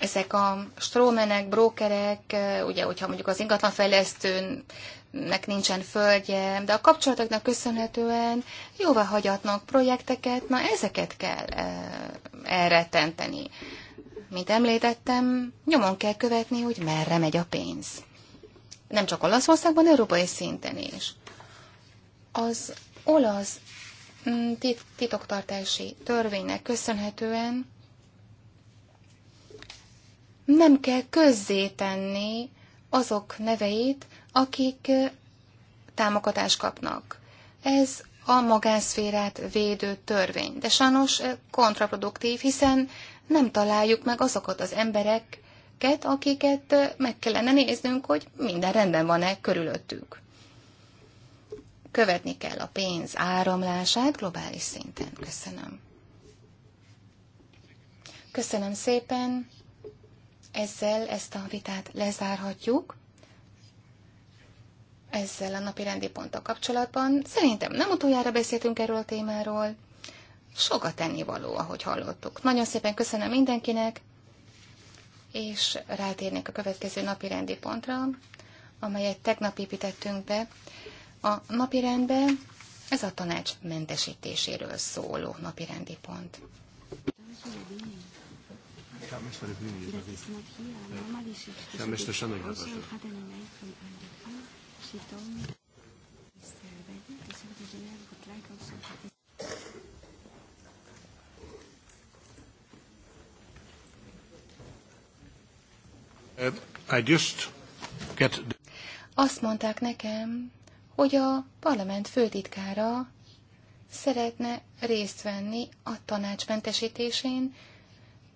Ezek a strómenek, brókerek, ugye, hogyha mondjuk az ingatlanfejlesztőnek nincsen földje, de a kapcsolatoknak köszönhetően jóvá hagyatnak projekteket, na ezeket kell elrettenteni. Mint említettem, nyomon kell követni, hogy merre megy a pénz. Nem csak Olaszországban, európai szinten is. Az olasz Mm, titoktartási törvénynek köszönhetően nem kell közzétenni azok neveit, akik támogatást kapnak. Ez a magánszférát védő törvény, de sajnos kontraproduktív, hiszen nem találjuk meg azokat az embereket, akiket meg kellene néznünk, hogy minden rendben van-e körülöttük követni kell a pénz áramlását globális szinten. Köszönöm. Köszönöm szépen. Ezzel ezt a vitát lezárhatjuk. Ezzel a napi rendi ponttal kapcsolatban szerintem nem utoljára beszéltünk erről a témáról. Sok a tennivaló, ahogy hallottuk. Nagyon szépen köszönöm mindenkinek, és rátérnék a következő napi rendi pontra, amelyet tegnap építettünk be. A napirendben ez a tanács mentesítéséről szóló napirendi pont. I just get... Azt mondták nekem, hogy a parlament főtitkára szeretne részt venni a tanács mentesítésén.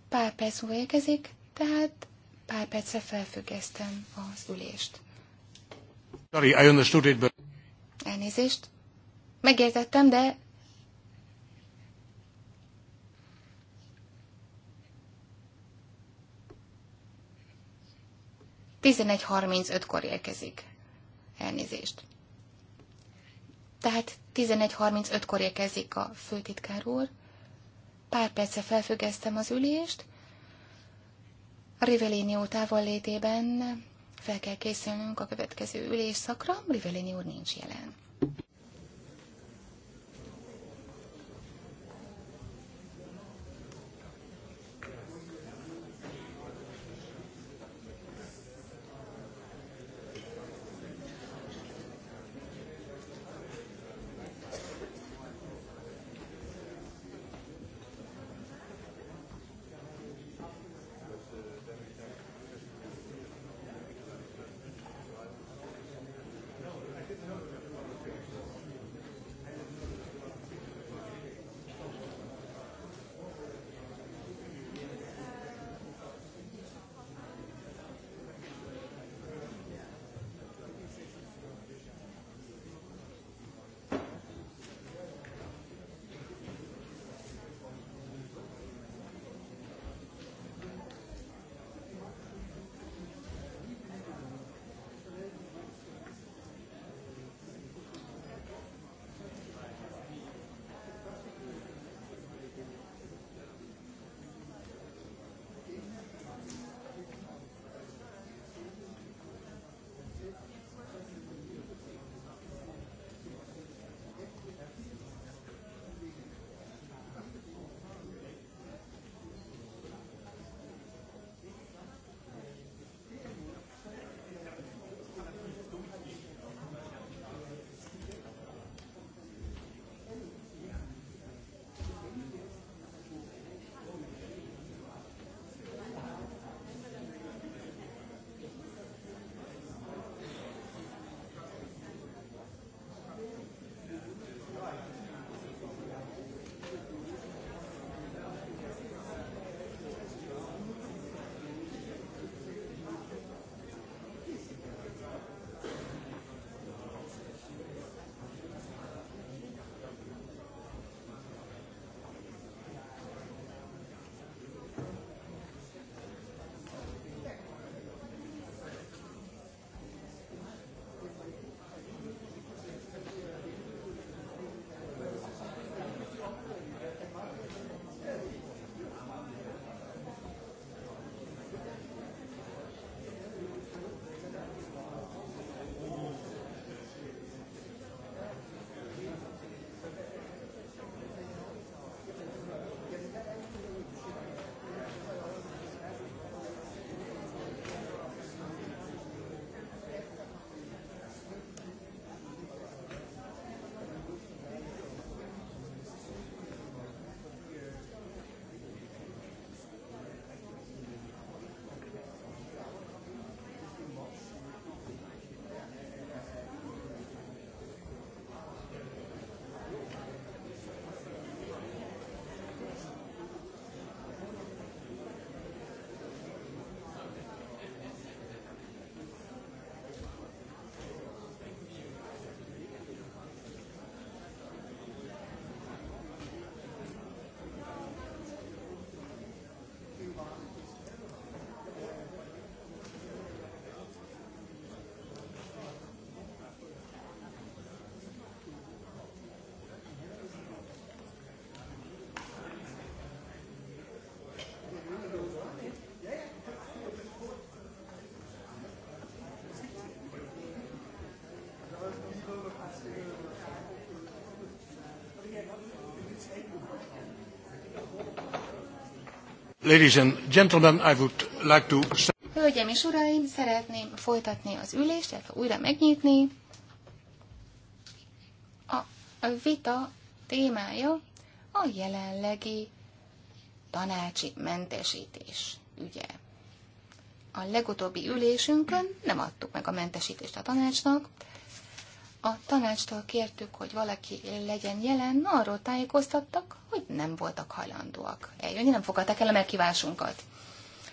Pár perc múlva érkezik, tehát pár percre felfüggesztem az ülést. Sorry, I understood it, but... Elnézést. Megértettem, de Tizenegy harmincötkor érkezik. Elnézést. Tehát 11.35-kor érkezik a főtitkár úr. Pár perce felfüggesztem az ülést. A Rivellini úr távollétében fel kell készülnünk a következő ülésszakra. Rivelini úr nincs jelen. Ladies and gentlemen, I would like to... Hölgyeim és uraim, szeretném folytatni az ülést, illetve újra megnyitni. A vita témája a jelenlegi tanácsi mentesítés ügye. A legutóbbi ülésünkön nem adtuk meg a mentesítést a tanácsnak. A tanácstól kértük, hogy valaki legyen jelen, arról tájékoztattak, nem voltak hajlandóak eljönni, nem fogadták el a megkívásunkat.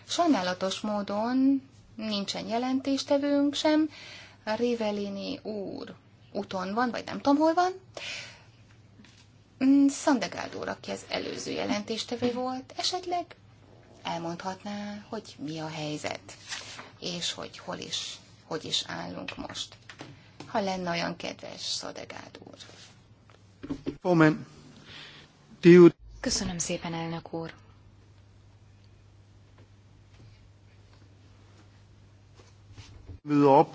Sajnálatos módon nincsen jelentéstevőnk sem, Rivellini úr uton van, vagy nem tudom, hol van. Mm, Szandegáld úr, aki az előző jelentéstevő volt, esetleg elmondhatná, hogy mi a helyzet, és hogy hol is, hogy is állunk most. Ha lenne olyan kedves, Szadegád úr. Moment. Köszönöm szépen, elnök úr. Nos,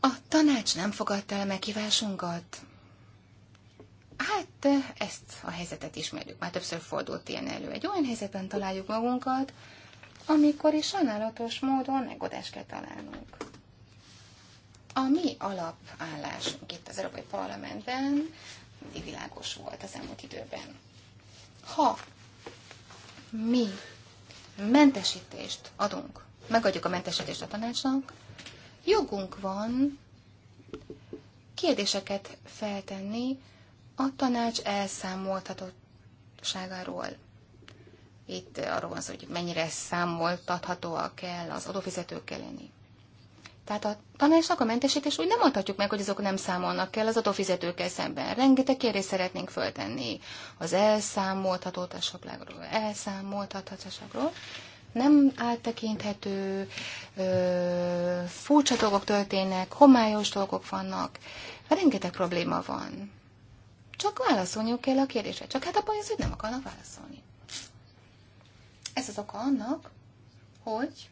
a tanács nem fogadta el meghívásunkat. Hát ezt a helyzetet ismerjük, már többször fordult ilyen elő. Egy olyan helyzetben találjuk magunkat, amikor is sajnálatos módon megoldást kell találnunk. A mi alapállásunk itt az Európai Parlamentben mindig világos volt az elmúlt időben. Ha mi mentesítést adunk, megadjuk a mentesítést a tanácsnak, jogunk van kérdéseket feltenni a tanács elszámoltatottságáról. Itt arról van szó, hogy mennyire számoltathatóak kell az adófizetők elleni. Tehát a tanácsnak a mentesítés úgy nem adhatjuk meg, hogy azok nem számolnak el az adófizetőkkel szemben. Rengeteg kérdést szeretnénk föltenni az elszámoltathatóságról, elszámoltathatóságról. Nem áttekinthető, ö, furcsa dolgok történnek, homályos dolgok vannak, rengeteg probléma van. Csak válaszolniuk kell a kérdésre. Csak hát a baj az, hogy nem akarnak válaszolni. Ez az oka annak, hogy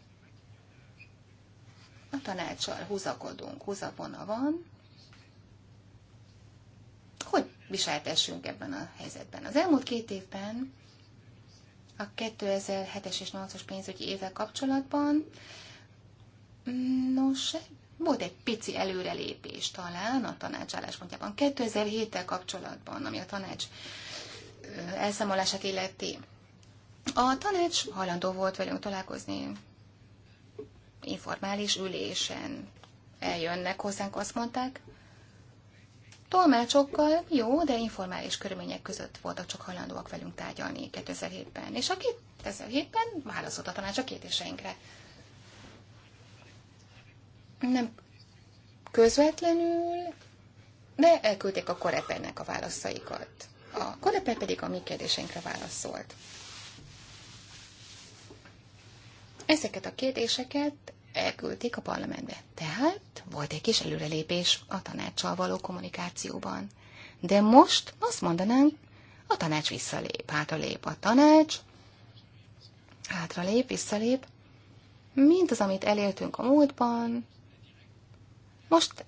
a tanácssal húzakodunk, húzavona van. Hogy viseltessünk ebben a helyzetben? Az elmúlt két évben a 2007-es és 2008 as pénzügyi évvel kapcsolatban nos, volt egy pici előrelépés talán a tanács álláspontjában. 2007-tel kapcsolatban, ami a tanács elszámolását illeti, a tanács hajlandó volt velünk találkozni informális ülésen eljönnek hozzánk, azt mondták, tolmácsokkal jó, de informális körülmények között voltak csak hajlandóak velünk tárgyalni 2007-ben. És a 2007-ben válaszolt a tanács a kérdéseinkre. Nem közvetlenül, de elküldték a korepernek a válaszaikat. A koreper pedig a mi kérdéseinkre válaszolt. Ezeket a kérdéseket elküldték a parlamentbe. Tehát volt egy kis előrelépés a tanácssal való kommunikációban. De most azt mondanánk, a tanács visszalép, hátralép a tanács, hátralép, visszalép, mint az, amit elértünk a múltban, most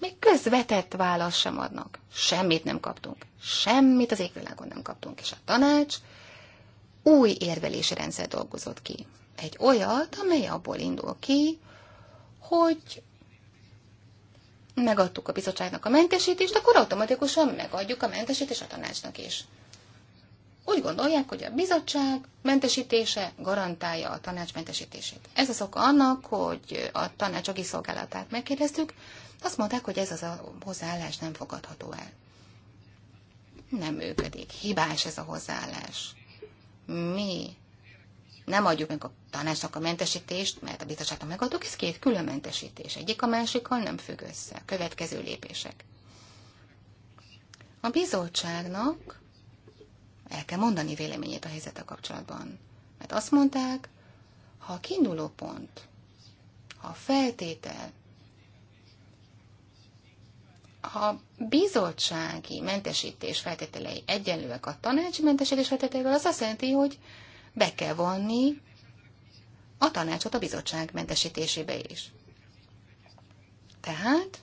még közvetett választ sem adnak. Semmit nem kaptunk. Semmit az égvilágon nem kaptunk. És a tanács új érvelési rendszer dolgozott ki egy olyat, amely abból indul ki, hogy megadtuk a bizottságnak a mentesítést, akkor automatikusan megadjuk a mentesítést a tanácsnak is. Úgy gondolják, hogy a bizottság mentesítése garantálja a tanács mentesítését. Ez az oka annak, hogy a tanácsogi szolgálatát megkérdeztük, azt mondták, hogy ez az a hozzáállás nem fogadható el. Nem működik. Hibás ez a hozzáállás. Mi nem adjuk meg a tanácsnak a mentesítést, mert a bizottságnak megadok, ez két külön mentesítés. Egyik a másikkal nem függ össze. A következő lépések. A bizottságnak el kell mondani véleményét a helyzete kapcsolatban. Mert azt mondták, ha a kiinduló pont, ha a feltétel, ha a bizottsági mentesítés feltételei egyenlőek a tanácsi mentesítés feltételeivel, az azt jelenti, hogy be kell vonni a tanácsot a bizottság mentesítésébe is. Tehát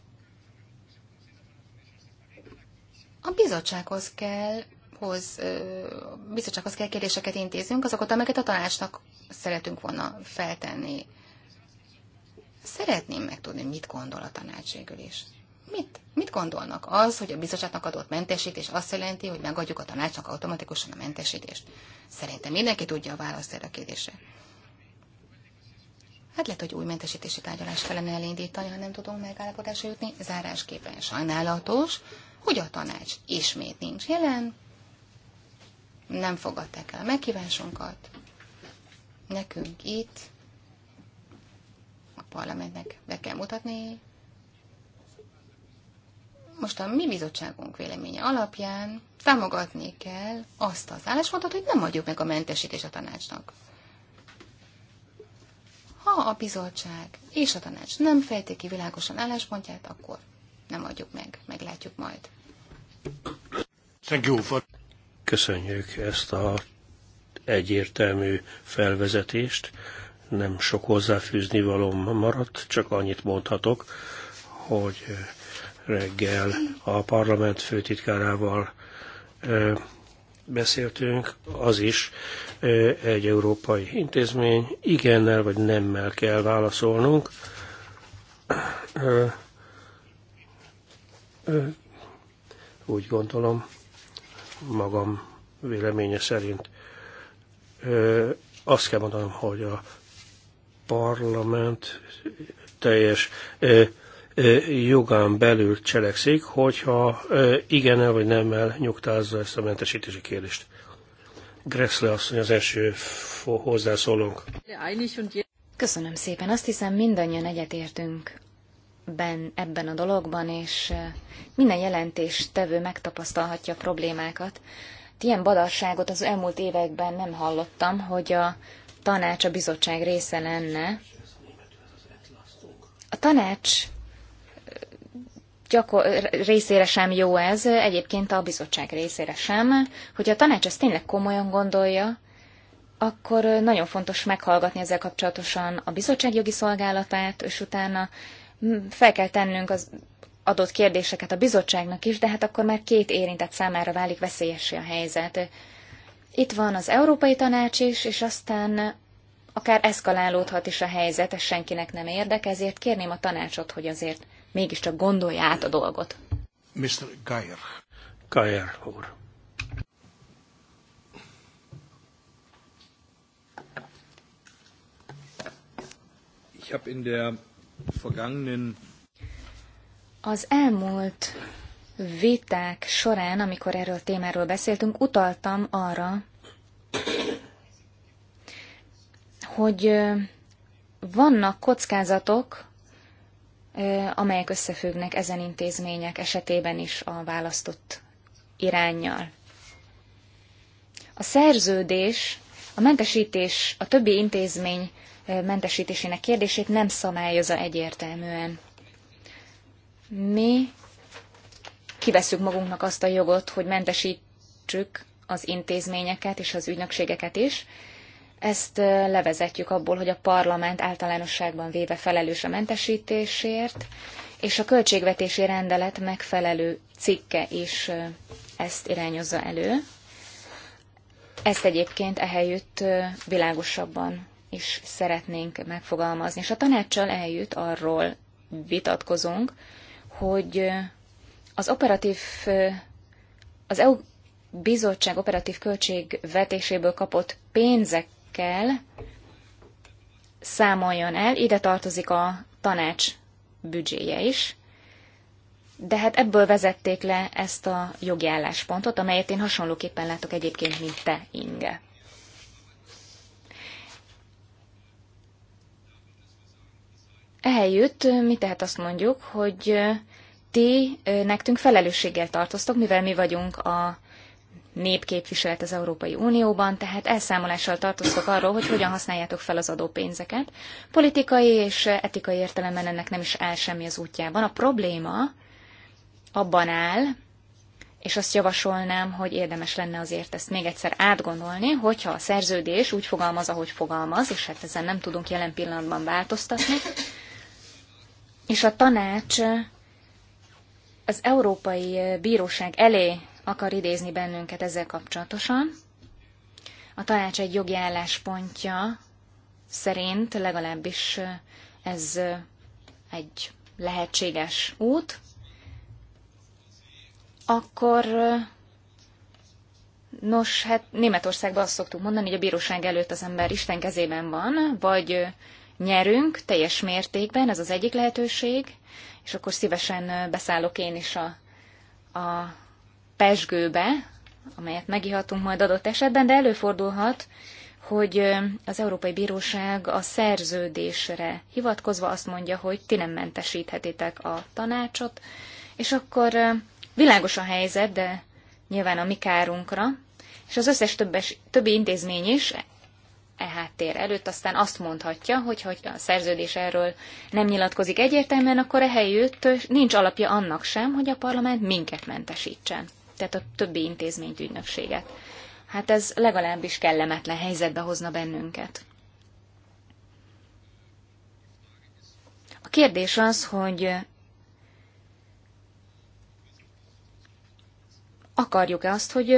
a bizottsághoz kell, hoz, a bizottsághoz kell kérdéseket intézünk, azokat, amelyeket a tanácsnak szeretünk volna feltenni. Szeretném megtudni, mit gondol a tanács végül is. Mit, mit gondolnak? Az, hogy a bizottságnak adott mentesítés azt jelenti, hogy megadjuk a tanácsnak automatikusan a mentesítést. Szerintem mindenki tudja a választ erre a kérdésre. Hát lehet, hogy új mentesítési tárgyalást kellene elindítani, ha nem tudunk megállapodásra jutni. Zárásképpen sajnálatos, hogy a tanács ismét nincs jelen, nem fogadták el a megkívásunkat, nekünk itt, a parlamentnek be kell mutatni, most a mi bizottságunk véleménye alapján támogatni kell azt az álláspontot, hogy nem adjuk meg a mentesítést a tanácsnak. Ha a bizottság és a tanács nem fejti ki világosan álláspontját, akkor nem adjuk meg, meglátjuk majd. Köszönjük ezt a egyértelmű felvezetést. Nem sok hozzáfűzni való maradt, csak annyit mondhatok, hogy reggel a parlament főtitkárával beszéltünk, az is egy európai intézmény, igennel vagy nemmel kell válaszolnunk. Úgy gondolom, magam véleménye szerint azt kell mondanom, hogy a parlament teljes jogán belül cselekszik, hogyha igen-e vagy nem el nyugtázza ezt a mentesítési kérdést. Gressle asszony az első hozzászólónk. Köszönöm szépen. Azt hiszem mindannyian egyetértünk ben, ebben a dologban, és minden tevő megtapasztalhatja a problémákat. Hát ilyen badarságot az elmúlt években nem hallottam, hogy a tanács a bizottság része lenne. A tanács gyakor- részére sem jó ez, egyébként a bizottság részére sem, hogy a tanács ezt tényleg komolyan gondolja, akkor nagyon fontos meghallgatni ezzel kapcsolatosan a bizottság jogi szolgálatát, és utána hm, fel kell tennünk az adott kérdéseket a bizottságnak is, de hát akkor már két érintett számára válik veszélyessé a helyzet. Itt van az Európai Tanács is, és aztán akár eszkalálódhat is a helyzet, ez senkinek nem érdek, ezért kérném a tanácsot, hogy azért mégiscsak gondolja át a dolgot. Mr. Geyer. Geyer úr. Ich habe in der vergangenen az elmúlt viták során, amikor erről a témáról beszéltünk, utaltam arra, hogy vannak kockázatok, amelyek összefüggnek ezen intézmények esetében is a választott irányjal. A szerződés, a mentesítés, a többi intézmény mentesítésének kérdését nem szabályozza egyértelműen. Mi kivesszük magunknak azt a jogot, hogy mentesítsük az intézményeket és az ügynökségeket is, ezt levezetjük abból, hogy a parlament általánosságban véve felelős a mentesítésért, és a költségvetési rendelet megfelelő cikke is ezt irányozza elő. Ezt egyébként ehelyütt világosabban is szeretnénk megfogalmazni. És a tanácssal eljut arról vitatkozunk, hogy az operatív, az EU bizottság operatív költségvetéséből kapott pénzek kell számoljon el, ide tartozik a tanács büdzséje is, de hát ebből vezették le ezt a jogi álláspontot, amelyet én hasonlóképpen látok egyébként, mint te, Inge. Ehelyütt mi tehát azt mondjuk, hogy ti nektünk felelősséggel tartoztok, mivel mi vagyunk a nép képviselt az Európai Unióban, tehát elszámolással tartoztok arról, hogy hogyan használjátok fel az adópénzeket. Politikai és etikai értelemben ennek nem is áll semmi az útjában. A probléma abban áll, és azt javasolnám, hogy érdemes lenne azért ezt még egyszer átgondolni, hogyha a szerződés úgy fogalmaz, ahogy fogalmaz, és hát ezen nem tudunk jelen pillanatban változtatni, és a tanács az Európai Bíróság elé akar idézni bennünket ezzel kapcsolatosan. A tanács egy jogi álláspontja szerint legalábbis ez egy lehetséges út, akkor nos, hát Németországban azt szoktuk mondani, hogy a bíróság előtt az ember Isten kezében van, vagy nyerünk teljes mértékben, ez az egyik lehetőség, és akkor szívesen beszállok én is a, a pesgőbe, amelyet megihatunk majd adott esetben, de előfordulhat, hogy az Európai Bíróság a szerződésre hivatkozva azt mondja, hogy ti nem mentesíthetitek a tanácsot, és akkor világos a helyzet, de nyilván a mi kárunkra, és az összes többes, többi intézmény is e háttér előtt aztán azt mondhatja, hogy ha a szerződés erről nem nyilatkozik egyértelműen, akkor ehelyütt nincs alapja annak sem, hogy a parlament minket mentesítsen tehát a többi intézményt, ügynökséget. Hát ez legalábbis kellemetlen helyzetbe hozna bennünket. A kérdés az, hogy akarjuk-e azt, hogy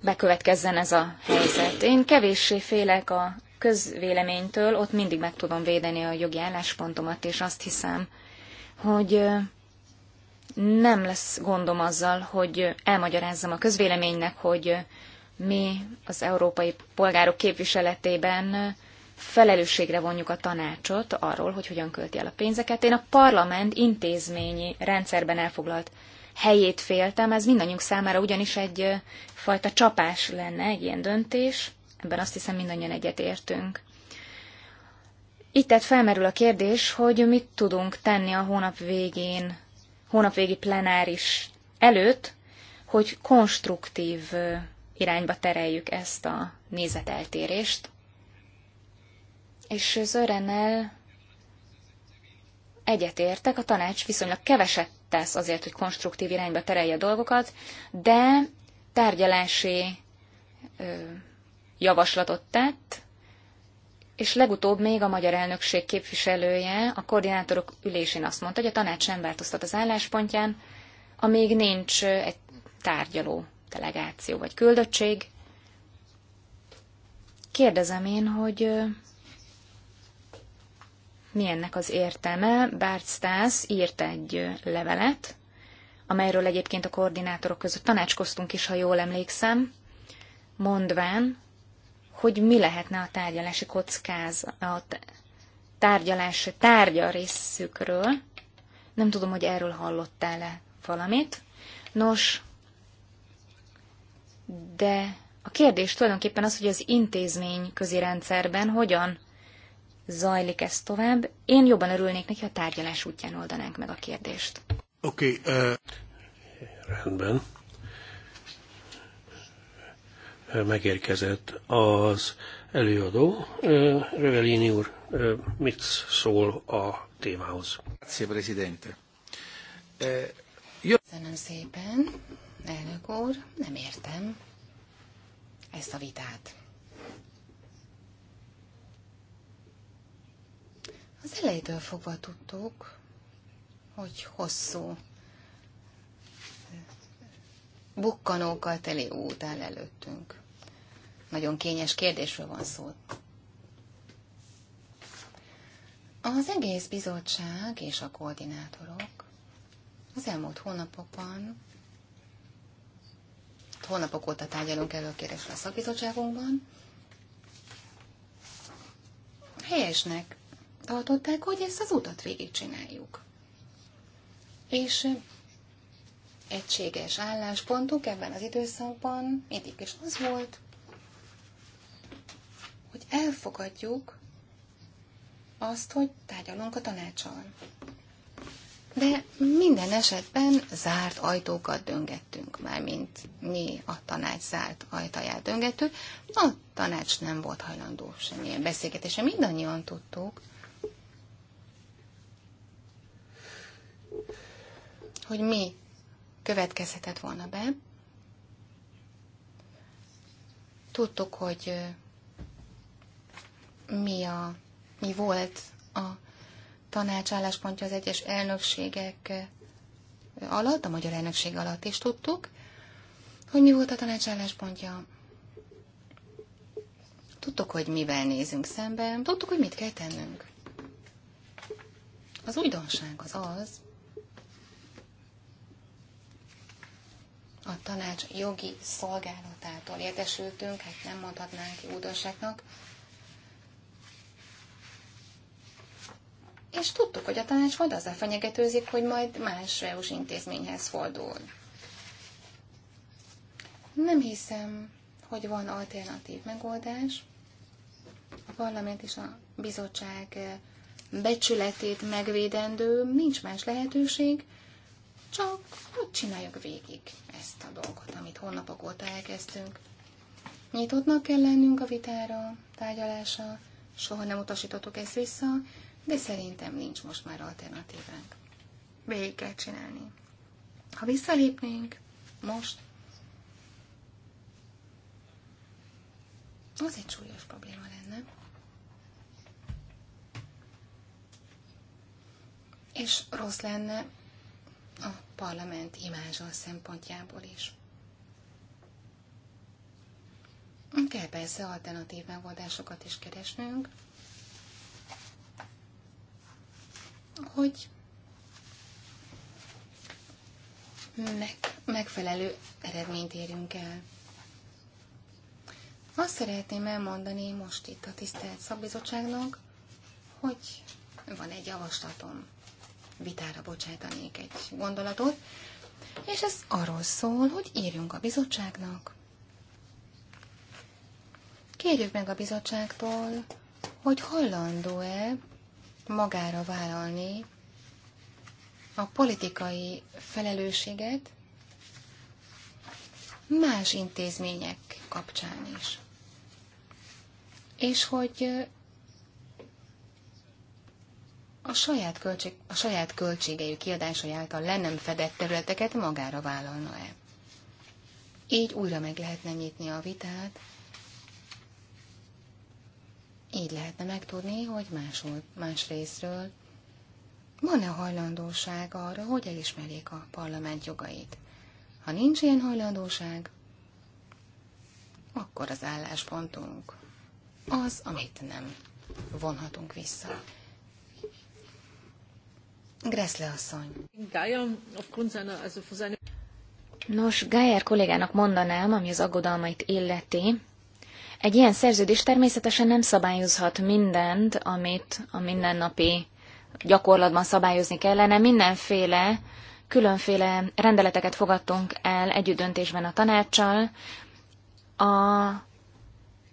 bekövetkezzen ez a helyzet. Én kevéssé félek a közvéleménytől, ott mindig meg tudom védeni a jogi álláspontomat, és azt hiszem, hogy nem lesz gondom azzal, hogy elmagyarázzam a közvéleménynek, hogy mi az európai polgárok képviseletében felelősségre vonjuk a tanácsot arról, hogy hogyan költi el a pénzeket. Én a parlament intézményi rendszerben elfoglalt helyét féltem, ez mindannyiunk számára ugyanis egy fajta csapás lenne, egy ilyen döntés, ebben azt hiszem mindannyian egyetértünk. Itt tehát felmerül a kérdés, hogy mit tudunk tenni a hónap végén hónapvégi plenáris előtt, hogy konstruktív irányba tereljük ezt a nézeteltérést. És Zörennel egyetértek, a tanács viszonylag keveset tesz azért, hogy konstruktív irányba terelje a dolgokat, de tárgyalási javaslatot tett, és legutóbb még a magyar elnökség képviselője a koordinátorok ülésén azt mondta, hogy a tanács nem változtat az álláspontján, amíg nincs egy tárgyaló delegáció vagy küldöttség. Kérdezem én, hogy mi ennek az értelme? Bárc Stász írt egy levelet, amelyről egyébként a koordinátorok között tanácskoztunk is, ha jól emlékszem, mondván, hogy mi lehetne a tárgyalási kockázat, a tárgyalási tárgya részükről. Nem tudom, hogy erről hallottál-e valamit. Nos, de a kérdés tulajdonképpen az, hogy az intézmény közi rendszerben hogyan zajlik ez tovább. Én jobban örülnék neki, ha a tárgyalás útján oldanánk meg a kérdést. Oké, okay, uh... Eh, rendben megérkezett az előadó. Rövelini úr, mit szól a témához? Grazie, Presidente. Köszönöm szépen, elnök úr, nem értem ezt a vitát. Az elejétől fogva tudtuk, hogy hosszú bukkanókkal teli út áll előttünk. Nagyon kényes kérdésről van szó. Az egész bizottság és a koordinátorok az elmúlt hónapokban, hónapok óta tárgyalunk erről a a szakbizottságunkban, helyesnek tartották, hogy ezt az utat végigcsináljuk. És egységes álláspontunk ebben az időszakban mindig is az volt, hogy elfogadjuk azt, hogy tárgyalunk a tanácsal. De minden esetben zárt ajtókat döngettünk, mint mi a tanács zárt ajtaját döngettük. A tanács nem volt hajlandó semmilyen beszélgetésre, mindannyian tudtuk, hogy mi következhetett volna be. Tudtuk, hogy mi, a, mi volt a tanácsálláspontja az egyes elnökségek alatt, a magyar elnökség alatt is tudtuk, hogy mi volt a tanácsálláspontja. Tudtuk, hogy mivel nézünk szemben, tudtuk, hogy mit kell tennünk. Az újdonság az az, a tanács jogi szolgálatától értesültünk, hát nem mondhatnánk újdonságnak, és tudtuk, hogy a tanács majd azzal fenyegetőzik, hogy majd más EU-s intézményhez fordul. Nem hiszem, hogy van alternatív megoldás. A parlament és a bizottság eh, becsületét megvédendő, nincs más lehetőség, csak hogy csináljuk végig ezt a dolgot, amit hónapok óta elkezdtünk. Nyitottnak kell lennünk a vitára, tárgyalása, soha nem utasítottuk ezt vissza, de szerintem nincs most már alternatívánk. Végig kell csinálni. Ha visszalépnénk, most, az egy súlyos probléma lenne. És rossz lenne a parlament imázsa szempontjából is. Kell persze alternatív megoldásokat is keresnünk, hogy meg, megfelelő eredményt érjünk el. Azt szeretném elmondani most itt a tisztelt szakbizottságnak, hogy van egy javaslatom. Vitára bocsájtanék egy gondolatot, és ez arról szól, hogy írjunk a bizottságnak. Kérjük meg a bizottságtól, hogy hajlandó-e magára vállalni a politikai felelősséget más intézmények kapcsán is. És hogy a saját, költség, a saját költségei kiadásai által le nem fedett területeket magára vállalna-e. Így újra meg lehetne nyitni a vitát így lehetne megtudni, hogy máshol, más részről van-e hajlandóság arra, hogy elismerjék a parlament jogait. Ha nincs ilyen hajlandóság, akkor az álláspontunk az, amit nem vonhatunk vissza. Gressle asszony. Nos, Gájer kollégának mondanám, ami az aggodalmait illeti, egy ilyen szerződés természetesen nem szabályozhat mindent, amit a mindennapi gyakorlatban szabályozni kellene. Mindenféle, különféle rendeleteket fogadtunk el döntésben a tanácssal. A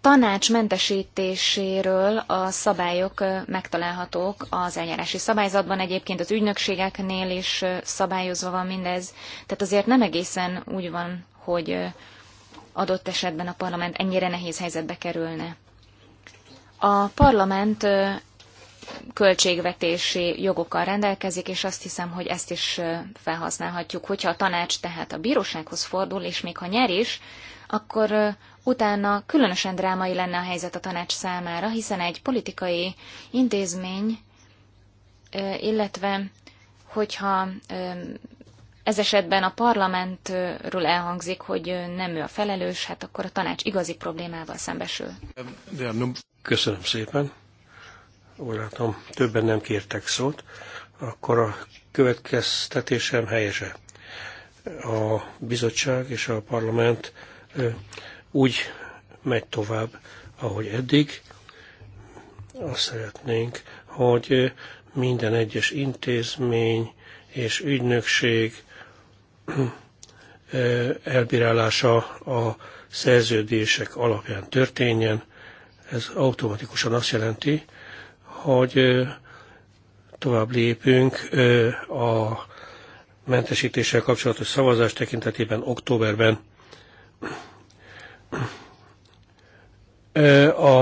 tanács mentesítéséről a szabályok megtalálhatók az eljárási szabályzatban, egyébként az ügynökségeknél is szabályozva van mindez, tehát azért nem egészen úgy van, hogy adott esetben a parlament ennyire nehéz helyzetbe kerülne. A parlament költségvetési jogokkal rendelkezik, és azt hiszem, hogy ezt is felhasználhatjuk. Hogyha a tanács tehát a bírósághoz fordul, és még ha nyer is, akkor utána különösen drámai lenne a helyzet a tanács számára, hiszen egy politikai intézmény, illetve hogyha ez esetben a parlamentről elhangzik, hogy nem ő a felelős, hát akkor a tanács igazi problémával szembesül. Köszönöm szépen. Úgy látom, többen nem kértek szót. Akkor a következtetésem helyese. A bizottság és a parlament úgy megy tovább, ahogy eddig. Azt szeretnénk, hogy minden egyes intézmény és ügynökség elbírálása a szerződések alapján történjen. Ez automatikusan azt jelenti, hogy tovább lépünk a mentesítéssel kapcsolatos szavazás tekintetében októberben. A,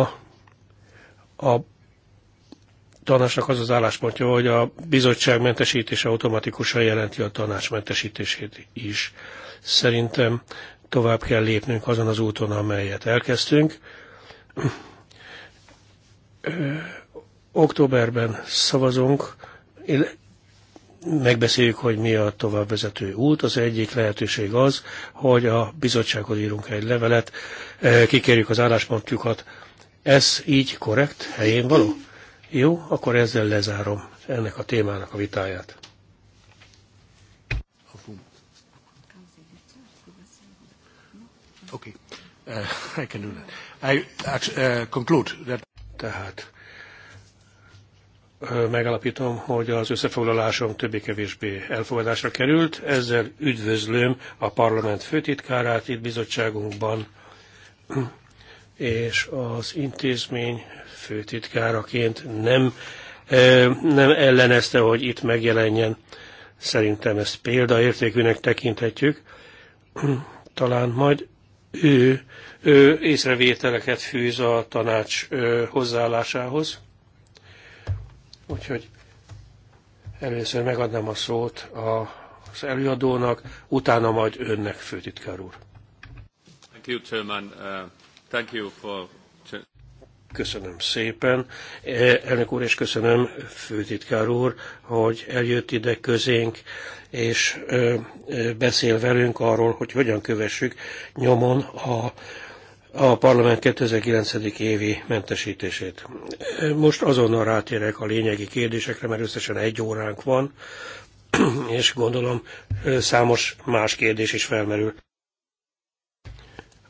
a tanácsnak az az álláspontja, hogy a bizottság mentesítése automatikusan jelenti a tanács mentesítését is. Szerintem tovább kell lépnünk azon az úton, amelyet elkezdtünk. Októberben szavazunk, megbeszéljük, hogy mi a továbbvezető út. Az egyik lehetőség az, hogy a bizottsághoz írunk egy levelet, kikérjük az álláspontjukat. Ez így korrekt, helyén való? Jó, akkor ezzel lezárom ennek a témának a vitáját. Okay. Uh, I can do that. I uh, conclude that... Tehát megalapítom, hogy az összefoglalásom többé-kevésbé elfogadásra került. Ezzel üdvözlöm a parlament főtitkárát itt bizottságunkban, és az intézmény főtitkáraként nem, nem ellenezte, hogy itt megjelenjen. Szerintem ezt példaértékűnek tekinthetjük. Talán majd ő, ő észrevételeket fűz a tanács hozzáállásához. Úgyhogy először megadnám a szót a, az előadónak, utána majd önnek, főtitkár úr. Thank you, Chairman. Uh, thank you for Köszönöm szépen, eh, elnök úr, és köszönöm, főtitkár úr, hogy eljött ide közénk, és eh, eh, beszél velünk arról, hogy hogyan kövessük nyomon a, a parlament 2009. évi mentesítését. Most azonnal rátérek a lényegi kérdésekre, mert összesen egy óránk van, és gondolom számos más kérdés is felmerül.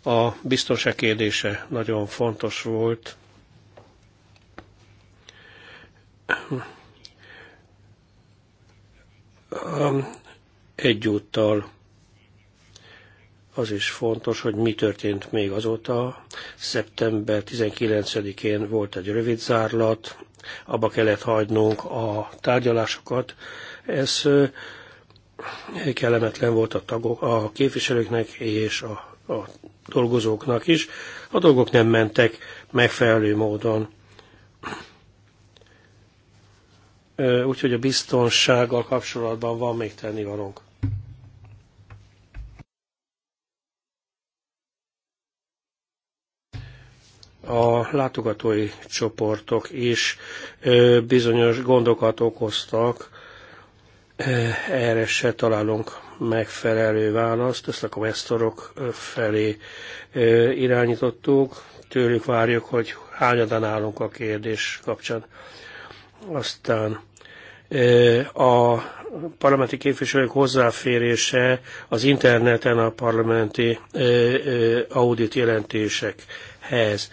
A biztonság kérdése nagyon fontos volt Egyúttal az is fontos, hogy mi történt még azóta. Szeptember 19-én volt egy rövid zárlat, abba kellett hagynunk a tárgyalásokat. Ez kellemetlen volt a tagok, a képviselőknek és a, a dolgozóknak is. A dolgok nem mentek megfelelő módon úgyhogy a biztonsággal kapcsolatban van még tennivalónk. a látogatói csoportok is bizonyos gondokat okoztak, erre se találunk megfelelő választ, ezt a komesztorok felé irányítottuk, tőlük várjuk, hogy hányadan állunk a kérdés kapcsán. Aztán a parlamenti képviselők hozzáférése az interneten a parlamenti audit jelentésekhez.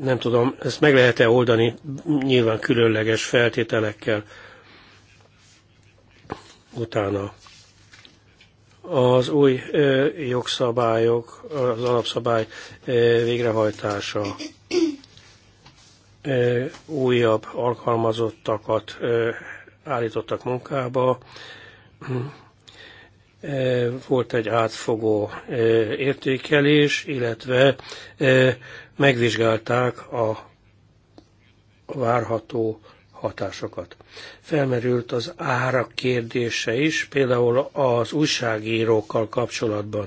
Nem tudom, ezt meg lehet-e oldani nyilván különleges feltételekkel utána. Az új jogszabályok, az alapszabály végrehajtása újabb alkalmazottakat állítottak munkába. Volt egy átfogó értékelés, illetve megvizsgálták a várható hatásokat. Felmerült az árak kérdése is, például az újságírókkal kapcsolatban.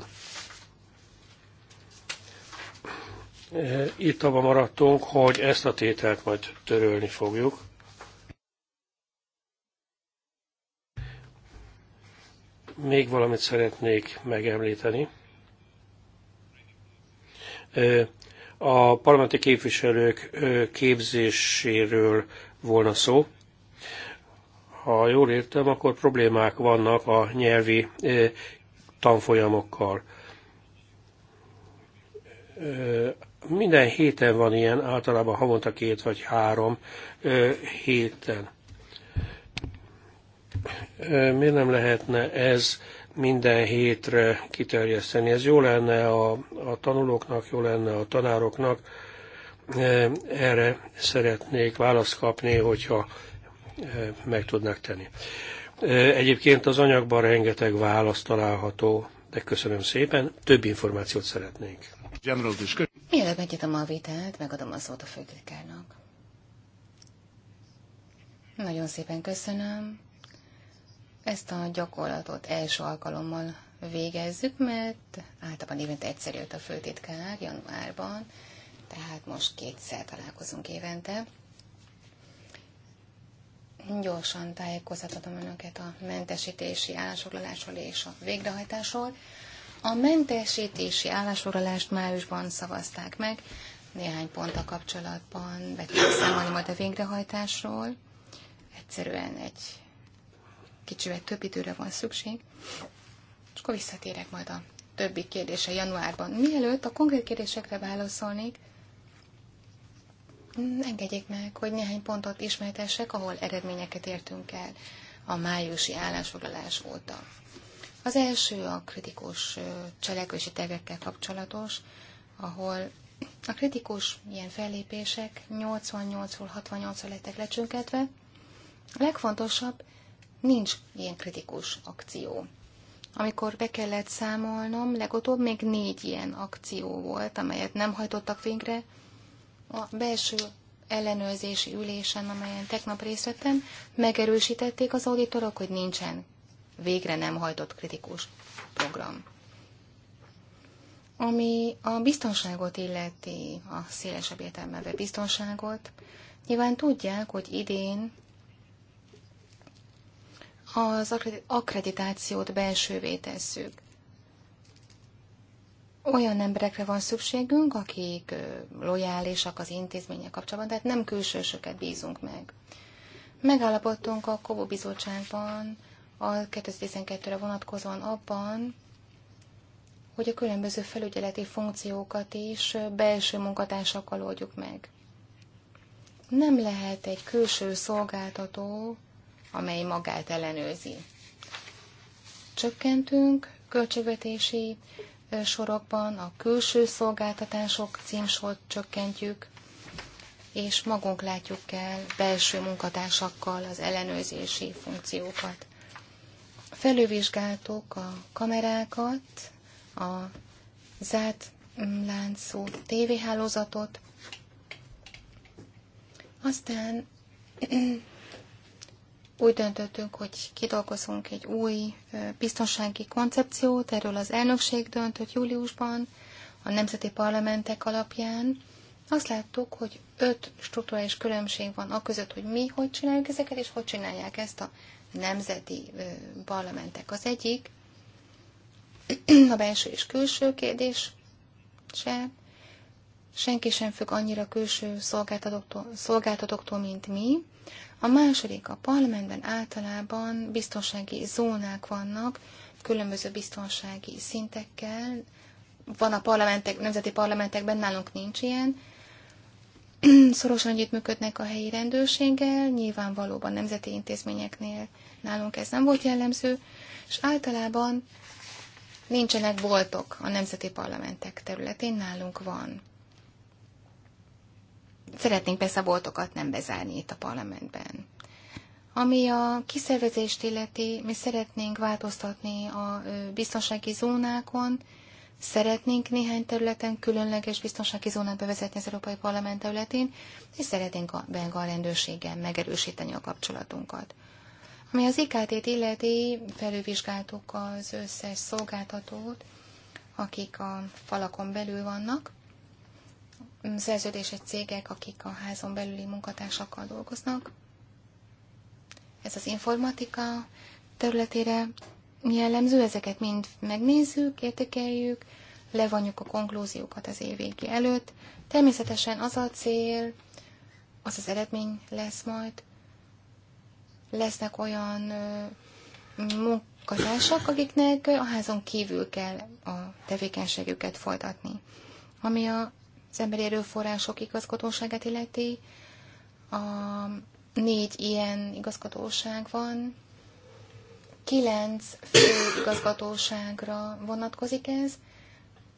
Eh, itt abban maradtunk, hogy ezt a tételt majd törölni fogjuk. Még valamit szeretnék megemlíteni. Eh, a parlamenti képviselők eh, képzéséről volna szó. Ha jól értem, akkor problémák vannak a nyelvi tanfolyamokkal minden héten van ilyen, általában havonta két vagy három héten. Miért nem lehetne ez minden hétre kiterjeszteni? Ez jó lenne a, a tanulóknak, jó lenne a tanároknak. Erre szeretnék választ kapni, hogyha meg tudnak tenni. Egyébként az anyagban rengeteg választ található, de köszönöm szépen, több információt szeretnénk. General discussion. Mielőtt megnyitom a vitát, megadom a szót a főtitkárnak. Nagyon szépen köszönöm. Ezt a gyakorlatot első alkalommal végezzük, mert általában évente egyszer jött a főtitkár januárban, tehát most kétszer találkozunk évente. Gyorsan tájékoztatom önöket a mentesítési állásfoglalásról és a végrehajtásról. A mentesítési állásfoglalást májusban szavazták meg, néhány pont a kapcsolatban, be kell számolni majd a végrehajtásról. Egyszerűen egy kicsivel több időre van szükség. És akkor visszatérek majd a többi kérdése januárban. Mielőtt a konkrét kérdésekre válaszolnék, engedjék meg, hogy néhány pontot ismertessek, ahol eredményeket értünk el a májusi állásfoglalás óta. Az első a kritikus cselekvési tervekkel kapcsolatos, ahol a kritikus ilyen fellépések 88-ról 68-ra lettek lecsönketve. A legfontosabb, nincs ilyen kritikus akció. Amikor be kellett számolnom, legutóbb még négy ilyen akció volt, amelyet nem hajtottak végre. A belső ellenőrzési ülésen, amelyen tegnap részt vettem, megerősítették az auditorok, hogy nincsen végre nem hajtott kritikus program. Ami a biztonságot illeti, a szélesebb értelmeve biztonságot, nyilván tudják, hogy idén az akkreditációt belsővé tesszük. Olyan emberekre van szükségünk, akik lojálisak az intézmények kapcsolatban, tehát nem külsősöket bízunk meg. Megállapodtunk a Kobo Bizottságban, a 2012-re vonatkozóan abban, hogy a különböző felügyeleti funkciókat is belső munkatársakkal oldjuk meg. Nem lehet egy külső szolgáltató, amely magát ellenőrzi. Csökkentünk költségvetési sorokban, a külső szolgáltatások címsort csökkentjük, és magunk látjuk el belső munkatársakkal az ellenőrzési funkciókat. Felővizsgáltuk a kamerákat, a zárt láncú tévéhálózatot, aztán úgy döntöttünk, hogy kidolgozunk egy új biztonsági koncepciót, erről az elnökség döntött júliusban, a nemzeti parlamentek alapján. Azt láttuk, hogy öt strukturális különbség van a között, hogy mi hogy csináljuk ezeket, és hogy csinálják ezt a nemzeti parlamentek. Az egyik a belső és külső kérdés se. Senki sem függ annyira külső szolgáltatóktól, szolgáltatóktól, mint mi. A második, a parlamentben általában biztonsági zónák vannak, különböző biztonsági szintekkel. Van a parlamentek, nemzeti parlamentekben, nálunk nincs ilyen. Szorosan együttműködnek a helyi rendőrséggel, nyilván valóban nemzeti intézményeknél Nálunk ez nem volt jellemző, és általában nincsenek boltok a nemzeti parlamentek területén, nálunk van. Szeretnénk persze a boltokat nem bezárni itt a parlamentben. Ami a kiszervezést illeti, mi szeretnénk változtatni a biztonsági zónákon, szeretnénk néhány területen különleges biztonsági zónát bevezetni az Európai Parlament területén, és szeretnénk a belga rendőrséggel megerősíteni a kapcsolatunkat. Ami az IKT-t illeti, felülvizsgáltuk az összes szolgáltatót, akik a falakon belül vannak, szerződéses cégek, akik a házon belüli munkatársakkal dolgoznak. Ez az informatika területére jellemző, ezeket mind megnézzük, értékeljük, levonjuk a konklúziókat az év előtt. Természetesen az a cél, az az eredmény lesz majd, lesznek olyan munkatársak, akiknek a házon kívül kell a tevékenységüket folytatni. Ami az emberi erőforrások igazgatóságát illeti, a négy ilyen igazgatóság van, kilenc fő igazgatóságra vonatkozik ez,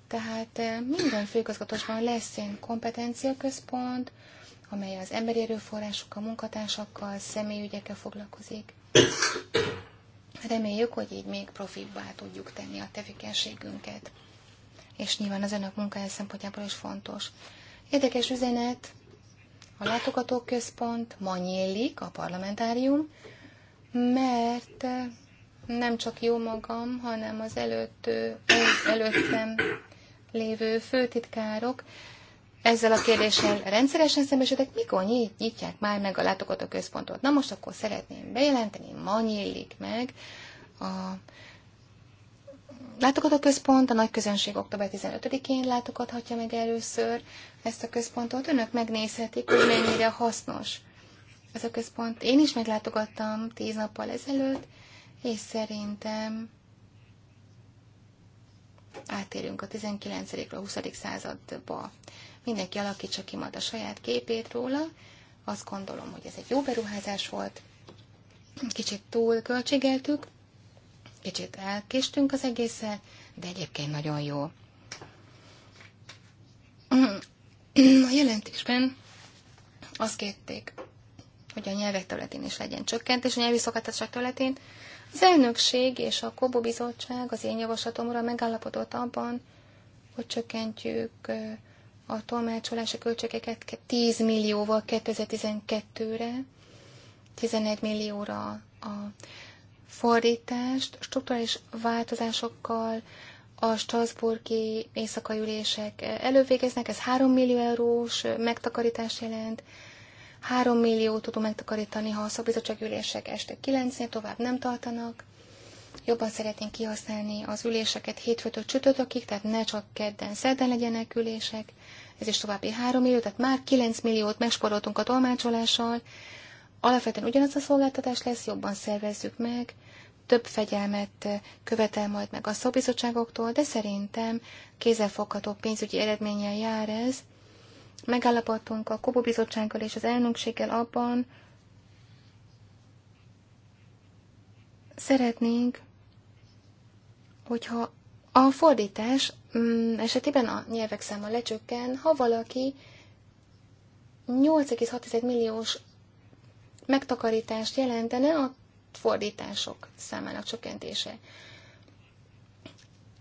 tehát minden főigazgatósban lesz ilyen kompetenciaközpont, amely az emberi erőforrások a munkatársakkal, személyügyekkel foglalkozik. Reméljük, hogy így még profibbá tudjuk tenni a tevékenységünket. És nyilván az önök munkája szempontjából is fontos. Érdekes üzenet, a látogatóközpont ma nyílik, a parlamentárium, mert nem csak jó magam, hanem az előtt, előttem lévő főtitkárok ezzel a kérdéssel rendszeresen szembesültek, mikor nyit, nyitják már meg a látogató központot. Na most akkor szeretném bejelenteni, ma nyílik meg a látogató központ, a nagy közönség október 15-én látogathatja meg először ezt a központot. Önök megnézhetik, hogy mennyire hasznos ez a központ. Én is meglátogattam tíz nappal ezelőtt, és szerintem átérünk a 19. a 20. századba mindenki alakítsa ki majd a saját képét róla. Azt gondolom, hogy ez egy jó beruházás volt. Kicsit túl költségeltük, kicsit elkéstünk az egésszel, de egyébként nagyon jó. A jelentésben azt kérték, hogy a nyelvek területén is legyen csökkentés, a nyelvi szolgáltatások területén. Az elnökség és a Kobo Bizottság az én javaslatomra megállapodott abban, hogy csökkentjük a tolmácsolási költségeket 10 millióval 2012-re, 11 millióra a fordítást, strukturális változásokkal, a Strasburgi éjszakai ülések elővégeznek, ez 3 millió eurós megtakarítás jelent, 3 millió tudunk megtakarítani, ha a szabizottság ülések este 9-nél tovább nem tartanak. Jobban szeretnénk kihasználni az üléseket hétfőtől csütörtökig, tehát ne csak kedden, szerdán legyenek ülések ez is további 3 millió, tehát már 9 milliót megsporoltunk a tolmácsolással. Alapvetően ugyanaz a szolgáltatás lesz, jobban szervezzük meg, több fegyelmet eh, követel majd meg a szobizottságoktól, de szerintem kézzelfogható pénzügyi eredménnyel jár ez. Megállapodtunk a Kobo Bizottsággal és az elnökséggel abban, szeretnénk, hogyha a fordítás mm, esetében a nyelvek száma lecsökken, ha valaki 8,6 milliós megtakarítást jelentene a fordítások számának csökkentése.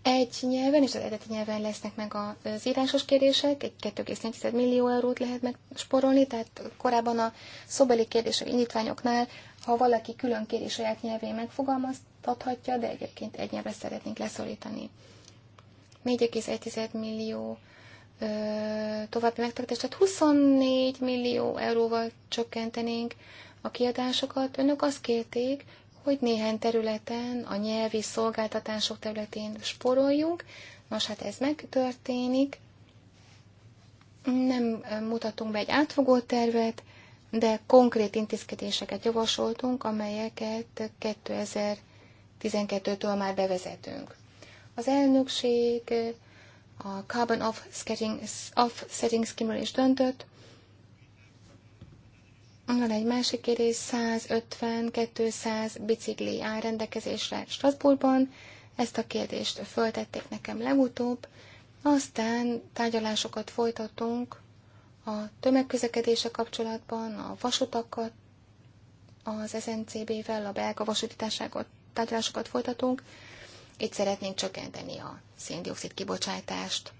Egy nyelven és az eredeti nyelven lesznek meg az írásos kérdések, egy 2,4 millió eurót lehet megsporolni, tehát korábban a szobeli kérdések indítványoknál, ha valaki külön kérés saját nyelvén megfogalmaz, adhatja, de egyébként egy nyelvre szeretnénk leszorítani. 4,1 millió ö, további megtartást, tehát 24 millió euróval csökkentenénk a kiadásokat. Önök azt kérték, hogy néhány területen, a nyelvi szolgáltatások területén sporoljunk. Nos, hát ez megtörténik. Nem mutatunk be egy átfogó tervet, de konkrét intézkedéseket javasoltunk, amelyeket 2000 12-től már bevezetünk. Az elnökség a Carbon Offsetting, offsetting Scheme-ről is döntött. Van egy másik kérdés, 150-200 bicikli áll rendelkezésre Strasbourgban. Ezt a kérdést föltették nekem legutóbb. Aztán tárgyalásokat folytatunk a tömegközlekedése kapcsolatban, a vasutakat, az SNCB-vel, a belga vasútitárságot tárgyalásokat folytatunk. Itt szeretnénk csökkenteni a széndiokszid kibocsátást.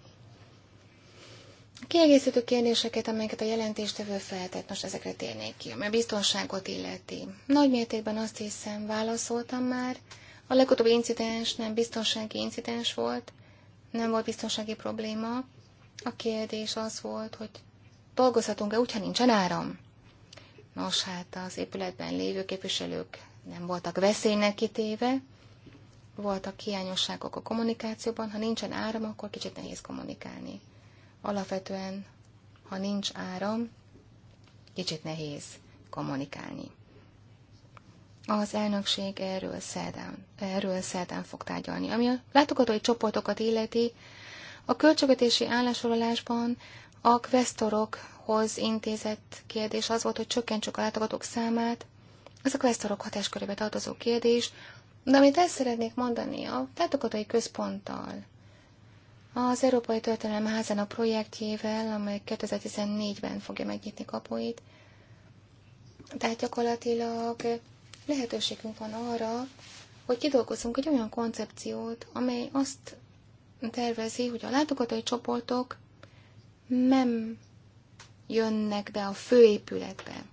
kiegészítő kérdéseket, amelyeket a jelentéstevő feltett, most ezekre térnék ki, mert biztonságot illeti. Nagy mértékben azt hiszem, válaszoltam már. A legutóbbi incidens nem biztonsági incidens volt, nem volt biztonsági probléma. A kérdés az volt, hogy dolgozhatunk-e úgy, ha nincsen áram? Nos, hát az épületben lévő képviselők nem voltak veszélynek kitéve, voltak hiányosságok a kommunikációban, ha nincsen áram, akkor kicsit nehéz kommunikálni. Alapvetően, ha nincs áram, kicsit nehéz kommunikálni. Az elnökség erről szerdán, erről szerdán fog tárgyalni. Ami a látogatói csoportokat illeti, a költségvetési állásolásban a kvesztorokhoz intézett kérdés az volt, hogy csökkentsük a látogatók számát ez a questorok hatáskörébe tartozó kérdés, de amit el szeretnék mondani, a látogatói központtal, az Európai Történelem a projektjével, amely 2014-ben fogja megnyitni kapuit, tehát gyakorlatilag lehetőségünk van arra, hogy kidolgozzunk egy olyan koncepciót, amely azt tervezi, hogy a látogatói csoportok nem jönnek be a főépületbe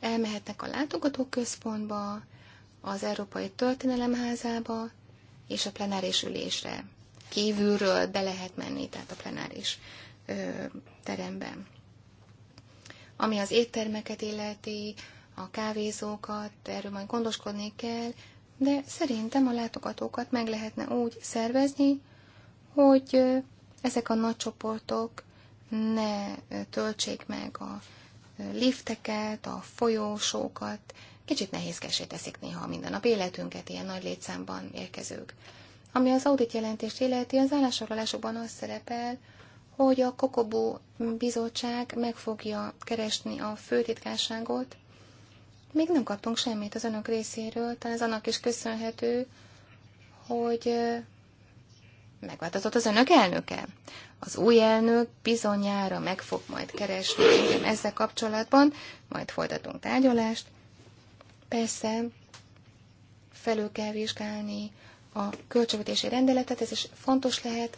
elmehetnek a látogatóközpontba, az Európai Történelemházába és a plenáris ülésre. Kívülről be lehet menni, tehát a plenáris ö, teremben. Ami az éttermeket illeti, a kávézókat, erről majd gondoskodni kell, de szerintem a látogatókat meg lehetne úgy szervezni, hogy ezek a nagy csoportok ne töltsék meg a lifteket, a folyósókat, kicsit nehézkesé teszik néha a nap életünket ilyen nagy létszámban érkezők. Ami az audit jelentést illeti, az állásorolásokban az szerepel, hogy a Kokobó bizottság meg fogja keresni a főtitkárságot. Még nem kaptunk semmit az önök részéről, tehát ez annak is köszönhető, hogy megváltozott az önök elnöke. Az új elnök bizonyára meg fog majd keresni engem ezzel kapcsolatban, majd folytatunk tárgyalást. Persze, felül kell vizsgálni a költségvetési rendeletet, ez is fontos lehet,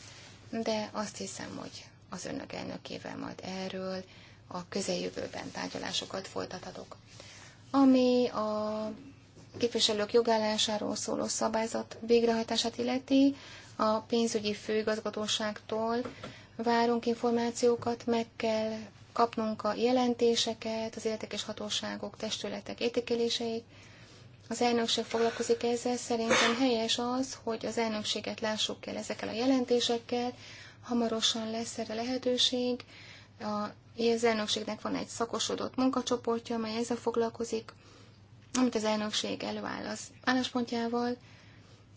de azt hiszem, hogy az önök elnökével majd erről a közeljövőben tárgyalásokat folytathatok. Ami a képviselők jogállásáról szóló szabályzat végrehajtását illeti, a pénzügyi főigazgatóságtól várunk információkat, meg kell kapnunk a jelentéseket, az érdekes hatóságok, testületek értékeléseit. Az elnökség foglalkozik ezzel, szerintem helyes az, hogy az elnökséget lássuk el ezekkel a jelentésekkel, hamarosan lesz erre lehetőség. Az elnökségnek van egy szakosodott munkacsoportja, amely ezzel foglalkozik, amit az elnökség előáll az álláspontjával.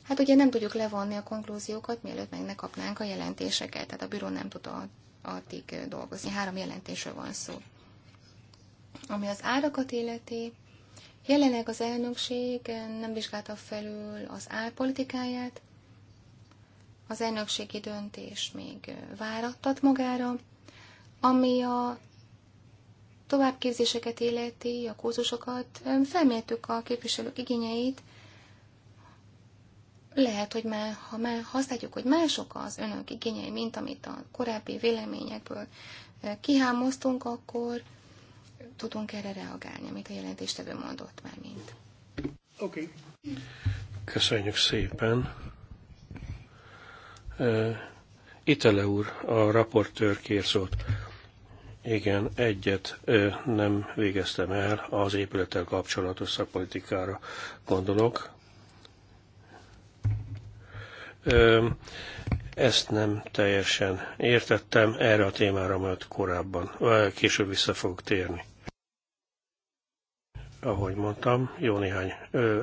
Hát ugye nem tudjuk levonni a konklúziókat, mielőtt meg ne kapnánk a jelentéseket, tehát a bíró nem tud addig dolgozni. Három jelentésről van szó. Ami az árakat illeti, jelenleg az elnökség nem vizsgálta felül az árpolitikáját, az elnökségi döntés még várattat magára, ami a továbbképzéseket illeti, a kózusokat, felmértük a képviselők igényeit, lehet, hogy már, ha már használjuk, hogy mások az önök igényei, mint amit a korábbi véleményekből kihámoztunk, akkor tudunk erre reagálni, amit a jelentéstevő mondott már mint. Oké. Okay. Köszönjük szépen. Itele úr, a raportőr kér szót. Igen, egyet nem végeztem el, az épülettel kapcsolatos szakpolitikára gondolok. Ezt nem teljesen értettem, erre a témára majd korábban, később vissza fogok térni. Ahogy mondtam, jó néhány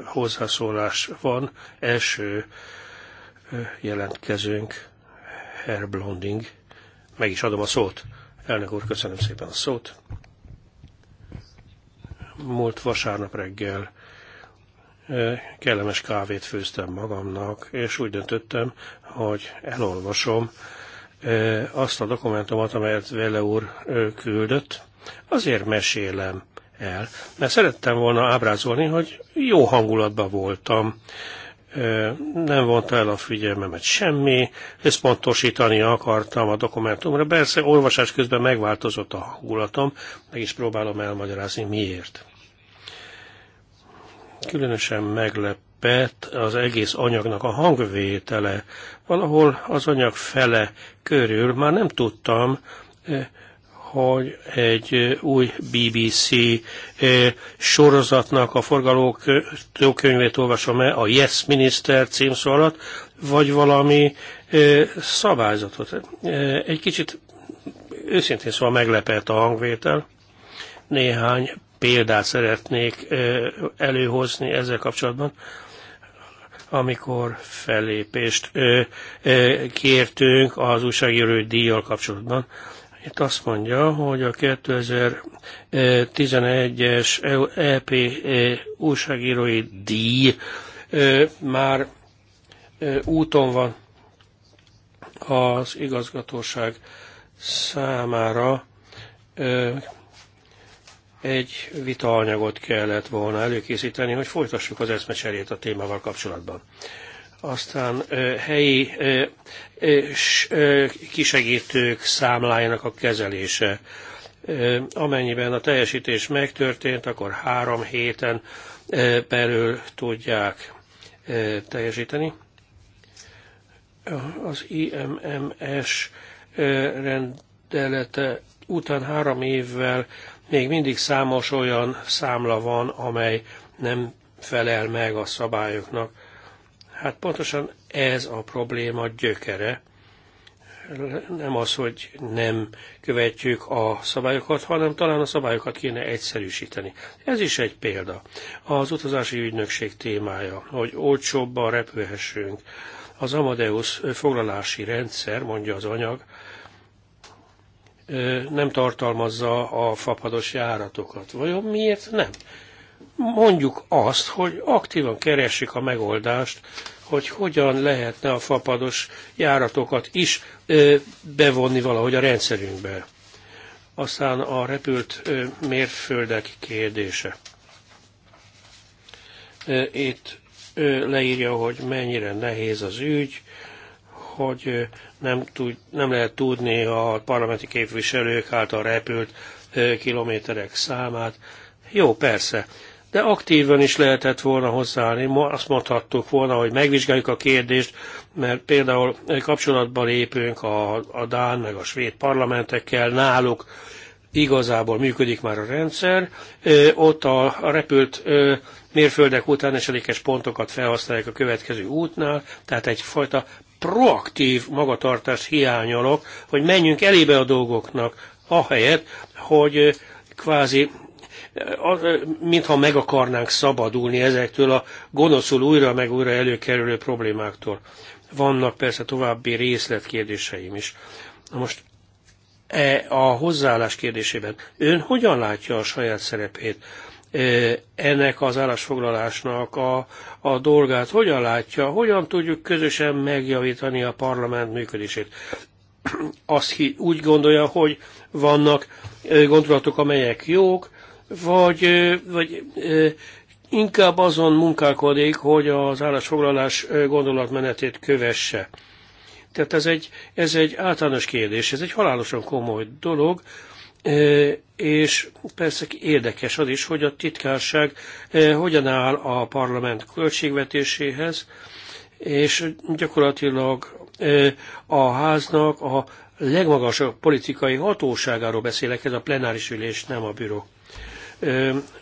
hozzászólás van. Első jelentkezőnk, Herr Blonding. Meg is adom a szót. Elnök úr, köszönöm szépen a szót. Múlt vasárnap reggel kellemes kávét főztem magamnak, és úgy döntöttem, hogy elolvasom azt a dokumentumot, amelyet Vele úr küldött. Azért mesélem el, mert szerettem volna ábrázolni, hogy jó hangulatban voltam, nem vonta el a figyelmemet semmi, összpontosítani akartam a dokumentumra. Persze olvasás közben megváltozott a hangulatom, meg is próbálom elmagyarázni miért. Különösen meglepett az egész anyagnak a hangvétele. Valahol az anyag fele körül már nem tudtam, eh, hogy egy eh, új BBC eh, sorozatnak a forgalókönyvét olvasom-e a Yes Minister címszó alatt, vagy valami szabályzatot. Egy kicsit őszintén szóval meglepett a hangvétel. Néhány példát szeretnék előhozni ezzel kapcsolatban amikor fellépést kértünk az újságíró díjjal kapcsolatban. Itt azt mondja, hogy a 2011-es EP újságírói díj már úton van az igazgatóság számára egy vitaanyagot kellett volna előkészíteni, hogy folytassuk az eszmecserét a témával kapcsolatban. Aztán helyi kisegítők számlájának a kezelése. Amennyiben a teljesítés megtörtént, akkor három héten belül tudják teljesíteni. Az IMMS rendelete után három évvel még mindig számos olyan számla van, amely nem felel meg a szabályoknak. Hát pontosan ez a probléma gyökere. Nem az, hogy nem követjük a szabályokat, hanem talán a szabályokat kéne egyszerűsíteni. Ez is egy példa. Az utazási ügynökség témája, hogy olcsóbban repülhessünk. Az Amadeus foglalási rendszer, mondja az anyag, nem tartalmazza a fapados járatokat. Vajon miért nem? Mondjuk azt, hogy aktívan keresik a megoldást, hogy hogyan lehetne a fapados járatokat is bevonni valahogy a rendszerünkbe. Aztán a repült mérföldek kérdése. Itt leírja, hogy mennyire nehéz az ügy, hogy nem, tud, nem lehet tudni a parlamenti képviselők által repült kilométerek számát. Jó, persze, de aktívan is lehetett volna hozzáállni. Ma azt mondhattuk volna, hogy megvizsgáljuk a kérdést, mert például kapcsolatban lépünk a, a Dán meg a svéd parlamentekkel, náluk igazából működik már a rendszer, ott a, a repült mérföldek után esedékes pontokat felhasználják a következő útnál, tehát egyfajta proaktív magatartás hiányolok, hogy menjünk elébe a dolgoknak, ahelyett, hogy kvázi mintha meg akarnánk szabadulni ezektől a gonoszul újra meg újra előkerülő problémáktól. Vannak persze további részletkérdéseim is. Na most e, a hozzáállás kérdésében ön hogyan látja a saját szerepét? Eh, ennek az állásfoglalásnak a, a dolgát, hogyan látja, hogyan tudjuk közösen megjavítani a parlament működését. Azt úgy gondolja, hogy vannak eh, gondolatok, amelyek jók, vagy, eh, vagy inkább azon munkálkodik, hogy az állásfoglalás gondolatmenetét kövesse. Tehát ez egy, ez egy általános kérdés, ez egy halálosan komoly dolog, és persze érdekes az is, hogy a titkárság hogyan áll a parlament költségvetéséhez, és gyakorlatilag a háznak a legmagasabb politikai hatóságáról beszélek, ez a plenáris ülés, nem a büro.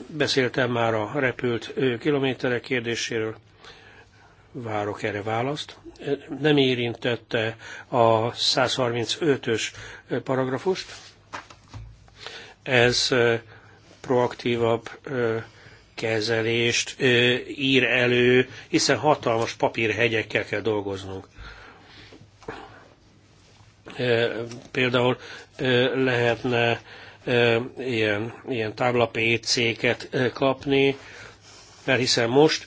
Beszéltem már a repült kilométerek kérdéséről, várok erre választ. Nem érintette a 135-ös paragrafust, ez proaktívabb kezelést ír elő, hiszen hatalmas papírhegyekkel kell dolgoznunk. Például lehetne ilyen, ilyen tábla PC-ket kapni, mert hiszen most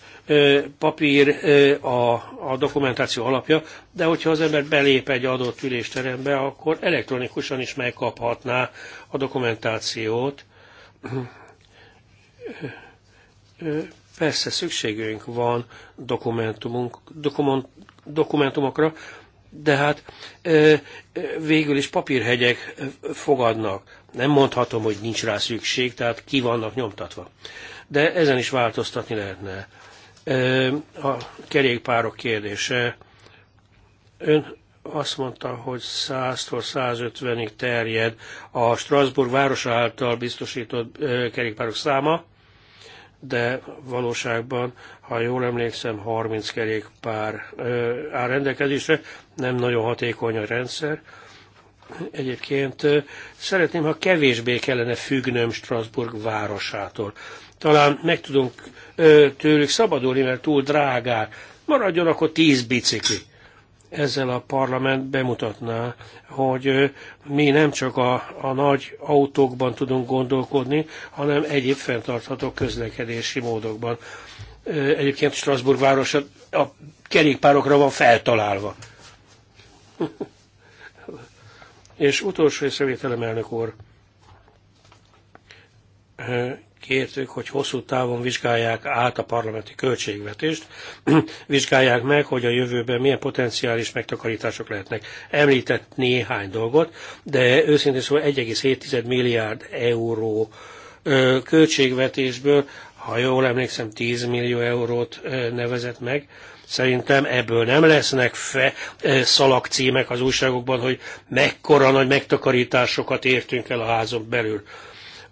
papír a, a dokumentáció alapja, de hogyha az ember belép egy adott ülésterembe, akkor elektronikusan is megkaphatná a dokumentációt. Persze szükségünk van dokumentumunk, dokument, dokumentumokra, de hát végül is papírhegyek fogadnak. Nem mondhatom, hogy nincs rá szükség, tehát ki vannak nyomtatva. De ezen is változtatni lehetne. A kerékpárok kérdése. Ön azt mondta, hogy 100-tól 150-ig terjed a Strasbourg város által biztosított kerékpárok száma, de valóságban, ha jól emlékszem, 30 kerékpár áll rendelkezésre, nem nagyon hatékony a rendszer. Egyébként szeretném, ha kevésbé kellene függnöm Strasbourg városától. Talán meg tudunk tőlük szabadulni, mert túl drágák. Maradjon akkor tíz bicikli. Ezzel a parlament bemutatná, hogy mi nem csak a, a nagy autókban tudunk gondolkodni, hanem egyéb fenntartható közlekedési módokban. Egyébként Strasbourg városa a kerékpárokra van feltalálva. És utolsó észrevételem, elnök úr, kértük, hogy hosszú távon vizsgálják át a parlamenti költségvetést, vizsgálják meg, hogy a jövőben milyen potenciális megtakarítások lehetnek. Említett néhány dolgot, de őszintén szóval 1,7 milliárd euró költségvetésből, ha jól emlékszem, 10 millió eurót nevezett meg, szerintem ebből nem lesznek fe, szalagcímek az újságokban, hogy mekkora nagy megtakarításokat értünk el a házon belül.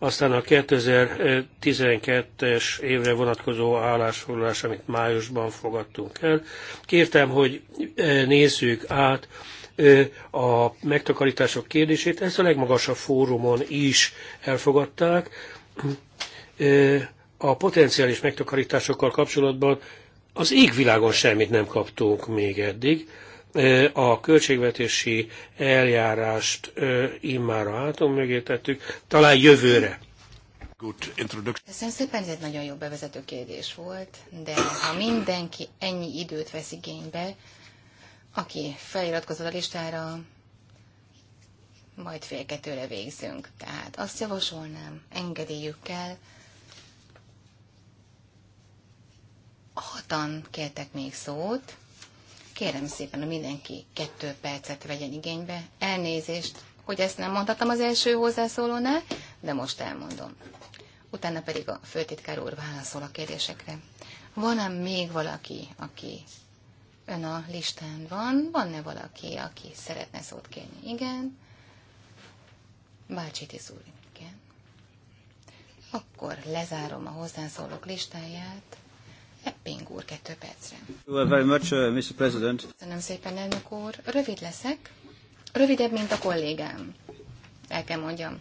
Aztán a 2012-es évre vonatkozó állásfoglalás, amit májusban fogadtunk el. Kértem, hogy e, nézzük át e, a megtakarítások kérdését. Ezt a legmagasabb fórumon is elfogadták. E, a potenciális megtakarításokkal kapcsolatban az égvilágon semmit nem kaptunk még eddig a költségvetési eljárást immára hátunk mögé tettük, talán jövőre. Köszönöm szépen, ez egy nagyon jó bevezető kérdés volt, de ha mindenki ennyi időt vesz igénybe, aki feliratkozott a listára, majd fél kettőre végzünk. Tehát azt javasolnám, el. hatan kértek még szót. Kérem szépen, hogy mindenki kettő percet vegyen igénybe. Elnézést, hogy ezt nem mondhatom az első hozzászólónál, de most elmondom. Utána pedig a főtitkár úr válaszol a kérdésekre. Van-e még valaki, aki ön a listán van? Van-e valaki, aki szeretne szót kérni? Igen. Bácsi úr, igen. Akkor lezárom a hozzászólók listáját. Epping úr, kettő percre. Very much, uh, Mr. President. Köszönöm szépen, elnök úr. Rövid leszek. Rövidebb, mint a kollégám. El kell mondjam.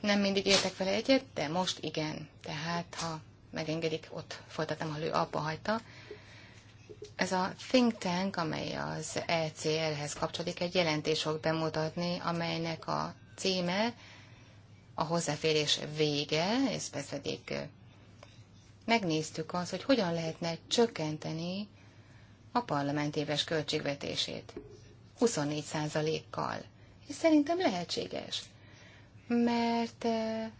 Nem mindig értek vele egyet, de most igen. Tehát, ha megengedik, ott folytatom, ha ő abba hagyta. Ez a think tank, amely az ECR-hez kapcsolódik, egy jelentés fog bemutatni, amelynek a címe a hozzáférés vége, ez pedig megnéztük azt, hogy hogyan lehetne csökkenteni a parlament éves költségvetését. 24 százalékkal. És szerintem lehetséges. Mert, eh,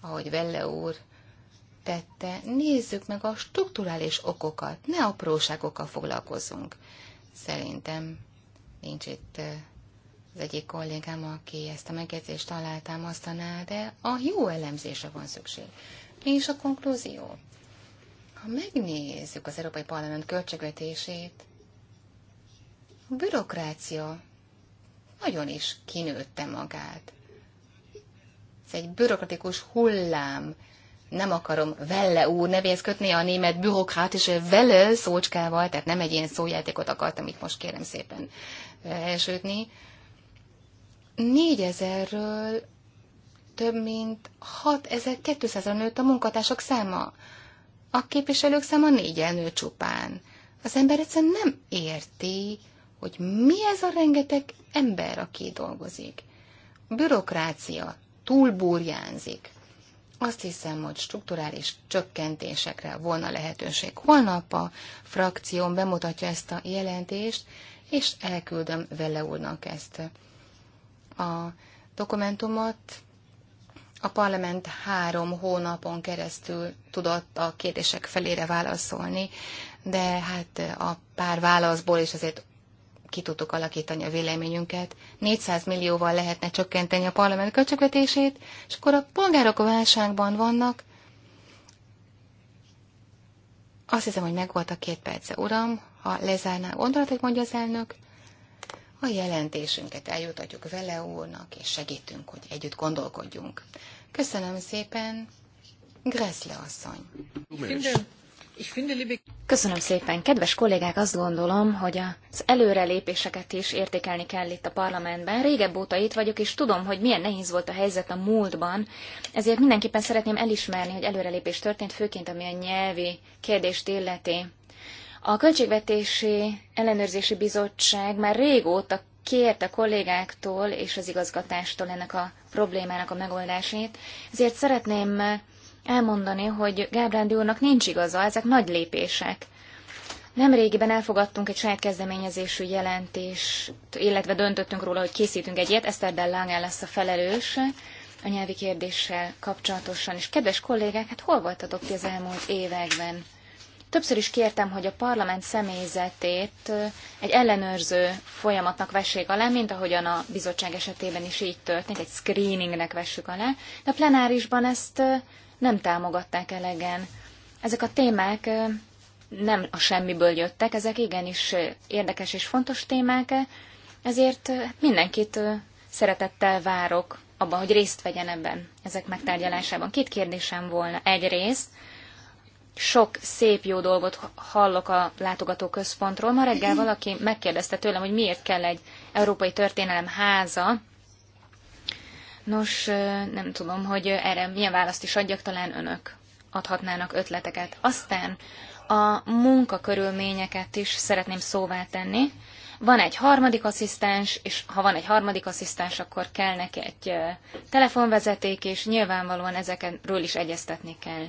ahogy Velle úr tette, nézzük meg a strukturális okokat, ne apróságokkal foglalkozunk. Szerintem nincs itt eh, az egyik kollégám, aki ezt a megjegyzést találtam, aztaná, de a jó elemzésre van szükség. És a konklúzió. Ha megnézzük az Európai Parlament költségvetését, a bürokrácia nagyon is kinőtte magát. Ez egy bürokratikus hullám. Nem akarom Velle úr nevéhez kötni a német bürokrát és Velle szócskával, tehát nem egy ilyen szójátékot akartam itt most kérem szépen elsődni. Négyezerről több mint 6200-ra nőtt a munkatársak száma. A képviselők száma négyen nő csupán. Az ember egyszerűen nem érti, hogy mi ez a rengeteg ember, aki dolgozik. A bürokrácia túlburjánzik. Azt hiszem, hogy strukturális csökkentésekre volna lehetőség. Holnap a frakción bemutatja ezt a jelentést, és elküldöm vele úrnak ezt a dokumentumot a parlament három hónapon keresztül tudott a kérdések felére válaszolni, de hát a pár válaszból is azért ki tudtuk alakítani a véleményünket. 400 millióval lehetne csökkenteni a parlament költségvetését, és akkor a polgárok a válságban vannak. Azt hiszem, hogy megvolt a két perce, uram. Ha lezárná gondolat, hogy mondja az elnök, a jelentésünket eljutatjuk vele úrnak, és segítünk, hogy együtt gondolkodjunk. Köszönöm szépen, Greszle asszony. Köszönöm szépen. Kedves kollégák, azt gondolom, hogy az előrelépéseket is értékelni kell itt a parlamentben. Régebb óta itt vagyok, és tudom, hogy milyen nehéz volt a helyzet a múltban, ezért mindenképpen szeretném elismerni, hogy előrelépés történt, főként ami a nyelvi kérdést illeti. A Költségvetési Ellenőrzési Bizottság már régóta kérte kollégáktól és az igazgatástól ennek a problémának a megoldását, ezért szeretném elmondani, hogy Gábrándi úrnak nincs igaza, ezek nagy lépések. Nemrégiben elfogadtunk egy saját kezdeményezésű jelentést, illetve döntöttünk róla, hogy készítünk egy ilyet, Eszter Bellangán lesz a felelős a nyelvi kérdéssel kapcsolatosan. És kedves kollégák, hát hol voltatok ti az elmúlt években? Többször is kértem, hogy a parlament személyzetét egy ellenőrző folyamatnak vessék alá, mint ahogyan a bizottság esetében is így történt, egy screeningnek vessük alá, de a plenárisban ezt nem támogatták elegen. Ezek a témák nem a semmiből jöttek, ezek igenis érdekes és fontos témák, ezért mindenkit szeretettel várok abban, hogy részt vegyen ebben, ezek megtárgyalásában. Két kérdésem volna. Egyrészt, sok szép jó dolgot hallok a látogatóközpontról. Ma reggel valaki megkérdezte tőlem, hogy miért kell egy Európai Történelem háza. Nos, nem tudom, hogy erre milyen választ is adjak, talán önök adhatnának ötleteket. Aztán a munkakörülményeket is szeretném szóvá tenni. Van egy harmadik asszisztens, és ha van egy harmadik asszisztens, akkor kell neki egy telefonvezeték, és nyilvánvalóan ezekről is egyeztetni kell.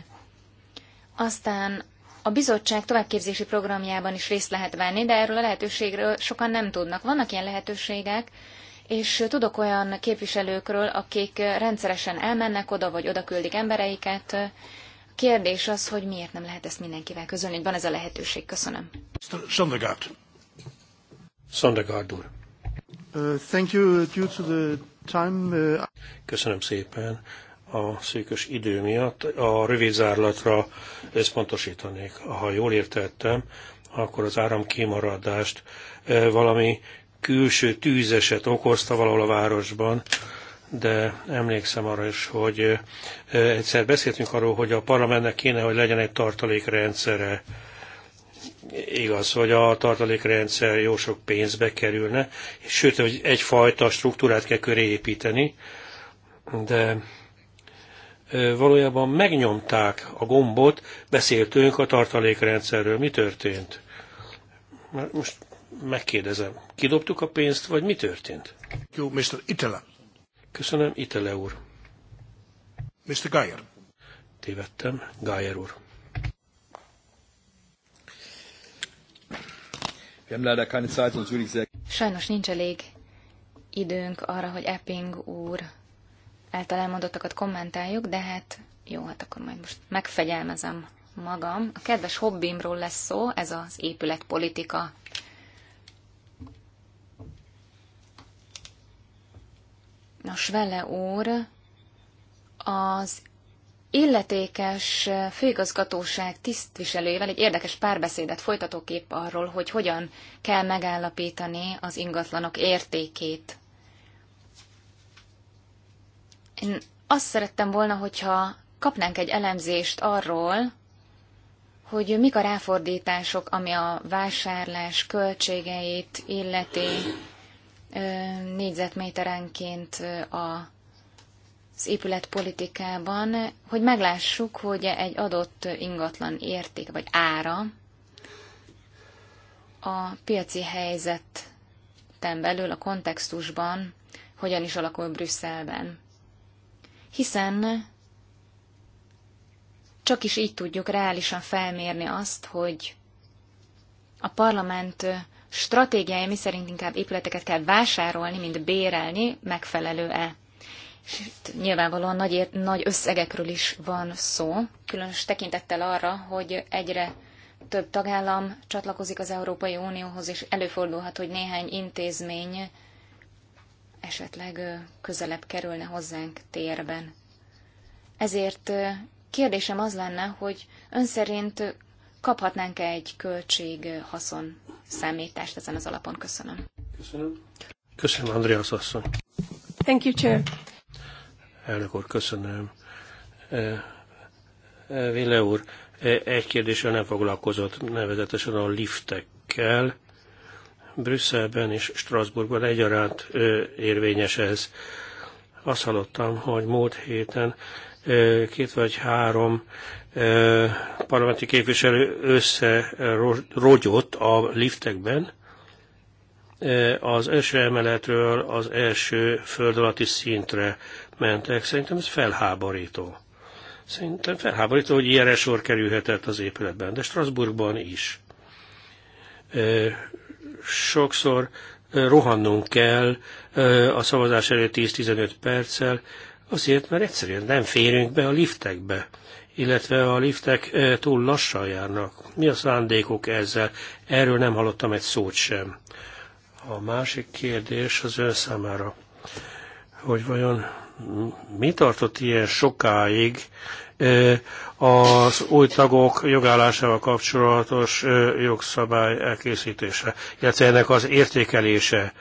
Aztán a bizottság továbbképzési programjában is részt lehet venni, de erről a lehetőségről sokan nem tudnak. Vannak ilyen lehetőségek, és tudok olyan képviselőkről, akik rendszeresen elmennek oda, vagy oda küldik embereiket. A Kérdés az, hogy miért nem lehet ezt mindenkivel közölni, hogy van ez a lehetőség. Köszönöm. Sondegard. Sondegard úr. Uh, thank you due to the time. Uh... Köszönöm szépen a szűkös idő miatt a rövidzárlatra összpontosítanék. Ha jól értettem, akkor az áramkimaradást e, valami külső tűzeset okozta valahol a városban, de emlékszem arra is, hogy e, egyszer beszéltünk arról, hogy a parlamentnek kéne, hogy legyen egy tartalékrendszere. Igaz, hogy a tartalékrendszer jó sok pénzbe kerülne, sőt, hogy egyfajta struktúrát kell köré építeni, de valójában megnyomták a gombot, beszéltünk a tartalékrendszerről. Mi történt? Most megkérdezem, kidobtuk a pénzt, vagy mi történt? Jó, Mr. Itele. Köszönöm, Itele úr. Mr. Geyer. Tévedtem, Geyer úr. Sajnos nincs elég időnk arra, hogy Epping úr által elmondottakat kommentáljuk, de hát jó, hát akkor majd most megfegyelmezem magam. A kedves hobbimról lesz szó, ez az épületpolitika. A vele úr az illetékes főigazgatóság tisztviselőjével egy érdekes párbeszédet folytatóképp arról, hogy hogyan kell megállapítani az ingatlanok értékét. Én azt szerettem volna, hogyha kapnánk egy elemzést arról, hogy mik a ráfordítások, ami a vásárlás költségeit illeti négyzetméterenként a az épületpolitikában, hogy meglássuk, hogy egy adott ingatlan érték vagy ára a piaci helyzeten belül, a kontextusban hogyan is alakul Brüsszelben hiszen csak is így tudjuk reálisan felmérni azt, hogy a parlament stratégiája, mi szerint inkább épületeket kell vásárolni, mint bérelni, megfelelő-e. És itt nyilvánvalóan nagy, nagy összegekről is van szó, különös tekintettel arra, hogy egyre több tagállam csatlakozik az Európai Unióhoz, és előfordulhat, hogy néhány intézmény esetleg közelebb kerülne hozzánk térben. Ezért kérdésem az lenne, hogy ön szerint kaphatnánk -e egy költség-haszon számítást ezen az alapon? Köszönöm. Köszönöm. Köszönöm, Andreas asszony. Thank you, Chair. Elnök úr, köszönöm. Ville úr, egy kérdéssel nem foglalkozott, nevezetesen a liftekkel. Brüsszelben és Strasbourgban egyaránt érvényes ez. Azt hallottam, hogy múlt héten két vagy három parlamenti képviselő rogyott a liftekben. Az első emeletről az első föld alatti szintre mentek. Szerintem ez felháborító. Szerintem felháborító, hogy ilyenre sor kerülhetett az épületben, de Strasbourgban is sokszor rohannunk kell a szavazás előtt 10-15 perccel, azért, mert egyszerűen nem férünk be a liftekbe, illetve a liftek túl lassan járnak. Mi a szándékok ezzel? Erről nem hallottam egy szót sem. A másik kérdés az ön számára, hogy vajon mi tartott ilyen sokáig az új tagok jogállásával kapcsolatos jogszabály elkészítése, illetve ennek az értékelése.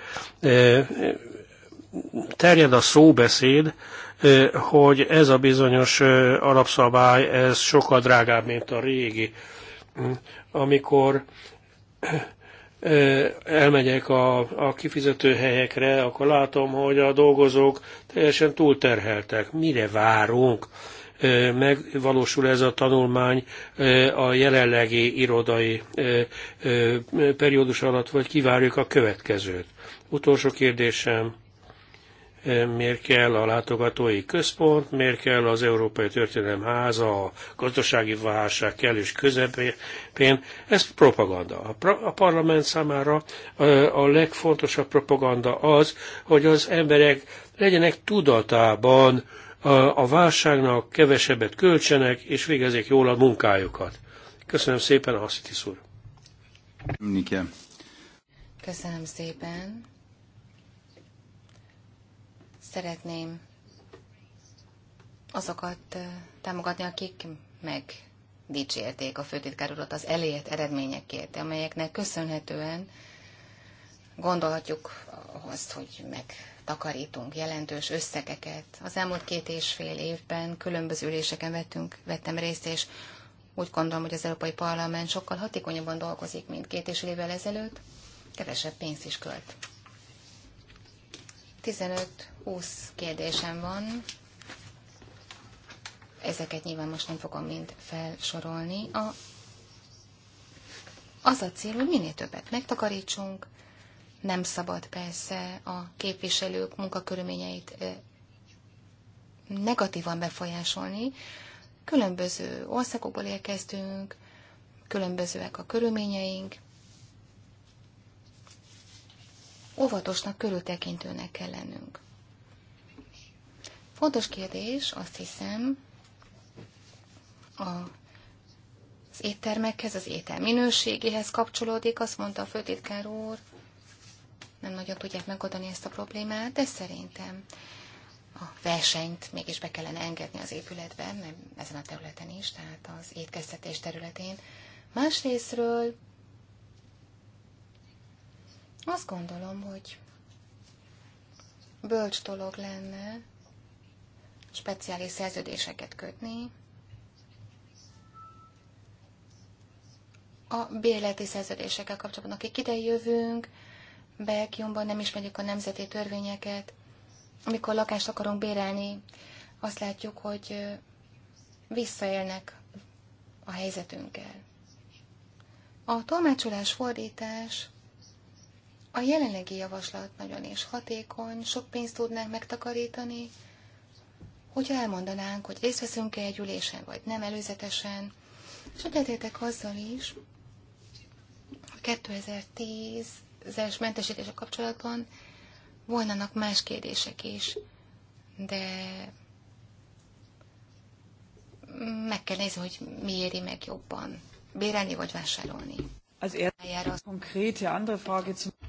Terjed a szóbeszéd, hogy ez a bizonyos alapszabály, ez sokkal drágább, mint a régi. Hm, amikor elmegyek a, a kifizető helyekre, akkor látom, hogy a dolgozók teljesen túlterheltek. Mire várunk? megvalósul ez a tanulmány a jelenlegi irodai periódus alatt, vagy kivárjuk a következőt. Utolsó kérdésem, miért kell a látogatói központ, miért kell az Európai Történelem Háza a gazdasági válság kellős közepén. Ez propaganda. A parlament számára a legfontosabb propaganda az, hogy az emberek legyenek tudatában a válságnak kevesebbet költsenek, és végezzék jól a munkájukat. Köszönöm szépen, Aszitis úr. Nike. Köszönöm szépen. Szeretném azokat támogatni, akik megdicsérték a főtitkár urat az elért eredményekért, amelyeknek köszönhetően gondolhatjuk azt, hogy meg takarítunk jelentős összegeket. Az elmúlt két és fél évben különböző üléseken vettünk, vettem részt, és úgy gondolom, hogy az Európai Parlament sokkal hatékonyabban dolgozik, mint két és évvel ezelőtt, kevesebb pénzt is költ. 15-20 kérdésem van, ezeket nyilván most nem fogom mind felsorolni. A, az a cél, hogy minél többet megtakarítsunk, nem szabad persze a képviselők munkakörülményeit negatívan befolyásolni. Különböző országokból érkeztünk, különbözőek a körülményeink. Óvatosnak, körültekintőnek kell lennünk. Fontos kérdés, azt hiszem, a, az éttermekhez, az étel minőségéhez kapcsolódik, azt mondta a főtitkár úr, nem nagyon tudják megoldani ezt a problémát, de szerintem a versenyt mégis be kellene engedni az épületben, nem ezen a területen is, tehát az étkeztetés területén. Másrésztről azt gondolom, hogy bölcs dolog lenne speciális szerződéseket kötni, a bérleti szerződésekkel kapcsolatban, akik ide jövünk, Belgiumban nem ismerjük a nemzeti törvényeket. Amikor lakást akarunk bérelni, azt látjuk, hogy visszaélnek a helyzetünkkel. A tolmácsolás fordítás a jelenlegi javaslat nagyon és hatékony, sok pénzt tudnánk megtakarítani, hogyha elmondanánk, hogy részt veszünk-e egy ülésen, vagy nem előzetesen, és egyetértek azzal is, hogy 2010 adózás mentesítése kapcsolatban volnának más kérdések is, de meg kell nézni, hogy mi éri meg jobban, bérelni vagy vásárolni. Az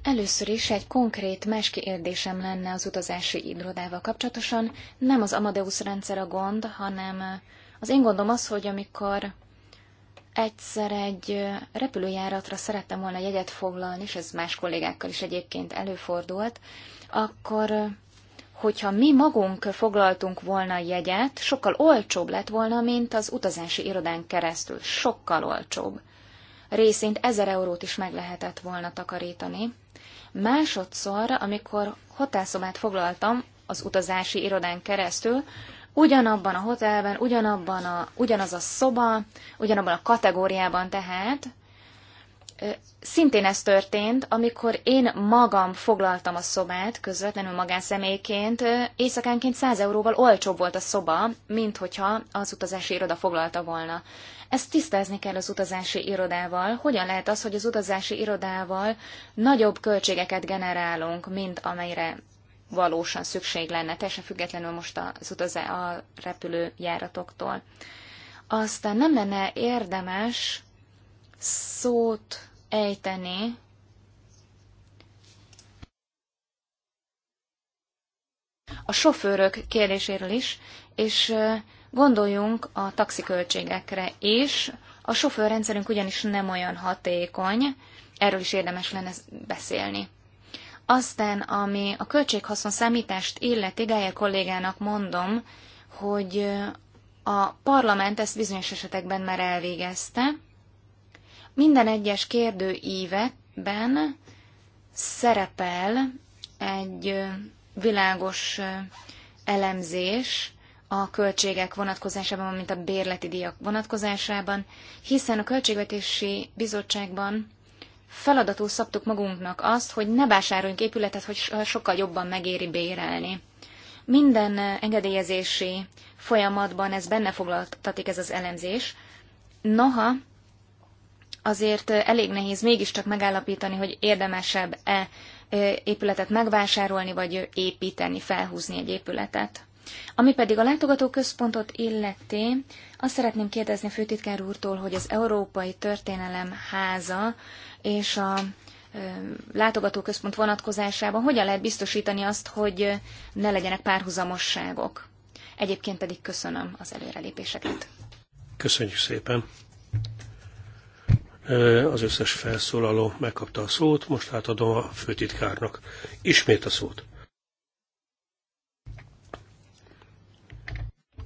Először is egy konkrét más kérdésem lenne az utazási irodával kapcsolatosan. Nem az Amadeus rendszer a gond, hanem eh, az én gondom az, hogy amikor Egyszer egy repülőjáratra szerettem volna jegyet foglalni, és ez más kollégákkal is egyébként előfordult, akkor hogyha mi magunk foglaltunk volna jegyet, sokkal olcsóbb lett volna, mint az utazási irodán keresztül. Sokkal olcsóbb. Részint ezer eurót is meg lehetett volna takarítani. Másodszor, amikor hotelszobát foglaltam az utazási irodán keresztül, ugyanabban a hotelben, ugyanabban a, ugyanaz a szoba, ugyanabban a kategóriában tehát, Szintén ez történt, amikor én magam foglaltam a szobát közvetlenül magánszemélyként, éjszakánként 100 euróval olcsóbb volt a szoba, mint hogyha az utazási iroda foglalta volna. Ezt tisztázni kell az utazási irodával. Hogyan lehet az, hogy az utazási irodával nagyobb költségeket generálunk, mint amelyre valósan szükség lenne, teljesen függetlenül most az utazá a repülőjáratoktól. Aztán nem lenne érdemes szót ejteni a sofőrök kérdéséről is, és gondoljunk a taxiköltségekre is. A sofőrrendszerünk ugyanis nem olyan hatékony, erről is érdemes lenne beszélni. Aztán, ami a költséghaszon számítást illeti, Gálya kollégának mondom, hogy a parlament ezt bizonyos esetekben már elvégezte. Minden egyes kérdőívetben szerepel egy világos elemzés a költségek vonatkozásában, mint a bérleti díjak vonatkozásában, hiszen a Költségvetési Bizottságban feladatul szabtuk magunknak azt, hogy ne vásároljunk épületet, hogy sokkal jobban megéri bérelni. Minden engedélyezési folyamatban ez benne foglaltatik ez az elemzés. Noha azért elég nehéz mégiscsak megállapítani, hogy érdemesebb-e épületet megvásárolni, vagy építeni, felhúzni egy épületet. Ami pedig a látogatóközpontot illeti, azt szeretném kérdezni a főtitkár úrtól, hogy az Európai Történelem Háza és a látogatóközpont vonatkozásában hogyan lehet biztosítani azt, hogy ne legyenek párhuzamosságok. Egyébként pedig köszönöm az előrelépéseket. Köszönjük szépen. Az összes felszólaló megkapta a szót, most átadom a főtitkárnak. Ismét a szót.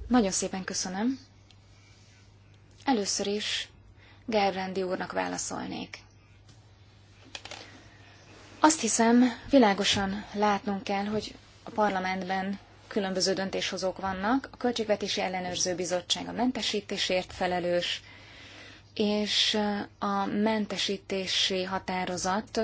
Nagyon szépen köszönöm. Először is Gerrendi úrnak válaszolnék. Azt hiszem, világosan látnunk kell, hogy a parlamentben különböző döntéshozók vannak. A Költségvetési Ellenőrző Bizottság a mentesítésért felelős, és a mentesítési határozat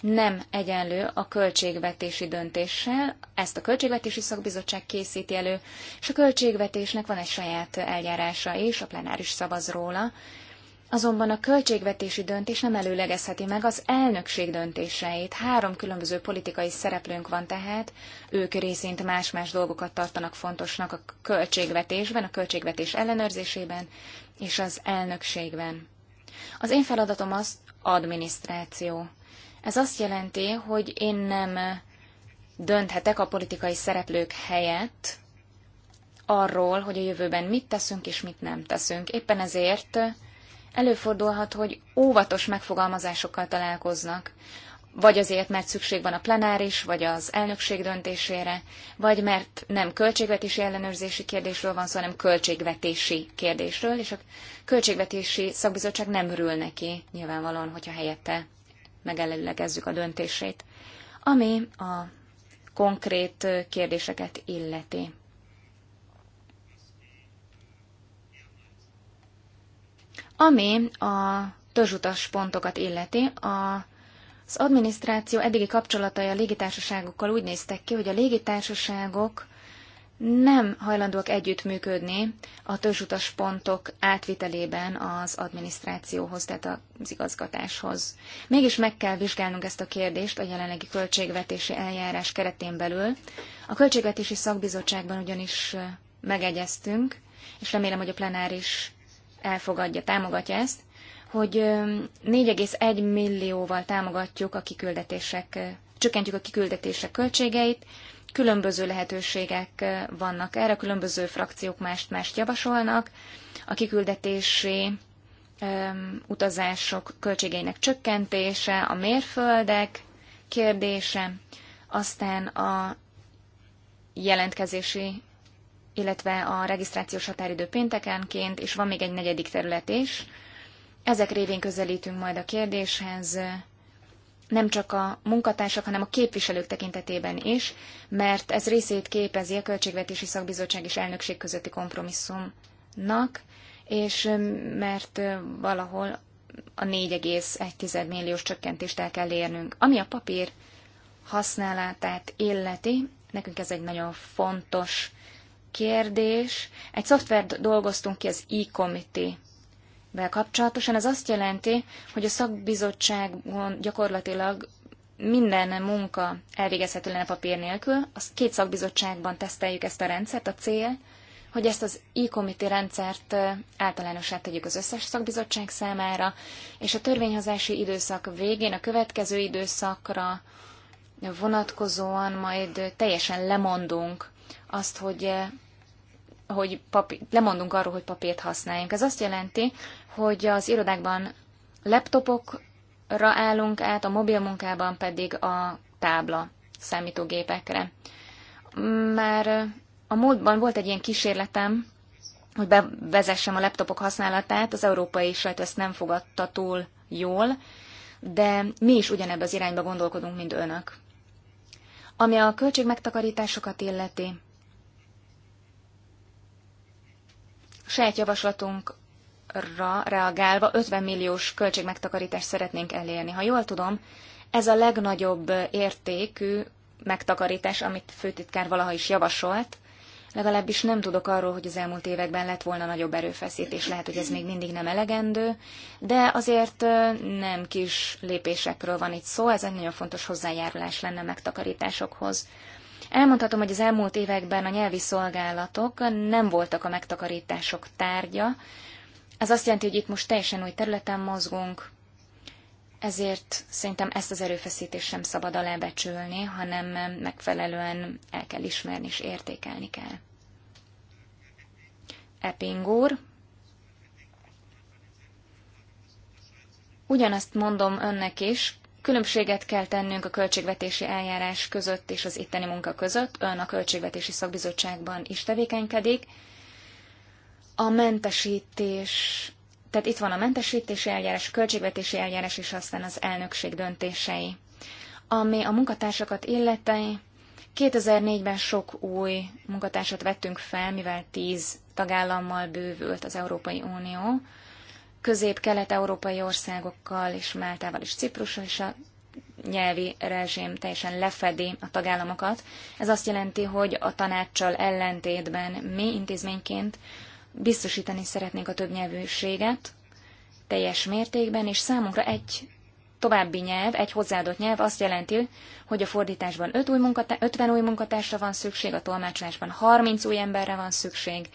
nem egyenlő a költségvetési döntéssel. Ezt a Költségvetési Szakbizottság készíti elő, és a költségvetésnek van egy saját eljárása is, a plenáris szavaz róla, Azonban a költségvetési döntés nem előlegezheti meg az elnökség döntéseit. Három különböző politikai szereplőnk van tehát, ők részint más-más dolgokat tartanak fontosnak a költségvetésben, a költségvetés ellenőrzésében és az elnökségben. Az én feladatom az adminisztráció. Ez azt jelenti, hogy én nem dönthetek a politikai szereplők helyett arról, hogy a jövőben mit teszünk és mit nem teszünk. Éppen ezért előfordulhat, hogy óvatos megfogalmazásokkal találkoznak, vagy azért, mert szükség van a plenáris, vagy az elnökség döntésére, vagy mert nem költségvetési ellenőrzési kérdésről van szó, hanem költségvetési kérdésről, és a költségvetési szakbizottság nem örül neki nyilvánvalóan, hogyha helyette megelőlegezzük a döntését, ami a konkrét kérdéseket illeti. Ami a törzsutas pontokat illeti, a az adminisztráció eddigi kapcsolatai a légitársaságokkal úgy néztek ki, hogy a légitársaságok nem hajlandóak együttműködni a törzsutas pontok átvitelében az adminisztrációhoz, tehát az igazgatáshoz. Mégis meg kell vizsgálnunk ezt a kérdést a jelenlegi költségvetési eljárás keretén belül. A költségvetési szakbizottságban ugyanis megegyeztünk, és remélem, hogy a plenáris elfogadja, támogatja ezt, hogy 4,1 millióval támogatjuk a kiküldetések, csökkentjük a kiküldetések költségeit, különböző lehetőségek vannak erre, különböző frakciók mást-mást javasolnak, a kiküldetési utazások költségeinek csökkentése, a mérföldek kérdése, aztán a jelentkezési illetve a regisztrációs határidő péntekenként, és van még egy negyedik terület is. Ezek révén közelítünk majd a kérdéshez, nem csak a munkatársak, hanem a képviselők tekintetében is, mert ez részét képezi a Költségvetési Szakbizottság és elnökség közötti kompromisszumnak, és mert valahol a 4,1 milliós csökkentést el kell érnünk. Ami a papír használatát illeti, nekünk ez egy nagyon fontos kérdés. Egy szoftvert dolgoztunk ki az e-committee vel kapcsolatosan. Ez azt jelenti, hogy a szakbizottságon gyakorlatilag minden munka elvégezhető lenne papír nélkül. A két szakbizottságban teszteljük ezt a rendszert. A cél, hogy ezt az e-committee rendszert általánosá tegyük az összes szakbizottság számára, és a törvényhozási időszak végén a következő időszakra vonatkozóan majd teljesen lemondunk azt, hogy, eh, hogy papír, lemondunk arról, hogy papírt használjunk. Ez azt jelenti, hogy az irodákban laptopokra állunk át, a mobil munkában pedig a tábla számítógépekre. Már eh, a múltban volt egy ilyen kísérletem, hogy bevezessem a laptopok használatát, az európai sajt ezt nem fogadta túl jól, de mi is ugyanebben az irányba gondolkodunk, mint önök. Ami a költségmegtakarításokat illeti, saját javaslatunkra reagálva 50 milliós költségmegtakarítást szeretnénk elérni. Ha jól tudom, ez a legnagyobb értékű megtakarítás, amit főtitkár valaha is javasolt. Legalábbis nem tudok arról, hogy az elmúlt években lett volna nagyobb erőfeszítés, lehet, hogy ez még mindig nem elegendő, de azért nem kis lépésekről van itt szó, ez egy nagyon fontos hozzájárulás lenne megtakarításokhoz. Elmondhatom, hogy az elmúlt években a nyelvi szolgálatok nem voltak a megtakarítások tárgya. Ez azt jelenti, hogy itt most teljesen új területen mozgunk, ezért szerintem ezt az erőfeszítést sem szabad alábecsülni, hanem megfelelően el kell ismerni és értékelni kell. Epping úr, ugyanazt mondom önnek is, Különbséget kell tennünk a költségvetési eljárás között és az itteni munka között. Ön a költségvetési szakbizottságban is tevékenykedik. A mentesítés, tehát itt van a mentesítési eljárás, a költségvetési eljárás és aztán az elnökség döntései. Ami a munkatársakat illeti, 2004-ben sok új munkatársat vettünk fel, mivel 10 tagállammal bővült az Európai Unió közép-kelet-európai országokkal és Máltával és Ciprussal, is a nyelvi rezsim teljesen lefedi a tagállamokat. Ez azt jelenti, hogy a tanácssal ellentétben mi intézményként biztosítani szeretnénk a többnyelvűséget teljes mértékben, és számunkra egy további nyelv, egy hozzáadott nyelv azt jelenti, hogy a fordításban 5 új 50 új munkatársra van szükség, a tolmácsolásban 30 új emberre van szükség,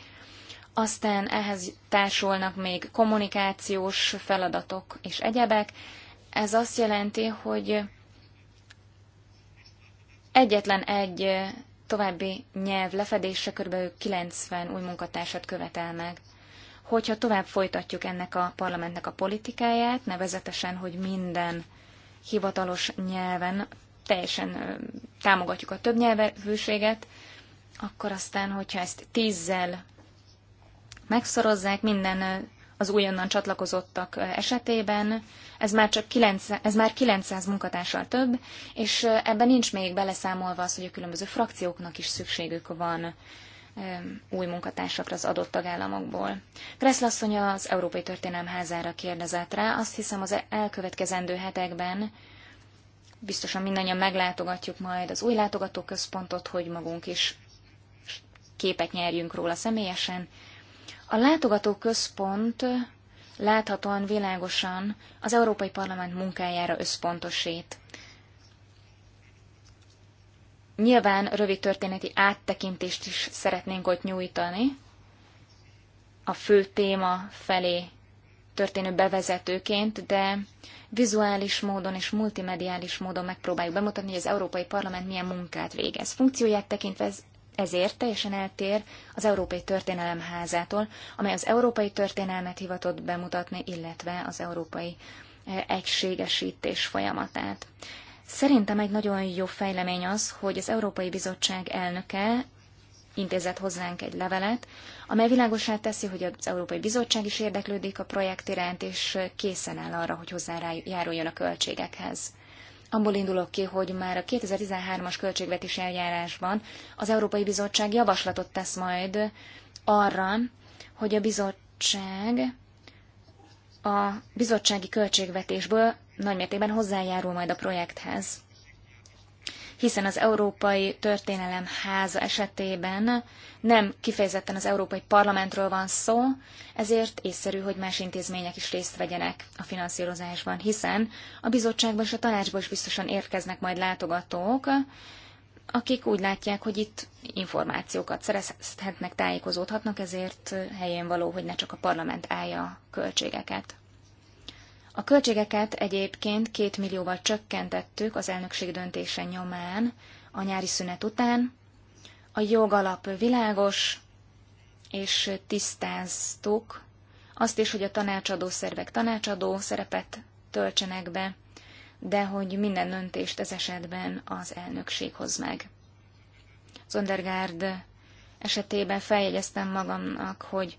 aztán ehhez társulnak még kommunikációs feladatok és egyebek. Ez azt jelenti, hogy egyetlen egy további nyelv lefedése kb. 90 új munkatársat követel meg. Hogyha tovább folytatjuk ennek a parlamentnek a politikáját, nevezetesen, hogy minden hivatalos nyelven teljesen támogatjuk a többnyelvűséget, akkor aztán, hogyha ezt tízzel megszorozzák minden az újonnan csatlakozottak esetében. Ez már, csak 9, ez már 900 munkatársal több, és ebben nincs még beleszámolva az, hogy a különböző frakcióknak is szükségük van új munkatársakra az adott tagállamokból. Kressl asszony az Európai Történelem házára kérdezett rá, azt hiszem az elkövetkezendő hetekben biztosan mindannyian meglátogatjuk majd az új látogatóközpontot, hogy magunk is képet nyerjünk róla személyesen, a látogatóközpont láthatóan világosan az Európai Parlament munkájára összpontosít. Nyilván rövid történeti áttekintést is szeretnénk ott nyújtani, a fő téma felé történő bevezetőként, de vizuális módon és multimediális módon megpróbáljuk bemutatni, hogy az Európai Parlament milyen munkát végez. Funkcióját tekintve ez ezért teljesen eltér az Európai Történelem házától, amely az európai történelmet hivatott bemutatni, illetve az európai eh, egységesítés folyamatát. Szerintem egy nagyon jó fejlemény az, hogy az Európai Bizottság elnöke intézett hozzánk egy levelet, amely világosá teszi, hogy az Európai Bizottság is érdeklődik a projekt iránt, és eh, készen áll arra, hogy hozzájáruljon a költségekhez. Abból indulok ki, hogy már a 2013-as költségvetési eljárásban az Európai Bizottság javaslatot tesz majd arra, hogy a bizottság a bizottsági költségvetésből nagymértékben hozzájárul majd a projekthez hiszen az Európai Történelem Háza esetében nem kifejezetten az Európai Parlamentről van szó, ezért észszerű, hogy más intézmények is részt vegyenek a finanszírozásban, hiszen a bizottságban és a tanácsban is biztosan érkeznek majd látogatók, akik úgy látják, hogy itt információkat szerezhetnek, tájékozódhatnak, ezért helyén való, hogy ne csak a parlament állja a költségeket. A költségeket egyébként két millióval csökkentettük az elnökség döntése nyomán a nyári szünet után. A jogalap világos, és tisztáztuk azt is, hogy a tanácsadó szervek tanácsadó szerepet töltsenek be, de hogy minden döntést ez esetben az elnökség hoz meg. Zondergárd esetében feljegyeztem magamnak, hogy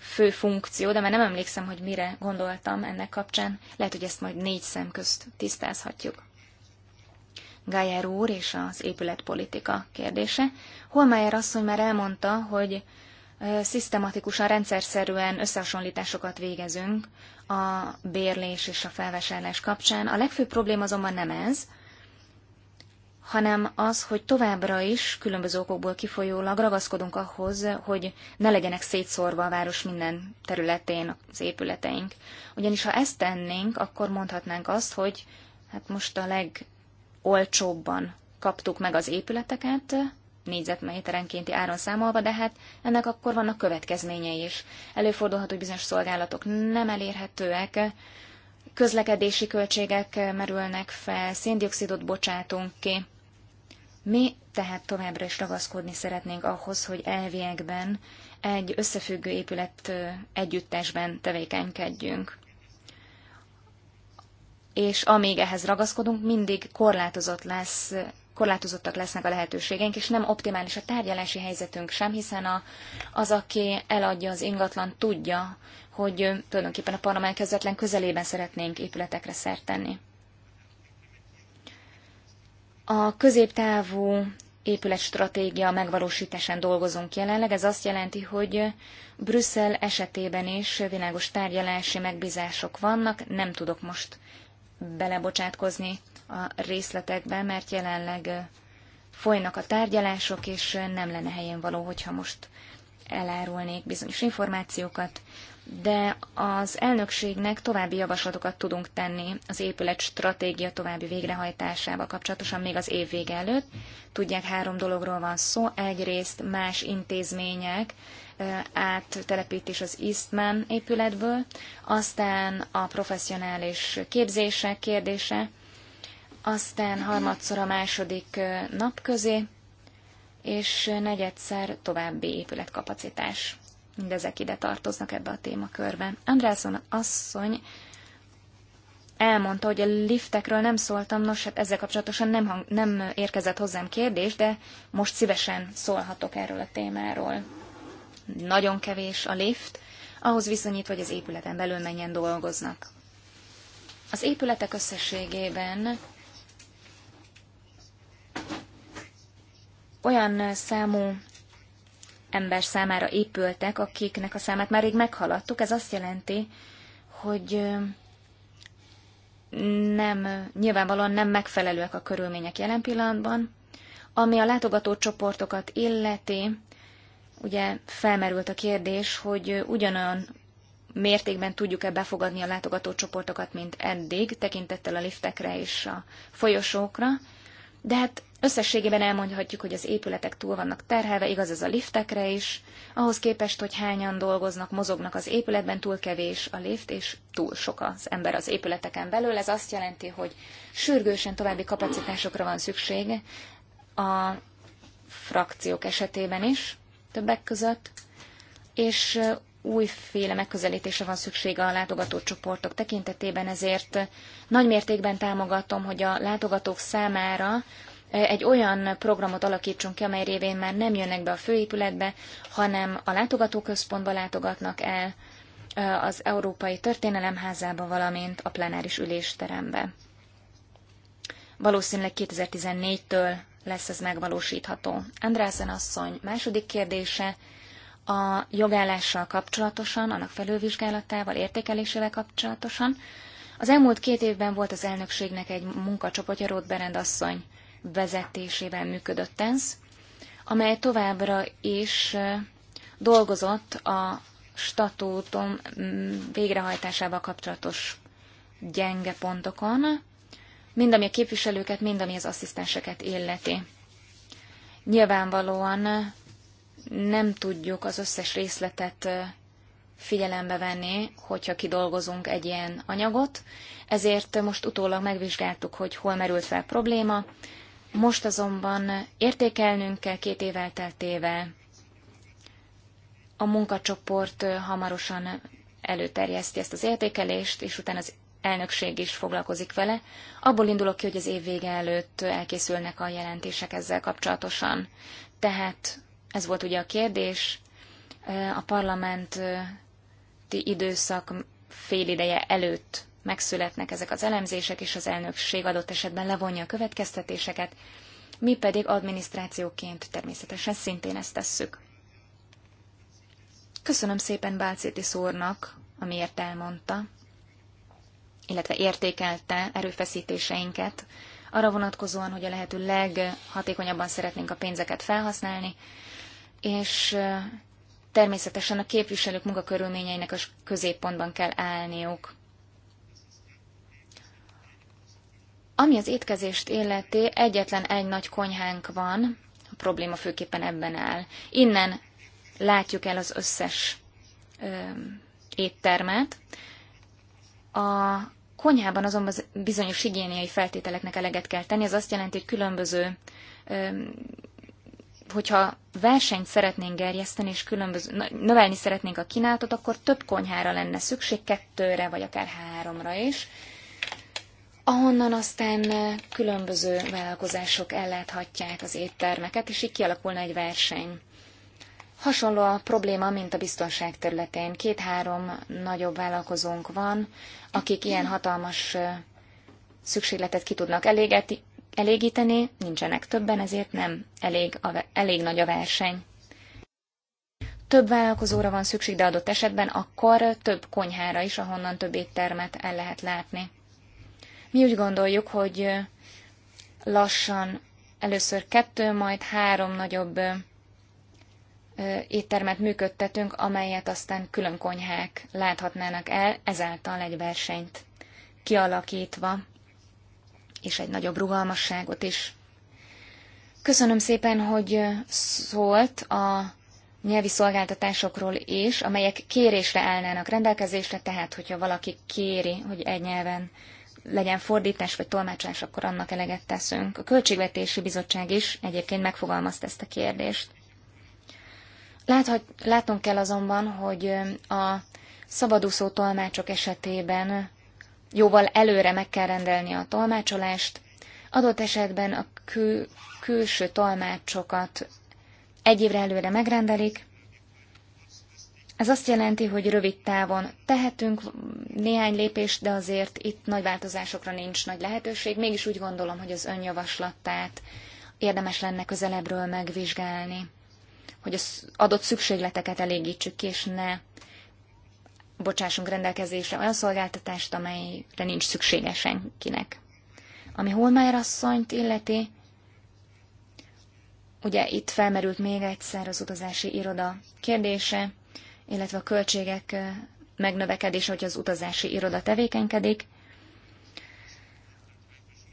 fő funkció, de már nem emlékszem, hogy mire gondoltam ennek kapcsán. Lehet, hogy ezt majd négy szem közt tisztázhatjuk. Gájár úr és az épületpolitika kérdése. Holmeyer asszony már elmondta, hogy szisztematikusan, rendszerszerűen összehasonlításokat végezünk a bérlés és a felvásárlás kapcsán. A legfőbb probléma azonban nem ez, hanem az, hogy továbbra is különböző okokból kifolyólag ragaszkodunk ahhoz, hogy ne legyenek szétszórva a város minden területén az épületeink. Ugyanis ha ezt tennénk, akkor mondhatnánk azt, hogy hát most a legolcsóbban kaptuk meg az épületeket, négyzetméterenkénti áron számolva, de hát ennek akkor vannak következményei is. Előfordulhat, hogy bizonyos szolgálatok nem elérhetőek, közlekedési költségek merülnek fel, széndiokszidot bocsátunk ki, mi tehát továbbra is ragaszkodni szeretnénk ahhoz, hogy elviekben egy összefüggő épület együttesben tevékenykedjünk. És amíg ehhez ragaszkodunk, mindig korlátozott lesz, korlátozottak lesznek a lehetőségeink, és nem optimális a tárgyalási helyzetünk sem, hiszen a, az, aki eladja az ingatlan, tudja, hogy tulajdonképpen a parlament közvetlen közelében szeretnénk épületekre szert tenni. A középtávú épületstratégia megvalósításán dolgozunk jelenleg. Ez azt jelenti, hogy Brüsszel esetében is világos tárgyalási megbízások vannak. Nem tudok most belebocsátkozni a részletekbe, mert jelenleg folynak a tárgyalások, és nem lenne helyén való, hogyha most elárulnék bizonyos információkat de az elnökségnek további javaslatokat tudunk tenni az épület stratégia további végrehajtásával kapcsolatosan még az év vége előtt. Tudják, három dologról van szó. Egyrészt más intézmények áttelepítés az Eastman épületből, aztán a professzionális képzések kérdése, aztán harmadszor a második nap közé, és negyedszer további épületkapacitás mindezek ide tartoznak ebbe a témakörbe. Andrászon asszony elmondta, hogy a liftekről nem szóltam, nos, hát ezzel kapcsolatosan nem, hang, nem érkezett hozzám kérdés, de most szívesen szólhatok erről a témáról. Nagyon kevés a lift, ahhoz viszonyítva, hogy az épületen belül menjen dolgoznak. Az épületek összességében olyan számú ember számára épültek, akiknek a számát már rég meghaladtuk. Ez azt jelenti, hogy nem, nyilvánvalóan nem megfelelőek a körülmények jelen pillanatban. Ami a látogatócsoportokat illeti, ugye felmerült a kérdés, hogy ugyanolyan mértékben tudjuk-e befogadni a látogatócsoportokat, mint eddig, tekintettel a liftekre és a folyosókra de hát összességében elmondhatjuk, hogy az épületek túl vannak terhelve, igaz ez a liftekre is, ahhoz képest, hogy hányan dolgoznak, mozognak az épületben, túl kevés a lift, és túl sok az ember az épületeken belül. Ez azt jelenti, hogy sürgősen további kapacitásokra van szükség a frakciók esetében is, többek között, és újféle megközelítése van szükség a látogatócsoportok tekintetében, ezért nagy mértékben támogatom, hogy a látogatók számára eh, egy olyan programot alakítsunk ki, amely révén már nem jönnek be a főépületbe, hanem a látogatóközpontba látogatnak el, eh, az Európai Történelemházába, valamint a plenáris ülésterembe. Valószínűleg 2014-től lesz ez megvalósítható. Andrásen asszony második kérdése a jogállással kapcsolatosan, annak felülvizsgálatával, értékelésével kapcsolatosan. Az elmúlt két évben volt az elnökségnek egy munkacsoportja, Rót Berend asszony vezetésével működött ENSZ, amely továbbra is dolgozott a statútum mm, végrehajtásával kapcsolatos gyenge pontokon, mind ami a képviselőket, mind ami az asszisztenseket illeti. Nyilvánvalóan nem tudjuk az összes részletet figyelembe venni, hogyha kidolgozunk egy ilyen anyagot, ezért most utólag megvizsgáltuk, hogy hol merült fel probléma, most azonban értékelnünk kell két év elteltével. A munkacsoport hamarosan előterjeszti ezt az értékelést, és utána az elnökség is foglalkozik vele. Abból indulok ki, hogy az év vége előtt elkészülnek a jelentések ezzel kapcsolatosan. Tehát ez volt ugye a kérdés. A parlamenti időszak ideje előtt megszületnek ezek az elemzések, és az elnökség adott esetben levonja a következtetéseket, mi pedig adminisztrációként természetesen szintén ezt tesszük. Köszönöm szépen Bálcéti szórnak, amiért elmondta, illetve értékelte erőfeszítéseinket, arra vonatkozóan, hogy a lehető leghatékonyabban szeretnénk a pénzeket felhasználni, és természetesen a képviselők munkakörülményeinek a középpontban kell állniuk. Ami az étkezést illeti, egyetlen egy nagy konyhánk van, a probléma főképpen ebben áll. Innen látjuk el az összes ö, éttermet. A konyhában azonban bizonyos higiéniai feltételeknek eleget kell tenni, ez azt jelenti, hogy különböző ö, hogyha versenyt szeretnénk gerjeszteni, és különböző, növelni szeretnénk a kínálatot, akkor több konyhára lenne szükség, kettőre, vagy akár háromra is, ahonnan aztán különböző vállalkozások elláthatják az éttermeket, és így kialakulna egy verseny. Hasonló a probléma, mint a biztonság területén. Két-három nagyobb vállalkozónk van, akik ilyen hatalmas szükségletet ki tudnak elégeti, elégíteni, nincsenek többen, ezért nem elég, a, elég nagy a verseny. Több vállalkozóra van szükség, de adott esetben akkor több konyhára is, ahonnan több éttermet el lehet látni. Mi úgy gondoljuk, hogy lassan először kettő, majd három nagyobb éttermet működtetünk, amelyet aztán külön konyhák láthatnának el, ezáltal egy versenyt kialakítva és egy nagyobb rugalmasságot is. Köszönöm szépen, hogy szólt a nyelvi szolgáltatásokról is, amelyek kérésre állnának rendelkezésre, tehát hogyha valaki kéri, hogy egy nyelven legyen fordítás vagy tolmácsolás, akkor annak eleget teszünk. A Költségvetési Bizottság is egyébként megfogalmazta ezt a kérdést. Láthat, látnunk kell azonban, hogy a szabadúszó tolmácsok esetében jóval előre meg kell rendelni a tolmácsolást, adott esetben a kül- külső tolmácsokat egy évre előre megrendelik. Ez azt jelenti, hogy rövid távon tehetünk néhány lépést, de azért itt nagy változásokra nincs nagy lehetőség. Mégis úgy gondolom, hogy az önjavaslatát érdemes lenne közelebbről megvizsgálni, hogy az adott szükségleteket elégítsük ki, és ne bocsássunk rendelkezésre olyan szolgáltatást, amelyre nincs szüksége senkinek. Ami Holmeier asszonyt illeti, ugye itt felmerült még egyszer az utazási iroda kérdése, illetve a költségek eh, megnövekedése, hogy az utazási iroda tevékenykedik.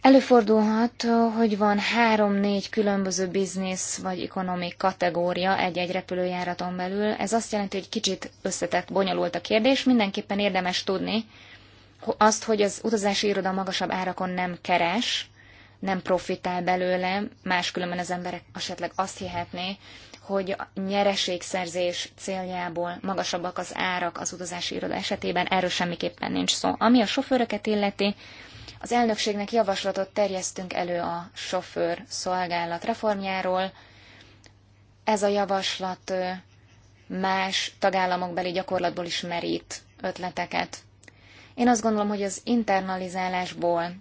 Előfordulhat, hogy van három-négy különböző biznisz vagy ekonomi kategória egy-egy repülőjáraton belül. Ez azt jelenti, hogy kicsit összetett, bonyolult a kérdés. Mindenképpen érdemes tudni azt, hogy az utazási iroda magasabb árakon nem keres, nem profitál belőle, máskülönben az emberek esetleg azt hihetné, hogy a nyereségszerzés céljából magasabbak az árak az utazási iroda esetében, erről semmiképpen nincs szó. Ami a sofőröket illeti, az elnökségnek javaslatot terjesztünk elő a sofőr szolgálat reformjáról. Ez a javaslat más tagállamokbeli gyakorlatból is merít ötleteket. Én azt gondolom, hogy az internalizálásból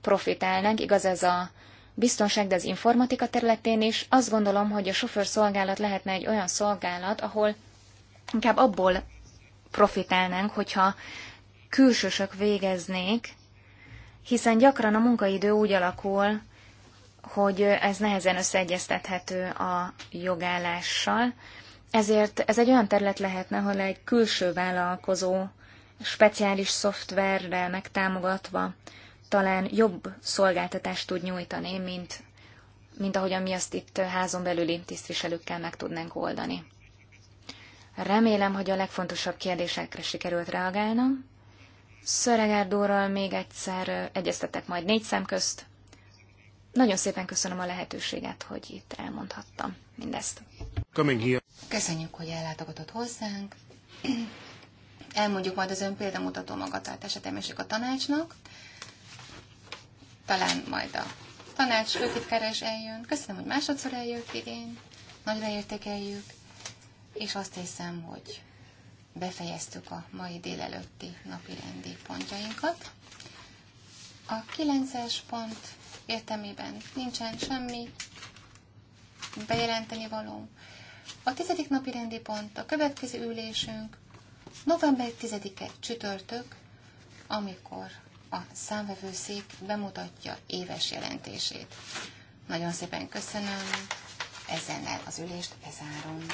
profitálnánk, igaz ez a biztonság, de az informatika területén is. Azt gondolom, hogy a sofőrszolgálat lehetne egy olyan szolgálat, ahol inkább abból profitálnánk, hogyha külsősök végeznék hiszen gyakran a munkaidő úgy alakul, hogy ez nehezen összeegyeztethető a jogállással, ezért ez egy olyan terület lehetne, ahol egy külső vállalkozó speciális szoftverrel megtámogatva talán jobb szolgáltatást tud nyújtani, mint, mint ahogyan mi azt itt házon belüli tisztviselőkkel meg tudnánk oldani. Remélem, hogy a legfontosabb kérdésekre sikerült reagálnom. Szöregárdóral még egyszer egyeztetek majd négy szem közt. Nagyon szépen köszönöm a lehetőséget, hogy itt elmondhattam mindezt. Köszönjük, hogy ellátogatott hozzánk. Elmondjuk majd az ön példamutató magatartását emésik a tanácsnak. Talán majd a tanács főtitkára eljön. Köszönöm, hogy másodszor eljött idén. Nagyra értékeljük. És azt hiszem, hogy befejeztük a mai délelőtti napi rendi pontjainkat. A kilences pont értelmében nincsen semmi bejelenteni való. A tizedik napi rendi pont a következő ülésünk november 10-e csütörtök, amikor a számvevőszék bemutatja éves jelentését. Nagyon szépen köszönöm, ezennel az ülést bezárom.